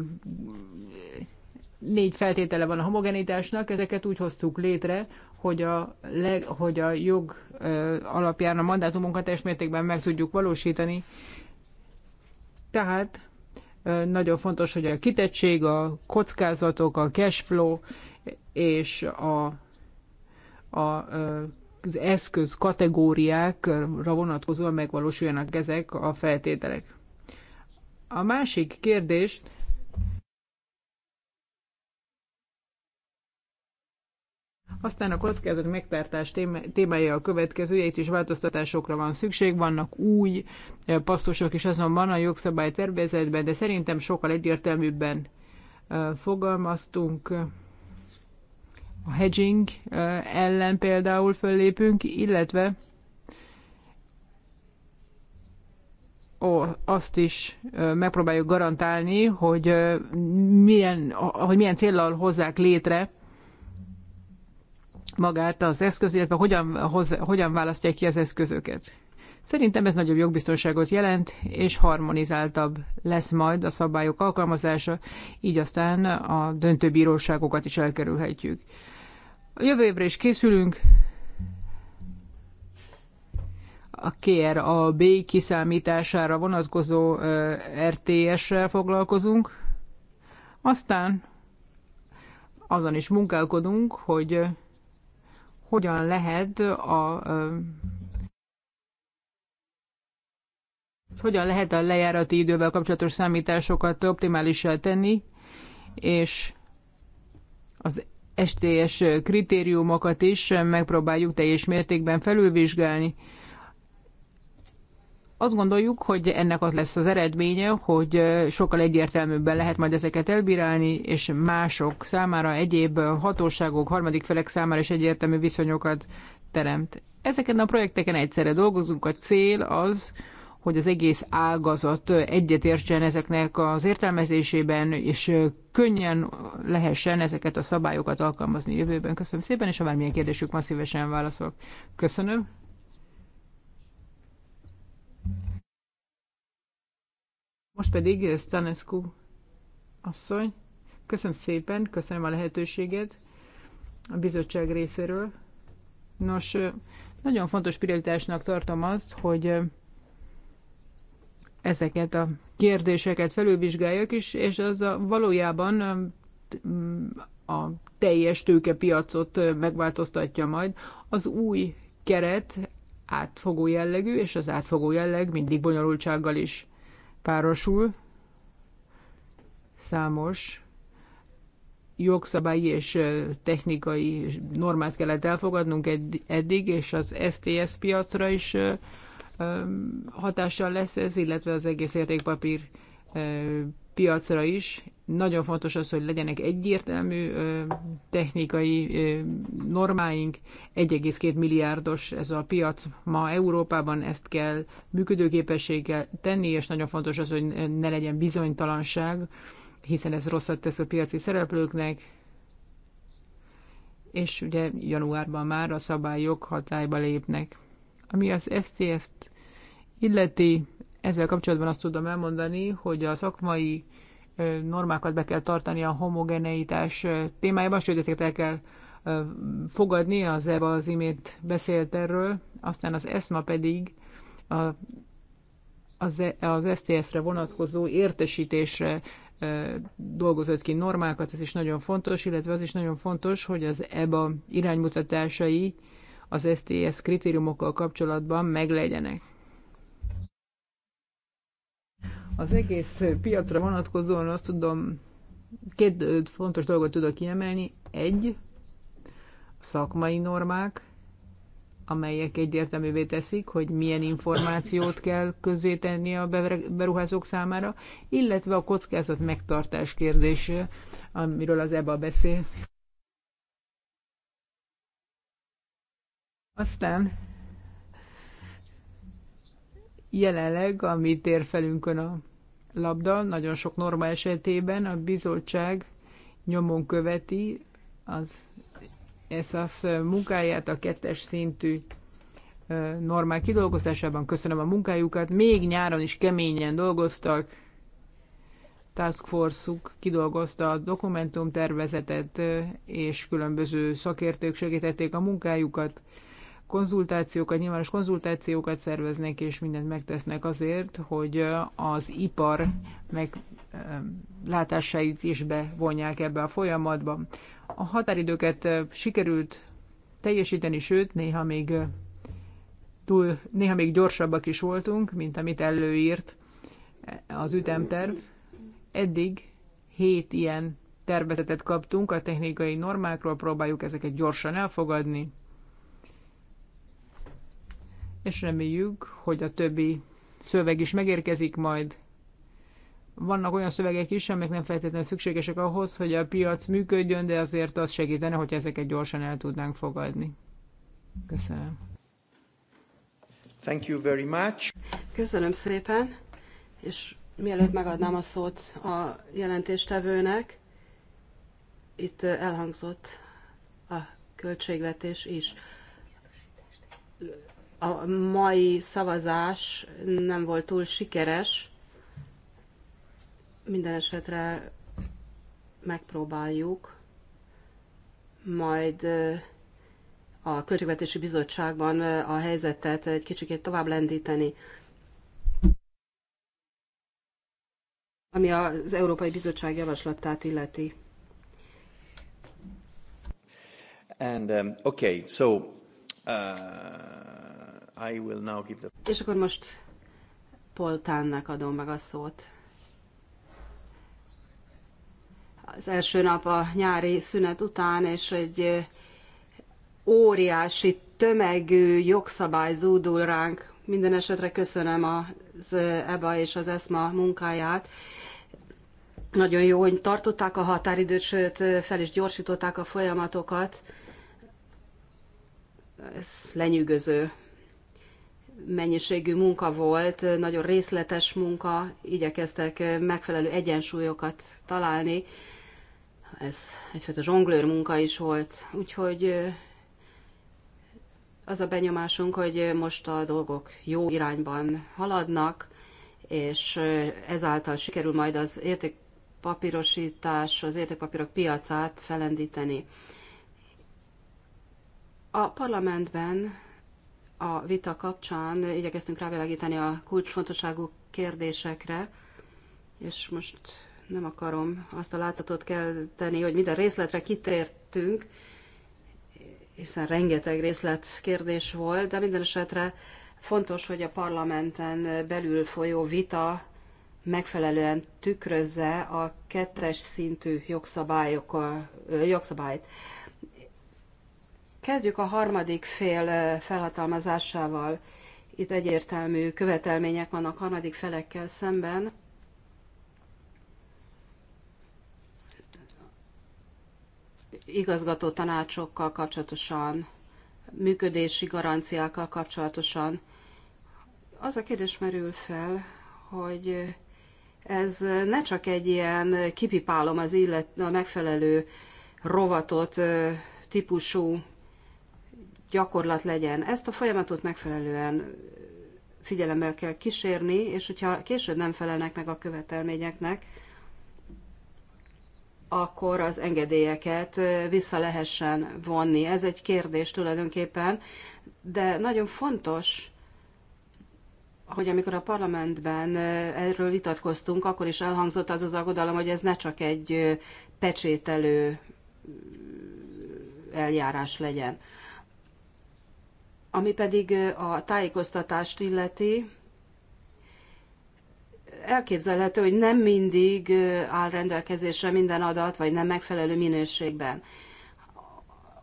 négy feltétele van a homogenitásnak, ezeket úgy hoztuk létre, hogy a, leg, hogy a jog ö, alapján a mandátumunkat teljes mértékben meg tudjuk valósítani, tehát nagyon fontos, hogy a kitettség, a kockázatok, a cash flow és a, a, az eszköz kategóriákra vonatkozóan megvalósuljanak ezek a feltételek. A másik kérdést Aztán a kockázat megtartás témája a következő itt is változtatásokra van szükség, vannak új e, passzusok is azonban a jogszabály tervezetben, de szerintem sokkal egyértelműbben e, fogalmaztunk. A hedging e, ellen például föllépünk, illetve ó, azt is megpróbáljuk garantálni, hogy milyen, hogy milyen célral hozzák létre most magát az eszköz, illetve hogyan, hoz, hogyan választják ki az eszközöket. Szerintem ez nagyobb jogbiztonságot jelent, és harmonizáltabb lesz majd a szabályok alkalmazása, így aztán a döntőbíróságokat is elkerülhetjük. A jövő évre is készülünk. A KRAB kiszámítására vonatkozó RTS-sel foglalkozunk. Aztán azon is munkálkodunk, hogy hogyan lehet a hogyan lehet a lejárati idővel kapcsolatos számításokat optimálisá tenni, és az STS kritériumokat is megpróbáljuk teljes mértékben felülvizsgálni azt gondoljuk, hogy ennek az lesz az eredménye, hogy sokkal egyértelműbben lehet majd ezeket elbírálni, és mások számára, egyéb hatóságok, harmadik felek számára is egyértelmű viszonyokat teremt. Ezeken a projekteken egyszerre dolgozunk, a cél az, hogy az egész ágazat egyetértsen ezeknek az értelmezésében, és könnyen lehessen ezeket a szabályokat alkalmazni jövőben. Köszönöm szépen, és ha bármilyen kérdésük van, szívesen válaszolok. Köszönöm. Most pedig eh, Stanescu asszony, köszönöm szépen, köszönöm a lehetőséget a bizottság részéről. Nos, eh, nagyon fontos prioritásnak tartom azt, hogy eh, ezeket a kérdéseket felülvizsgáljak is, és az a, valójában a teljes tőkepiacot megváltoztatja majd. Az új keret átfogó jellegű, és az átfogó jelleg mindig bonyolultsággal is párosul számos jogszabályi és technikai normát kellett elfogadnunk eddig, és az STS piacra is hatással lesz ez, illetve az egész értékpapír piacra is. Nagyon fontos az, hogy legyenek egyértelmű technikai normáink. 1,2 milliárdos ez a piac ma Európában, ezt kell működőképességgel tenni, és nagyon fontos az, hogy ne legyen bizonytalanság, hiszen ez rosszat tesz a piaci szereplőknek, és ugye januárban már a szabályok hatályba lépnek. Ami az STS-t illeti, ezzel kapcsolatban azt tudom elmondani, hogy a szakmai normákat be kell tartani a homogeneitás témájában, sőt, ezeket el kell fogadni, az EBA az imént beszélt erről, aztán az ESMA pedig a, az, e, az STS-re vonatkozó értesítésre dolgozott ki normákat, ez is nagyon fontos, illetve az is nagyon fontos, hogy az EBA iránymutatásai az STS kritériumokkal kapcsolatban meglegyenek. Az egész piacra vonatkozóan azt tudom, két fontos dolgot tudok kiemelni. Egy, szakmai normák, amelyek egyértelművé teszik, hogy milyen információt kell tenni a beruházók számára, illetve a kockázat megtartás kérdése, amiről az EBA beszél. Aztán Jelenleg a mi térfelünkön a labda, nagyon sok norma esetében a bizottság nyomon követi az az munkáját a kettes szintű normál kidolgozásában. Köszönöm a munkájukat. Még nyáron is keményen dolgoztak. Task force kidolgozta a dokumentumtervezetet, és különböző szakértők segítették a munkájukat konzultációkat, nyilvános konzultációkat szerveznek, és mindent megtesznek azért, hogy az ipar meg látásait is bevonják ebbe a folyamatba. A határidőket sikerült teljesíteni, sőt, néha még túl, néha még gyorsabbak is voltunk, mint amit előírt e, az ütemterv. Eddig hét ilyen tervezetet kaptunk a technikai normákról, próbáljuk ezeket gyorsan elfogadni, és reméljük, hogy a többi szöveg is megérkezik majd. Vannak olyan szövegek is, amelyek nem feltétlenül szükségesek ahhoz, hogy a piac működjön, de azért az segítene, hogy ezeket gyorsan el tudnánk fogadni. Köszönöm. Thank you very much. Köszönöm szépen, és mielőtt megadnám a szót a jelentéstevőnek, itt elhangzott a költségvetés is a mai szavazás nem volt túl sikeres. Minden esetre megpróbáljuk majd a Költségvetési Bizottságban a helyzetet egy kicsikét tovább lendíteni. ami az Európai Bizottság javaslatát illeti. And, um, okay, so, uh... I will now give the... És akkor most Poltánnak adom meg a szót. Az első nap a nyári szünet után, és egy óriási tömegű jogszabály zúdul ránk. Minden esetre köszönöm az EBA és az ESMA munkáját. Nagyon jó, hogy tartották a határidőt, sőt, fel is gyorsították a folyamatokat. Ez lenyűgöző mennyiségű munka volt, nagyon részletes munka, igyekeztek megfelelő egyensúlyokat találni. Ez egyfajta zsonglőr munka is volt, úgyhogy az a benyomásunk, hogy most a dolgok jó irányban haladnak, és ezáltal sikerül majd az értékpapírosítás, az értékpapírok piacát felendíteni. A parlamentben a vita kapcsán igyekeztünk rávilágítani a kulcsfontosságú kérdésekre, és most nem akarom azt a látszatot kelteni, hogy minden részletre kitértünk, hiszen rengeteg részlet kérdés volt, de minden esetre fontos, hogy a parlamenten belül folyó vita megfelelően tükrözze a kettes szintű jogszabályok, jogszabályt. Kezdjük a harmadik fél felhatalmazásával. Itt egyértelmű követelmények vannak harmadik felekkel szemben. igazgató tanácsokkal kapcsolatosan, működési garanciákkal kapcsolatosan. Az a kérdés merül fel, hogy ez ne csak egy ilyen kipipálom az illet, a megfelelő rovatot típusú gyakorlat legyen. Ezt a folyamatot megfelelően figyelemmel kell kísérni, és hogyha később nem felelnek meg a követelményeknek, akkor az engedélyeket vissza lehessen vonni. Ez egy kérdés tulajdonképpen, de nagyon fontos, hogy amikor a parlamentben erről vitatkoztunk, akkor is elhangzott az az aggodalom, hogy ez ne csak egy pecsételő eljárás legyen. Ami pedig a tájékoztatást illeti, elképzelhető, hogy nem mindig áll rendelkezésre minden adat, vagy nem megfelelő minőségben.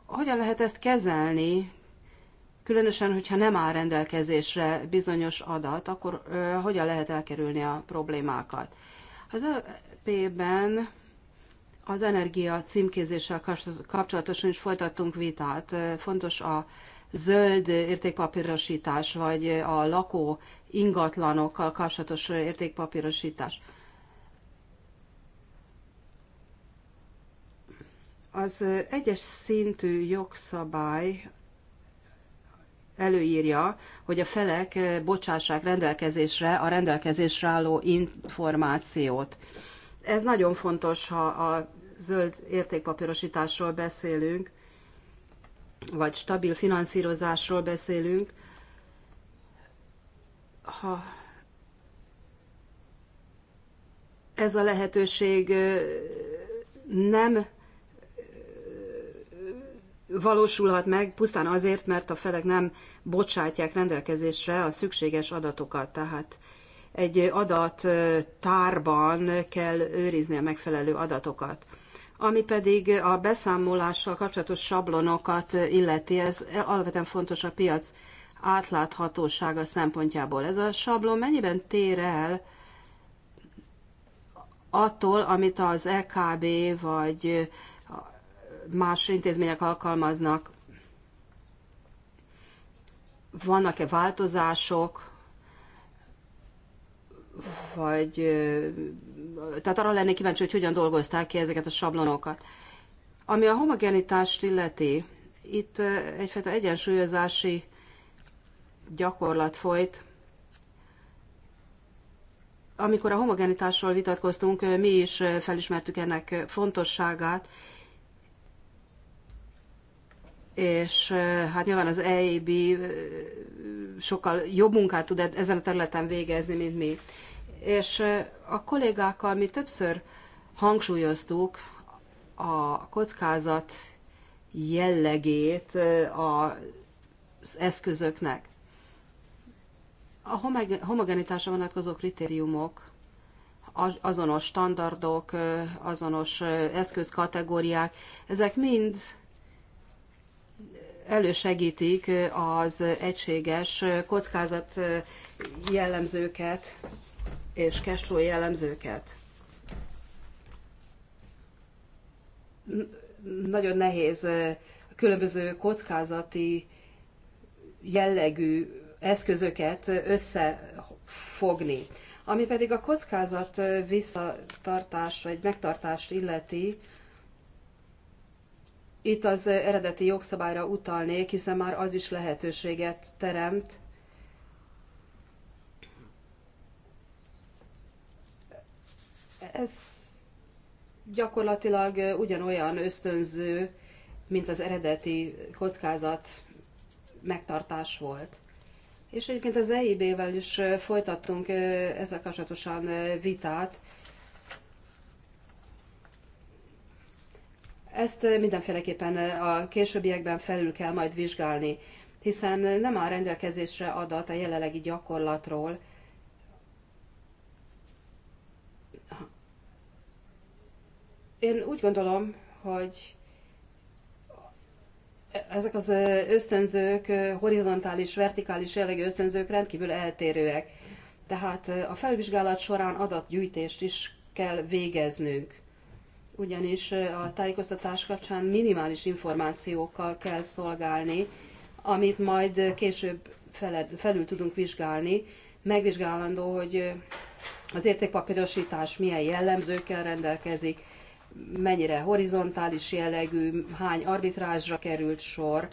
Hogyan lehet ezt kezelni? Különösen, hogyha nem áll rendelkezésre bizonyos adat, akkor hogyan lehet elkerülni a problémákat? Az EP-ben az energia címkézéssel kapcsolatosan is folytattunk vitát. Fontos a zöld értékpapírosítás, vagy a lakó ingatlanokkal kapcsolatos értékpapírosítás. Az egyes szintű jogszabály előírja, hogy a felek bocsássák rendelkezésre a rendelkezésre álló információt. Ez nagyon fontos, ha a zöld értékpapírosításról beszélünk, vagy stabil finanszírozásról beszélünk, ha ez a lehetőség nem valósulhat meg pusztán azért, mert a felek nem bocsátják rendelkezésre a szükséges adatokat. Tehát egy adattárban kell őrizni a megfelelő adatokat. Ami pedig a beszámolással kapcsolatos sablonokat illeti, ez alapvetően fontos a piac átláthatósága szempontjából. Ez a sablon mennyiben tér el attól, amit az EKB vagy más intézmények alkalmaznak? Vannak-e változások, vagy tehát arra lennék kíváncsi, hogy hogyan dolgozták ki ezeket a sablonokat. Ami a homogenitást illeti, itt eh, egyfajta egyensúlyozási gyakorlat folyt. Amikor a homogenitásról vitatkoztunk, eh, mi is eh, felismertük ennek fontosságát, és hát nyilván az EIB sokkal jobb munkát tud e- ezen a területen végezni, mint mi. És a kollégákkal mi többször hangsúlyoztuk a kockázat jellegét az eszközöknek. A homogenitásra vonatkozó kritériumok, azonos standardok, azonos eszközkategóriák, ezek mind elősegítik az egységes kockázat jellemzőket, és flow jellemzőket. Nagyon nehéz a különböző kockázati jellegű eszközöket összefogni. Ami pedig a kockázat visszatartás vagy megtartást illeti, itt az eredeti jogszabályra utalnék, hiszen már az is lehetőséget teremt ez gyakorlatilag ugyanolyan ösztönző, mint az eredeti kockázat megtartás volt. És egyébként az EIB-vel is folytattunk ezzel kapcsolatosan vitát. Ezt mindenféleképpen a későbbiekben felül kell majd vizsgálni, hiszen nem áll rendelkezésre adat a jelenlegi gyakorlatról, Én úgy gondolom, hogy ezek az ösztönzők, horizontális, vertikális jellegű ösztönzők rendkívül eltérőek. Tehát a felvizsgálat során adatgyűjtést is kell végeznünk. Ugyanis a tájékoztatás kapcsán minimális információkkal kell szolgálni, amit majd később felül tudunk vizsgálni. Megvizsgálandó, hogy az értékpapírosítás milyen jellemzőkkel rendelkezik, mennyire horizontális jellegű, hány arbitrázsra került sor.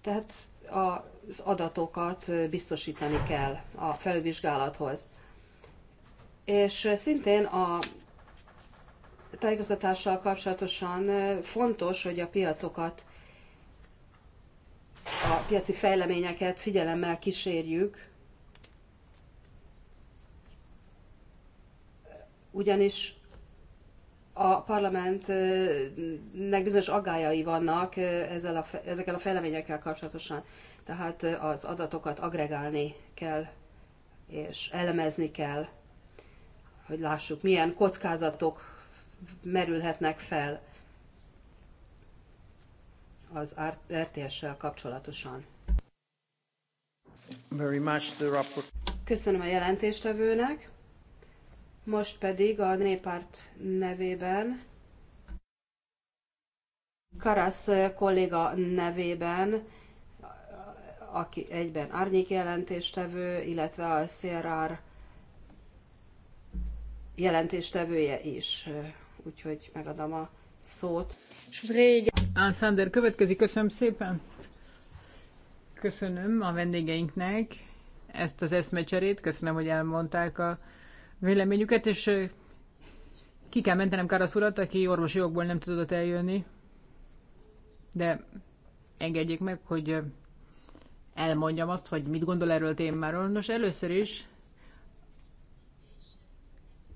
Tehát az adatokat biztosítani kell a felvizsgálathoz. És szintén a tájékoztatással kapcsolatosan fontos, hogy a piacokat, a piaci fejleményeket figyelemmel kísérjük, ugyanis a parlamentnek bizonyos aggályai vannak ezzel a, ezekkel a fejleményekkel kapcsolatosan. Tehát az adatokat agregálni kell, és elemezni kell, hogy lássuk, milyen kockázatok merülhetnek fel az RTS-sel kapcsolatosan. Köszönöm a jelentéstevőnek. Most pedig a néppárt nevében, Karasz kolléga nevében, aki egyben árnyék jelentéstevő, illetve a CRR jelentéstevője is. Úgyhogy megadom a szót. Ánszánder következik, köszönöm szépen. Köszönöm a vendégeinknek ezt az eszmecserét, köszönöm, hogy elmondták a véleményüket, és ki kell mentenem Karasz urat, aki orvosi jogból nem tudott eljönni, de engedjék meg, hogy elmondjam azt, hogy mit gondol erről a témáról. Nos, először is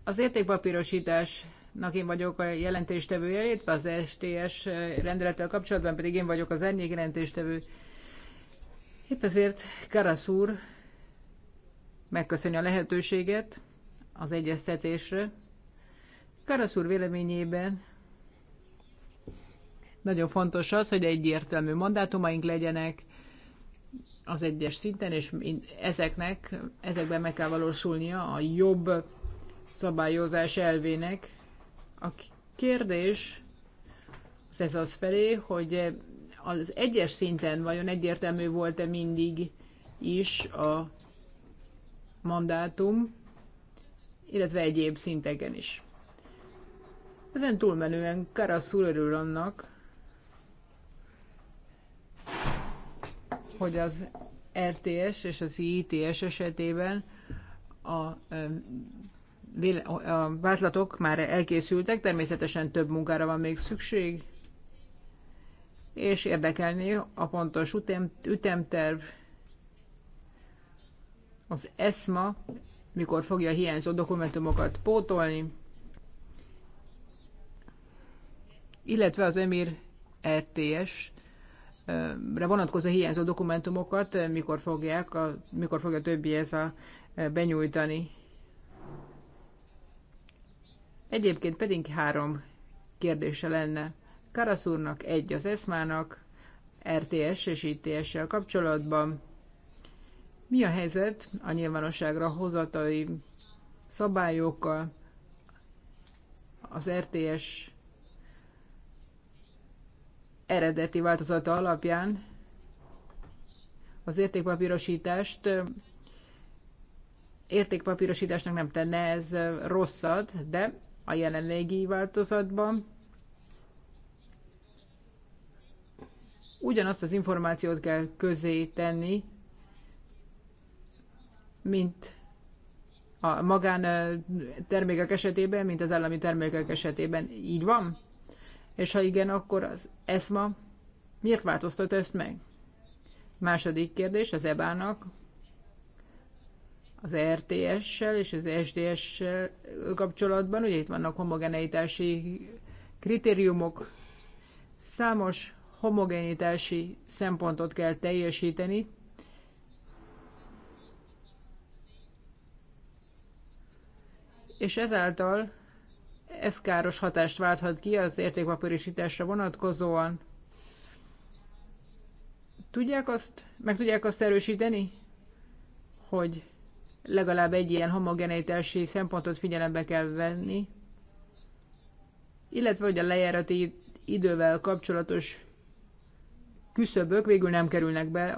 az értékpapírosításnak én vagyok a jelentéstevője, illetve az STS rendelettel kapcsolatban pedig én vagyok az ennyi jelentéstevő. Épp ezért Karasz úr megköszönje a lehetőséget, az egyeztetésre. Karasz úr véleményében nagyon fontos az, hogy egyértelmű mandátumaink legyenek az egyes szinten, és ezeknek, ezekben meg kell valósulnia a jobb szabályozás elvének. A kérdés az ez az felé, hogy az egyes szinten vajon egyértelmű volt-e mindig is a mandátum, illetve egyéb szinteken is. Ezen túlmenően Karaszul örül annak, hogy az RTS és az ITS esetében a, a vázlatok már elkészültek, természetesen több munkára van még szükség, és érdekelni a pontos ütem, ütemterv, az ESMA mikor fogja a hiányzó dokumentumokat pótolni, illetve az Emir ETS re vonatkozó hiányzó dokumentumokat, eh, mikor, fogják a, mikor fogja a többi ez a eh, benyújtani. Egyébként pedig három kérdése lenne. Karasz úrnak, egy az ESMA-nak, RTS és ITS-sel kapcsolatban, mi a helyzet a nyilvánosságra hozatai szabályokkal, az RTS eredeti változata alapján az értékpapírosítást értékpapírosításnak nem tenne ez rosszat, de a jelenlegi változatban ugyanazt az információt kell közé tenni, mint a magán termékek esetében, mint az állami termékek esetében. Így van? És ha igen, akkor az ESMA miért változtat ezt meg? Második kérdés az EBA-nak, az RTS-sel és az SDS-sel kapcsolatban, ugye itt vannak homogeneitási kritériumok, számos homogenitási szempontot kell teljesíteni, és ezáltal ez káros hatást válthat ki az értékpapírosításra vonatkozóan. Tudják azt, meg tudják azt erősíteni, hogy legalább egy ilyen homogenitási szempontot figyelembe kell venni, illetve hogy a lejárati idővel kapcsolatos küszöbök végül nem kerülnek be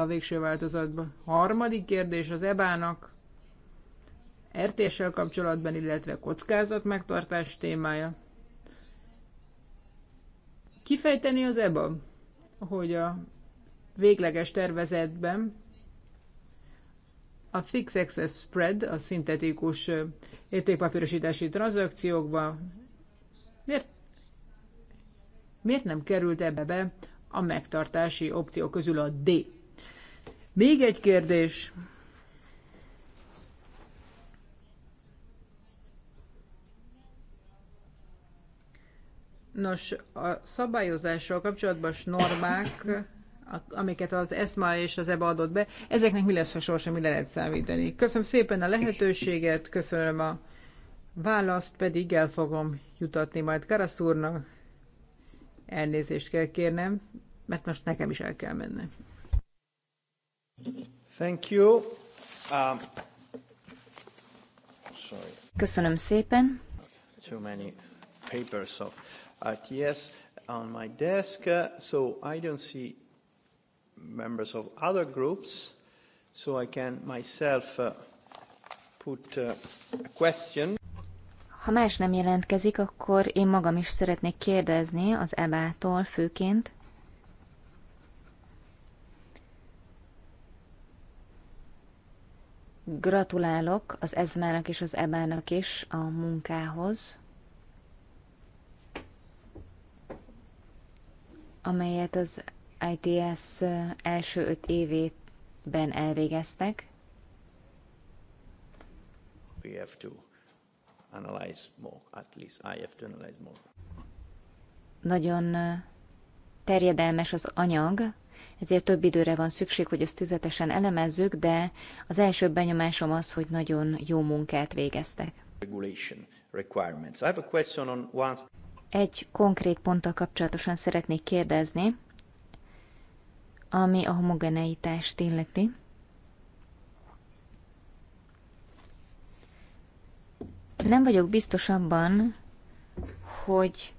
a, végső változatba. A harmadik kérdés az EBA-nak RTS-sel kapcsolatban, illetve kockázat megtartás témája. Kifejteni az EBA, hogy a végleges tervezetben a fix access spread, a szintetikus értékpapírosítási tranzakciókban miért, miért nem került ebbe be a megtartási opció közül a D? Még egy kérdés. Nos, a szabályozással kapcsolatos normák, amiket az ESMA és az EBA adott be, ezeknek mi lesz a sorsa, mi lehet számítani. Köszönöm szépen a lehetőséget, köszönöm a választ, pedig el fogom jutatni majd Karasz úrnak. Elnézést kell kérnem, mert most nekem is el kell mennem. Thank you. Um, sorry. Köszönöm szépen. Too many papers of... RTS on my desk, uh, so I don't see members of other groups, so I can myself uh, put uh, a question. Ha más nem jelentkezik, akkor én magam is szeretnék kérdezni az EBA-tól főként. Gratulálok az ezmának és az EBA-nak is a munkához. amelyet az ITS első öt évében elvégeztek. We have to analyze more, at least I have to analyze more. Nagyon terjedelmes az anyag, ezért több időre van szükség, hogy ezt tüzetesen elemezzük, de az első benyomásom az, hogy nagyon jó munkát végeztek. Regulation requirements. I have a question on one egy konkrét ponttal kapcsolatosan szeretnék kérdezni, ami a homogeneitást illeti. Nem vagyok biztos abban, hogy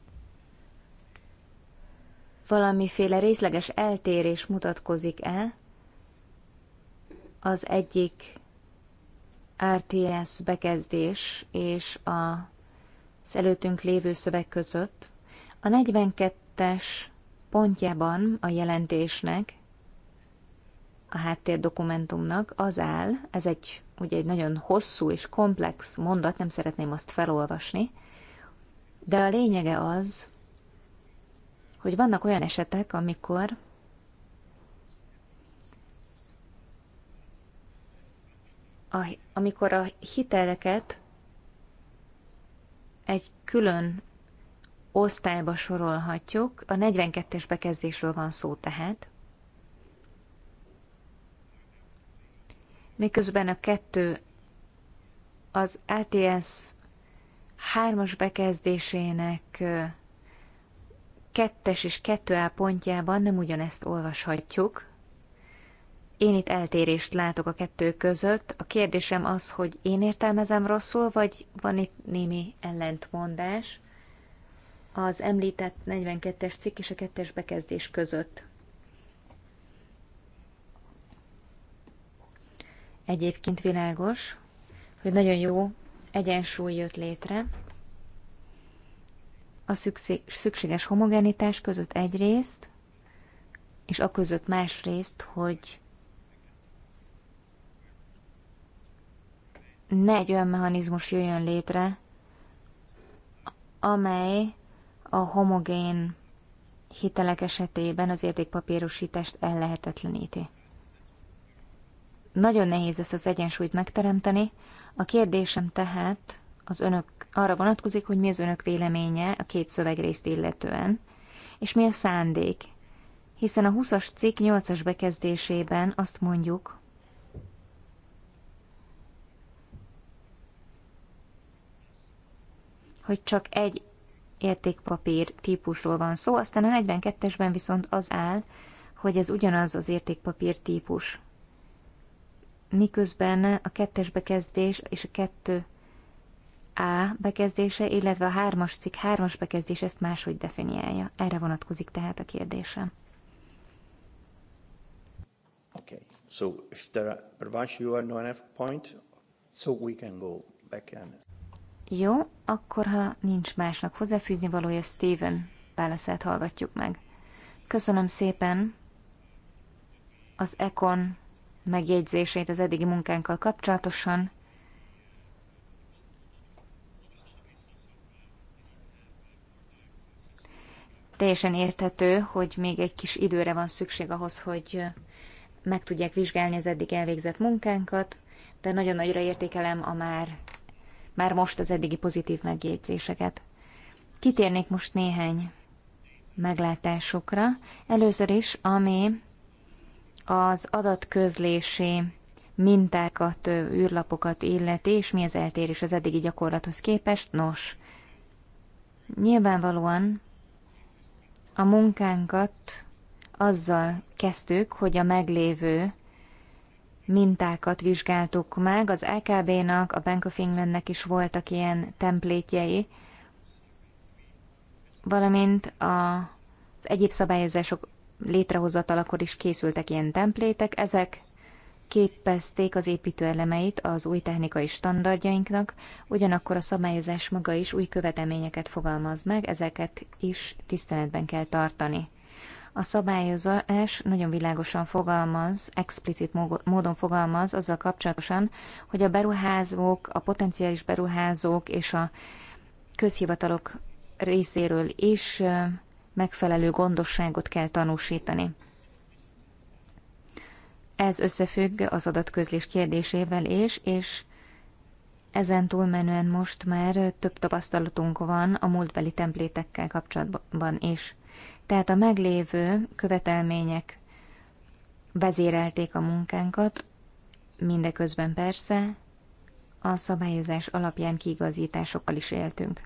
valamiféle részleges eltérés mutatkozik-e az egyik RTS bekezdés és a előttünk lévő szöveg között. A 42-es pontjában a jelentésnek, a háttérdokumentumnak az áll, ez egy, ugye egy nagyon hosszú és komplex mondat, nem szeretném azt felolvasni, de a lényege az, hogy vannak olyan esetek, amikor a, amikor a hiteleket egy külön osztályba sorolhatjuk. A 42-es bekezdésről van szó tehát. Miközben a kettő az ATS 3-as bekezdésének kettes és 2A pontjában nem ugyanezt olvashatjuk. Én itt eltérést látok a kettő között. A kérdésem az, hogy én értelmezem rosszul, vagy van itt némi ellentmondás az említett 42-es cikk és a 2-es bekezdés között. Egyébként világos, hogy nagyon jó egyensúly jött létre a szükséges homogenitás között egyrészt, és a között másrészt, hogy ne egy olyan mechanizmus jöjjön létre, amely a homogén hitelek esetében az értékpapírosítást ellehetetleníti. Nagyon nehéz ezt az egyensúlyt megteremteni. A kérdésem tehát az önök arra vonatkozik, hogy mi az önök véleménye a két szövegrészt illetően, és mi a szándék. Hiszen a 20-as cikk 8-as bekezdésében azt mondjuk, hogy csak egy értékpapír típusról van szó, aztán a 42-esben viszont az áll, hogy ez ugyanaz az értékpapír típus. Miközben a kettes bekezdés és a kettő A bekezdése, illetve a hármas cikk hármas bekezdés ezt máshogy definiálja. Erre vonatkozik tehát a kérdésem. Okay. So if there are, Ravash, you are not enough point, so we can go back and jó, akkor ha nincs másnak hozzáfűzni valója, Steven válaszát hallgatjuk meg. Köszönöm szépen az Econ megjegyzését az eddigi munkánkkal kapcsolatosan. Teljesen érthető, hogy még egy kis időre van szükség ahhoz, hogy meg tudják vizsgálni az eddig elvégzett munkánkat, de nagyon nagyra értékelem a már már most az eddigi pozitív megjegyzéseket. Kitérnék most néhány meglátásokra. Először is, ami az adatközlési mintákat, űrlapokat illeti, és mi az eltérés az eddigi gyakorlathoz képest. Nos, nyilvánvalóan a munkánkat azzal kezdtük, hogy a meglévő mintákat vizsgáltuk meg. Az LKB-nak, a Bank of Englandnek is voltak ilyen templétjei, valamint az egyéb szabályozások létrehozatalakor is készültek ilyen templétek. Ezek képezték az építőelemeit az új technikai standardjainknak, ugyanakkor a szabályozás maga is új követelményeket fogalmaz meg, ezeket is tiszteletben kell tartani. A szabályozás nagyon világosan fogalmaz, explicit módon fogalmaz azzal kapcsolatosan, hogy a beruházók, a potenciális beruházók és a közhivatalok részéről is megfelelő gondosságot kell tanúsítani. Ez összefügg az adatközlés kérdésével is, és ezen túlmenően most már több tapasztalatunk van a múltbeli templétekkel kapcsolatban is. Tehát a meglévő követelmények vezérelték a munkánkat, mindeközben persze a szabályozás alapján kiigazításokkal is éltünk.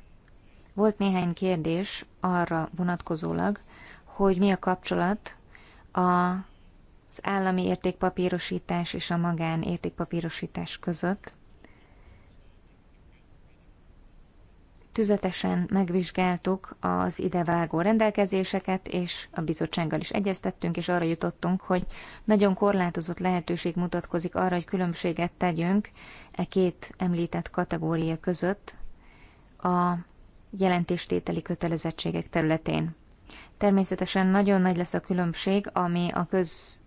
Volt néhány kérdés arra vonatkozólag, hogy mi a kapcsolat az állami értékpapírosítás és a magán értékpapírosítás között. Tüzetesen megvizsgáltuk az idevágó rendelkezéseket, és a bizottsággal is egyeztettünk, és arra jutottunk, hogy nagyon korlátozott lehetőség mutatkozik arra, hogy különbséget tegyünk e két említett kategória között a jelentéstételi kötelezettségek területén. Természetesen nagyon nagy lesz a különbség, ami a köz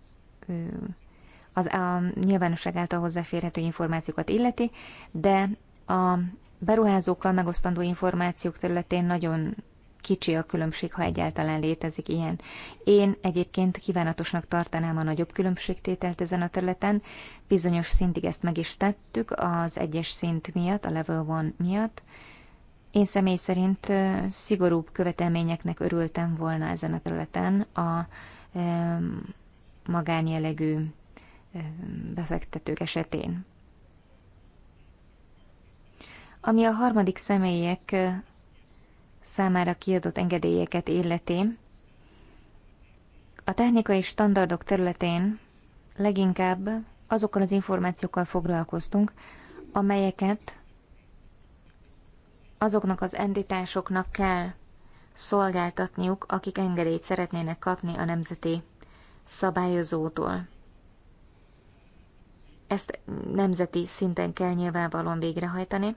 az a nyilvánosság által hozzáférhető információkat illeti, de a beruházókkal megosztandó információk területén nagyon kicsi a különbség, ha egyáltalán létezik ilyen. Én egyébként kívánatosnak tartanám a nagyobb különbségtételt ezen a területen. Bizonyos szintig ezt meg is tettük, az egyes szint miatt, a level one miatt. Én személy szerint szigorúbb követelményeknek örültem volna ezen a területen a magánjellegű befektetők esetén. Ami a harmadik személyek számára kiadott engedélyeket illeti, a technikai standardok területén leginkább azokkal az információkkal foglalkoztunk, amelyeket azoknak az entitásoknak kell szolgáltatniuk, akik engedélyt szeretnének kapni a nemzeti szabályozótól. Ezt nemzeti szinten kell nyilvánvalóan végrehajtani.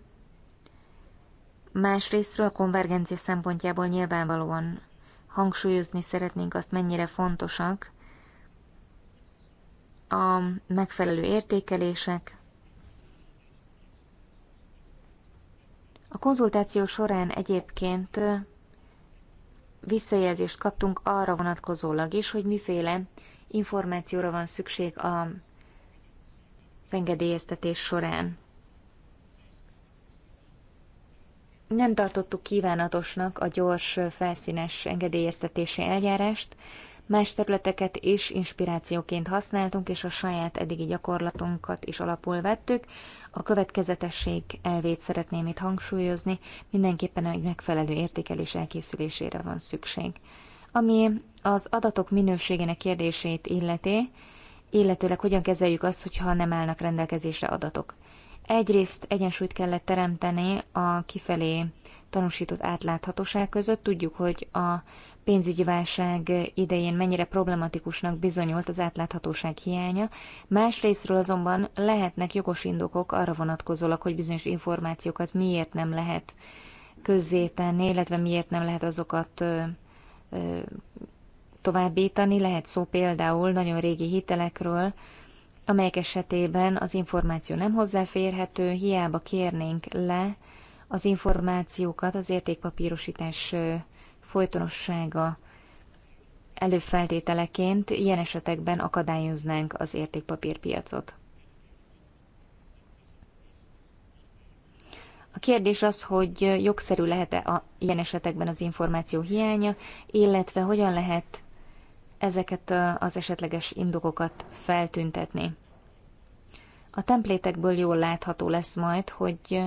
Másrésztről a konvergencia szempontjából nyilvánvalóan hangsúlyozni szeretnénk azt, mennyire fontosak a megfelelő értékelések. A konzultáció során egyébként visszajelzést kaptunk arra vonatkozólag is, hogy miféle információra van szükség a, az engedélyeztetés során. nem tartottuk kívánatosnak a gyors felszínes engedélyeztetési eljárást, más területeket is inspirációként használtunk, és a saját eddigi gyakorlatunkat is alapul vettük. A következetesség elvét szeretném itt hangsúlyozni, mindenképpen egy megfelelő értékelés elkészülésére van szükség. Ami az adatok minőségének kérdését illeti, illetőleg hogyan kezeljük azt, hogyha nem állnak rendelkezésre adatok. Egyrészt egyensúlyt kellett teremteni a kifelé tanúsított átláthatóság között. Tudjuk, hogy a pénzügyi válság idején mennyire problematikusnak bizonyult az átláthatóság hiánya, másrésztről azonban lehetnek jogos indokok arra vonatkozólag, hogy bizonyos információkat miért nem lehet közzétenni, illetve miért nem lehet azokat ö, ö, továbbítani. Lehet szó például nagyon régi hitelekről, amelyek esetében az információ nem hozzáférhető, hiába kérnénk le az információkat az értékpapírosítás folytonossága előfeltételeként, ilyen esetekben akadályoznánk az értékpapírpiacot. A kérdés az, hogy jogszerű lehet-e a, ilyen esetekben az információ hiánya, illetve hogyan lehet ezeket az esetleges indokokat feltüntetni. A templétekből jól látható lesz majd, hogy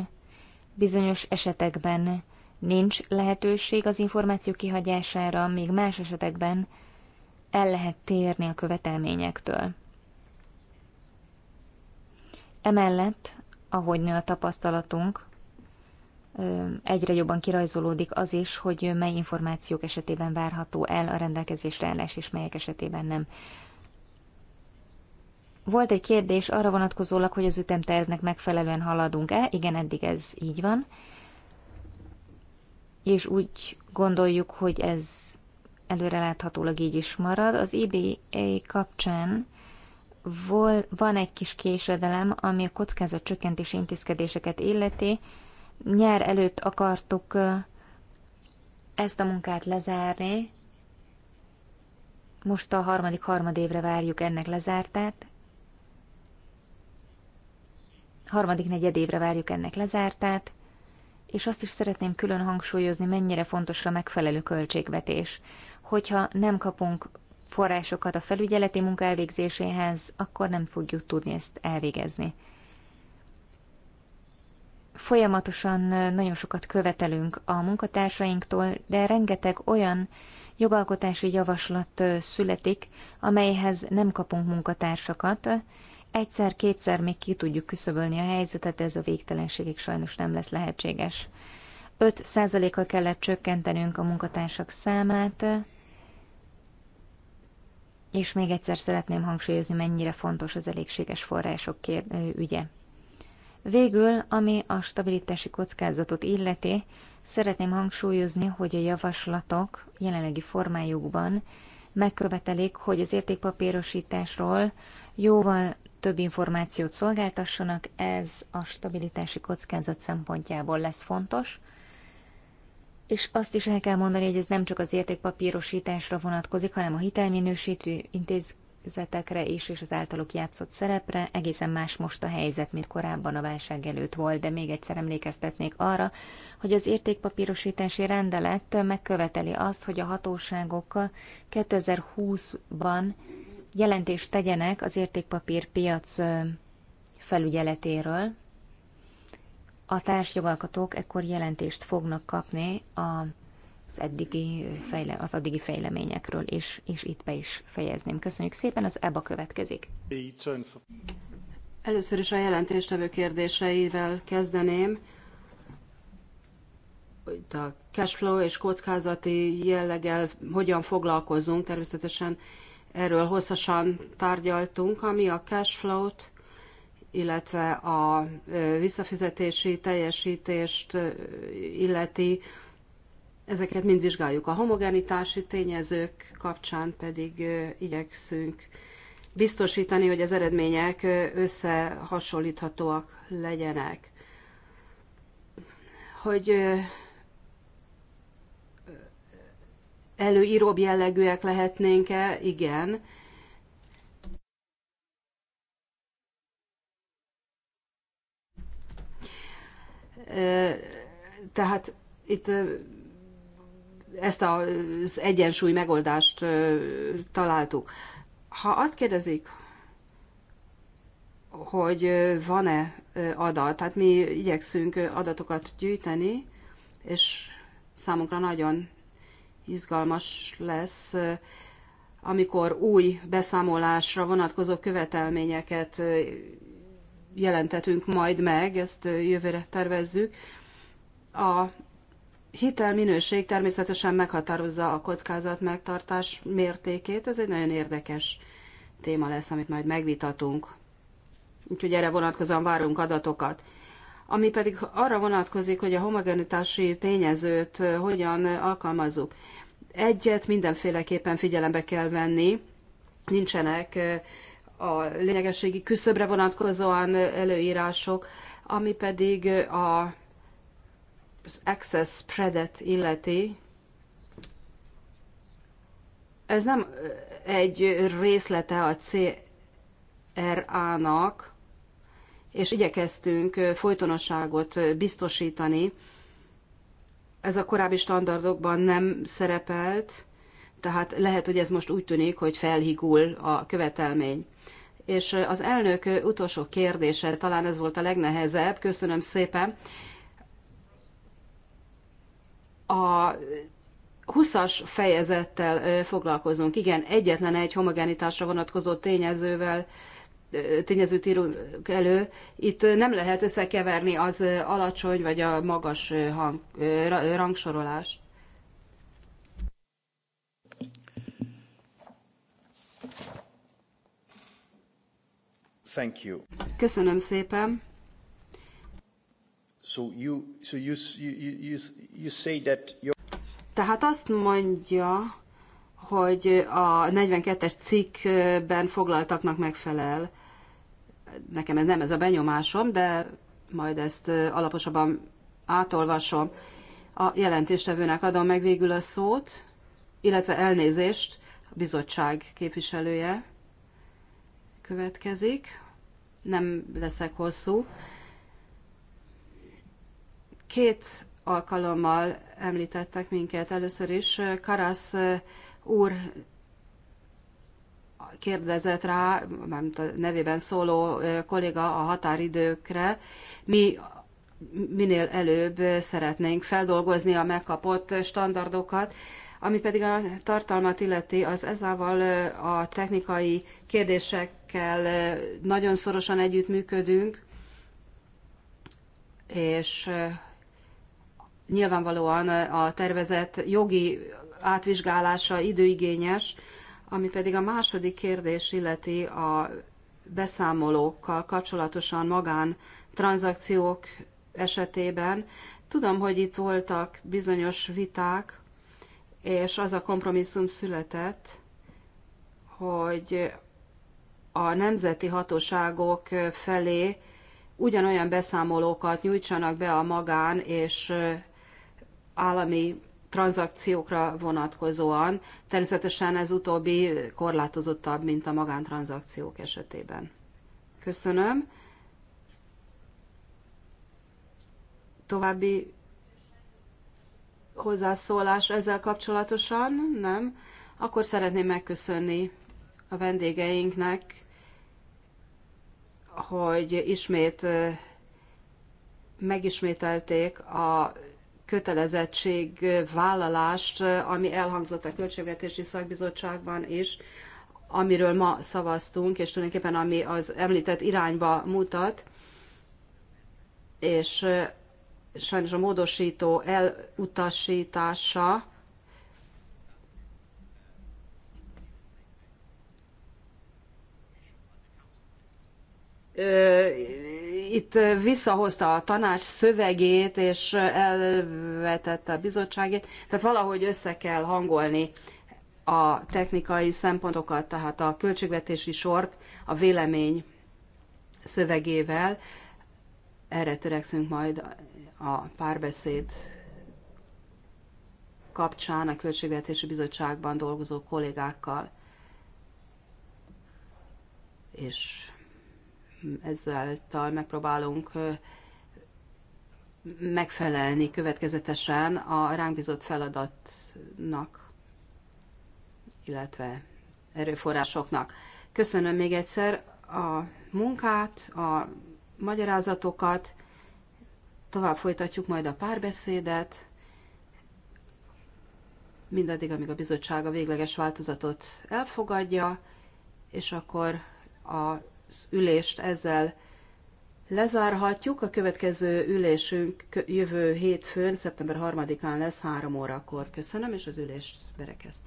bizonyos esetekben nincs lehetőség az információ kihagyására, még más esetekben el lehet térni a követelményektől. Emellett, ahogy nő a tapasztalatunk, egyre jobban kirajzolódik az is, hogy mely információk esetében várható el a rendelkezésre állás, és melyek esetében nem. Volt egy kérdés arra vonatkozólag, hogy az ütemtervnek megfelelően haladunk-e. Igen, eddig ez így van. És úgy gondoljuk, hogy ez előreláthatólag így is marad. Az EBA kapcsán vol, van egy kis késedelem, ami a csökkentési intézkedéseket illeti, nyár előtt akartuk ezt a munkát lezárni, most a harmadik harmadévre várjuk ennek lezártát, harmadik negyedévre várjuk ennek lezártát, és azt is szeretném külön hangsúlyozni, mennyire fontos a megfelelő költségvetés. Hogyha nem kapunk forrásokat a felügyeleti munka elvégzéséhez, akkor nem fogjuk tudni ezt elvégezni folyamatosan nagyon sokat követelünk a munkatársainktól, de rengeteg olyan jogalkotási javaslat születik, amelyhez nem kapunk munkatársakat. Egyszer-kétszer még ki tudjuk küszöbölni a helyzetet, ez a végtelenségig sajnos nem lesz lehetséges. 5%-kal kellett csökkentenünk a munkatársak számát, és még egyszer szeretném hangsúlyozni, mennyire fontos az elégséges források kér, ügye. Végül, ami a stabilitási kockázatot illeti, szeretném hangsúlyozni, hogy a javaslatok jelenlegi formájukban megkövetelik, hogy az értékpapírosításról jóval több információt szolgáltassanak, ez a stabilitási kockázat szempontjából lesz fontos. És azt is el kell mondani, hogy ez nem csak az értékpapírosításra vonatkozik, hanem a hitelminősítő intéz, helyzetekre is, és az általuk játszott szerepre. Egészen más most a helyzet, mint korábban a válság előtt volt, de még egyszer emlékeztetnék arra, hogy az értékpapírosítási rendelet megköveteli azt, hogy a hatóságok 2020-ban jelentést tegyenek az értékpapírpiac felügyeletéről. A társjogalkotók ekkor jelentést fognak kapni a az eddigi, fejle, az addigi fejleményekről, és, és itt be is fejezném. Köszönjük szépen, az EBA következik. Először is a jelentéstevő kérdéseivel kezdeném. Itt a cashflow és kockázati jelleggel hogyan foglalkozunk, természetesen erről hosszasan tárgyaltunk, ami a cashflow-t, illetve a visszafizetési teljesítést illeti, Ezeket mind vizsgáljuk. A homogenitási tényezők kapcsán pedig igyekszünk biztosítani, hogy az eredmények összehasonlíthatóak legyenek. Hogy előíróbb jellegűek lehetnénk-e? Igen. Tehát itt ezt az egyensúly megoldást találtuk. Ha azt kérdezik, hogy van-e adat, tehát mi igyekszünk adatokat gyűjteni, és számunkra nagyon izgalmas lesz, amikor új beszámolásra vonatkozó követelményeket jelentetünk majd meg, ezt jövőre tervezzük. A hitelminőség természetesen meghatározza a kockázat megtartás mértékét. Ez egy nagyon érdekes téma lesz, amit majd megvitatunk. Úgyhogy erre vonatkozóan várunk adatokat. Ami pedig arra vonatkozik, hogy a homogenitási tényezőt hogyan alkalmazzuk. Egyet mindenféleképpen figyelembe kell venni. Nincsenek eh, a lényegességi küszöbre vonatkozóan előírások, ami pedig a az access spreadet illeti, ez nem egy részlete a CRA-nak, és igyekeztünk folytonosságot biztosítani. Ez a korábbi standardokban nem szerepelt, tehát lehet, hogy ez most úgy tűnik, hogy felhigul a követelmény. És az elnök utolsó kérdése, talán ez volt a legnehezebb, köszönöm szépen, a 20-as fejezettel foglalkozunk. Igen, egyetlen egy homogenitásra vonatkozó tényezővel tényezőt írunk elő. Itt nem lehet összekeverni az alacsony vagy a magas hang, rangsorolás. Thank you. Köszönöm szépen. So you, so you, you, you say that your... Tehát azt mondja, hogy a 42-es cikkben foglaltaknak megfelel. Nekem ez nem ez a benyomásom, de majd ezt alaposabban átolvasom. A jelentéstevőnek adom meg végül a szót, illetve elnézést, a bizottság képviselője következik. Nem leszek hosszú. Két alkalommal említettek minket. Először is Karasz úr kérdezett rá, mert a nevében szóló kolléga a határidőkre. Mi minél előbb szeretnénk feldolgozni a megkapott standardokat, ami pedig a tartalmat illeti, az ezával a technikai kérdésekkel nagyon szorosan együttműködünk, és Nyilvánvalóan a tervezet jogi átvizsgálása időigényes, ami pedig a második kérdés illeti a beszámolókkal kapcsolatosan magán tranzakciók esetében. Tudom, hogy itt voltak bizonyos viták, és az a kompromisszum született, hogy a nemzeti hatóságok felé ugyanolyan beszámolókat nyújtsanak be a magán és állami tranzakciókra vonatkozóan. Természetesen ez utóbbi korlátozottabb, mint a magántranzakciók esetében. Köszönöm. További hozzászólás ezzel kapcsolatosan? Nem? Akkor szeretném megköszönni a vendégeinknek, hogy ismét megismételték a kötelezettségvállalást, ami elhangzott a Költségvetési Szakbizottságban is, amiről ma szavaztunk, és tulajdonképpen ami az említett irányba mutat, és eh, sajnos a módosító elutasítása itt visszahozta a tanács szövegét, és elvetette a bizottságét, tehát valahogy össze kell hangolni a technikai szempontokat, tehát a költségvetési sort a vélemény szövegével. Erre törekszünk majd a párbeszéd kapcsán a Költségvetési Bizottságban dolgozó kollégákkal. És ezáltal megpróbálunk megfelelni következetesen a ránk bizott feladatnak, illetve erőforrásoknak. Köszönöm még egyszer a munkát, a magyarázatokat, tovább folytatjuk majd a párbeszédet, mindaddig, amíg a bizottság a végleges változatot elfogadja, és akkor a ülést ezzel lezárhatjuk. A következő ülésünk jövő hétfőn, szeptember 3-án lesz 3 órakor. Köszönöm, és az ülést berekeztem.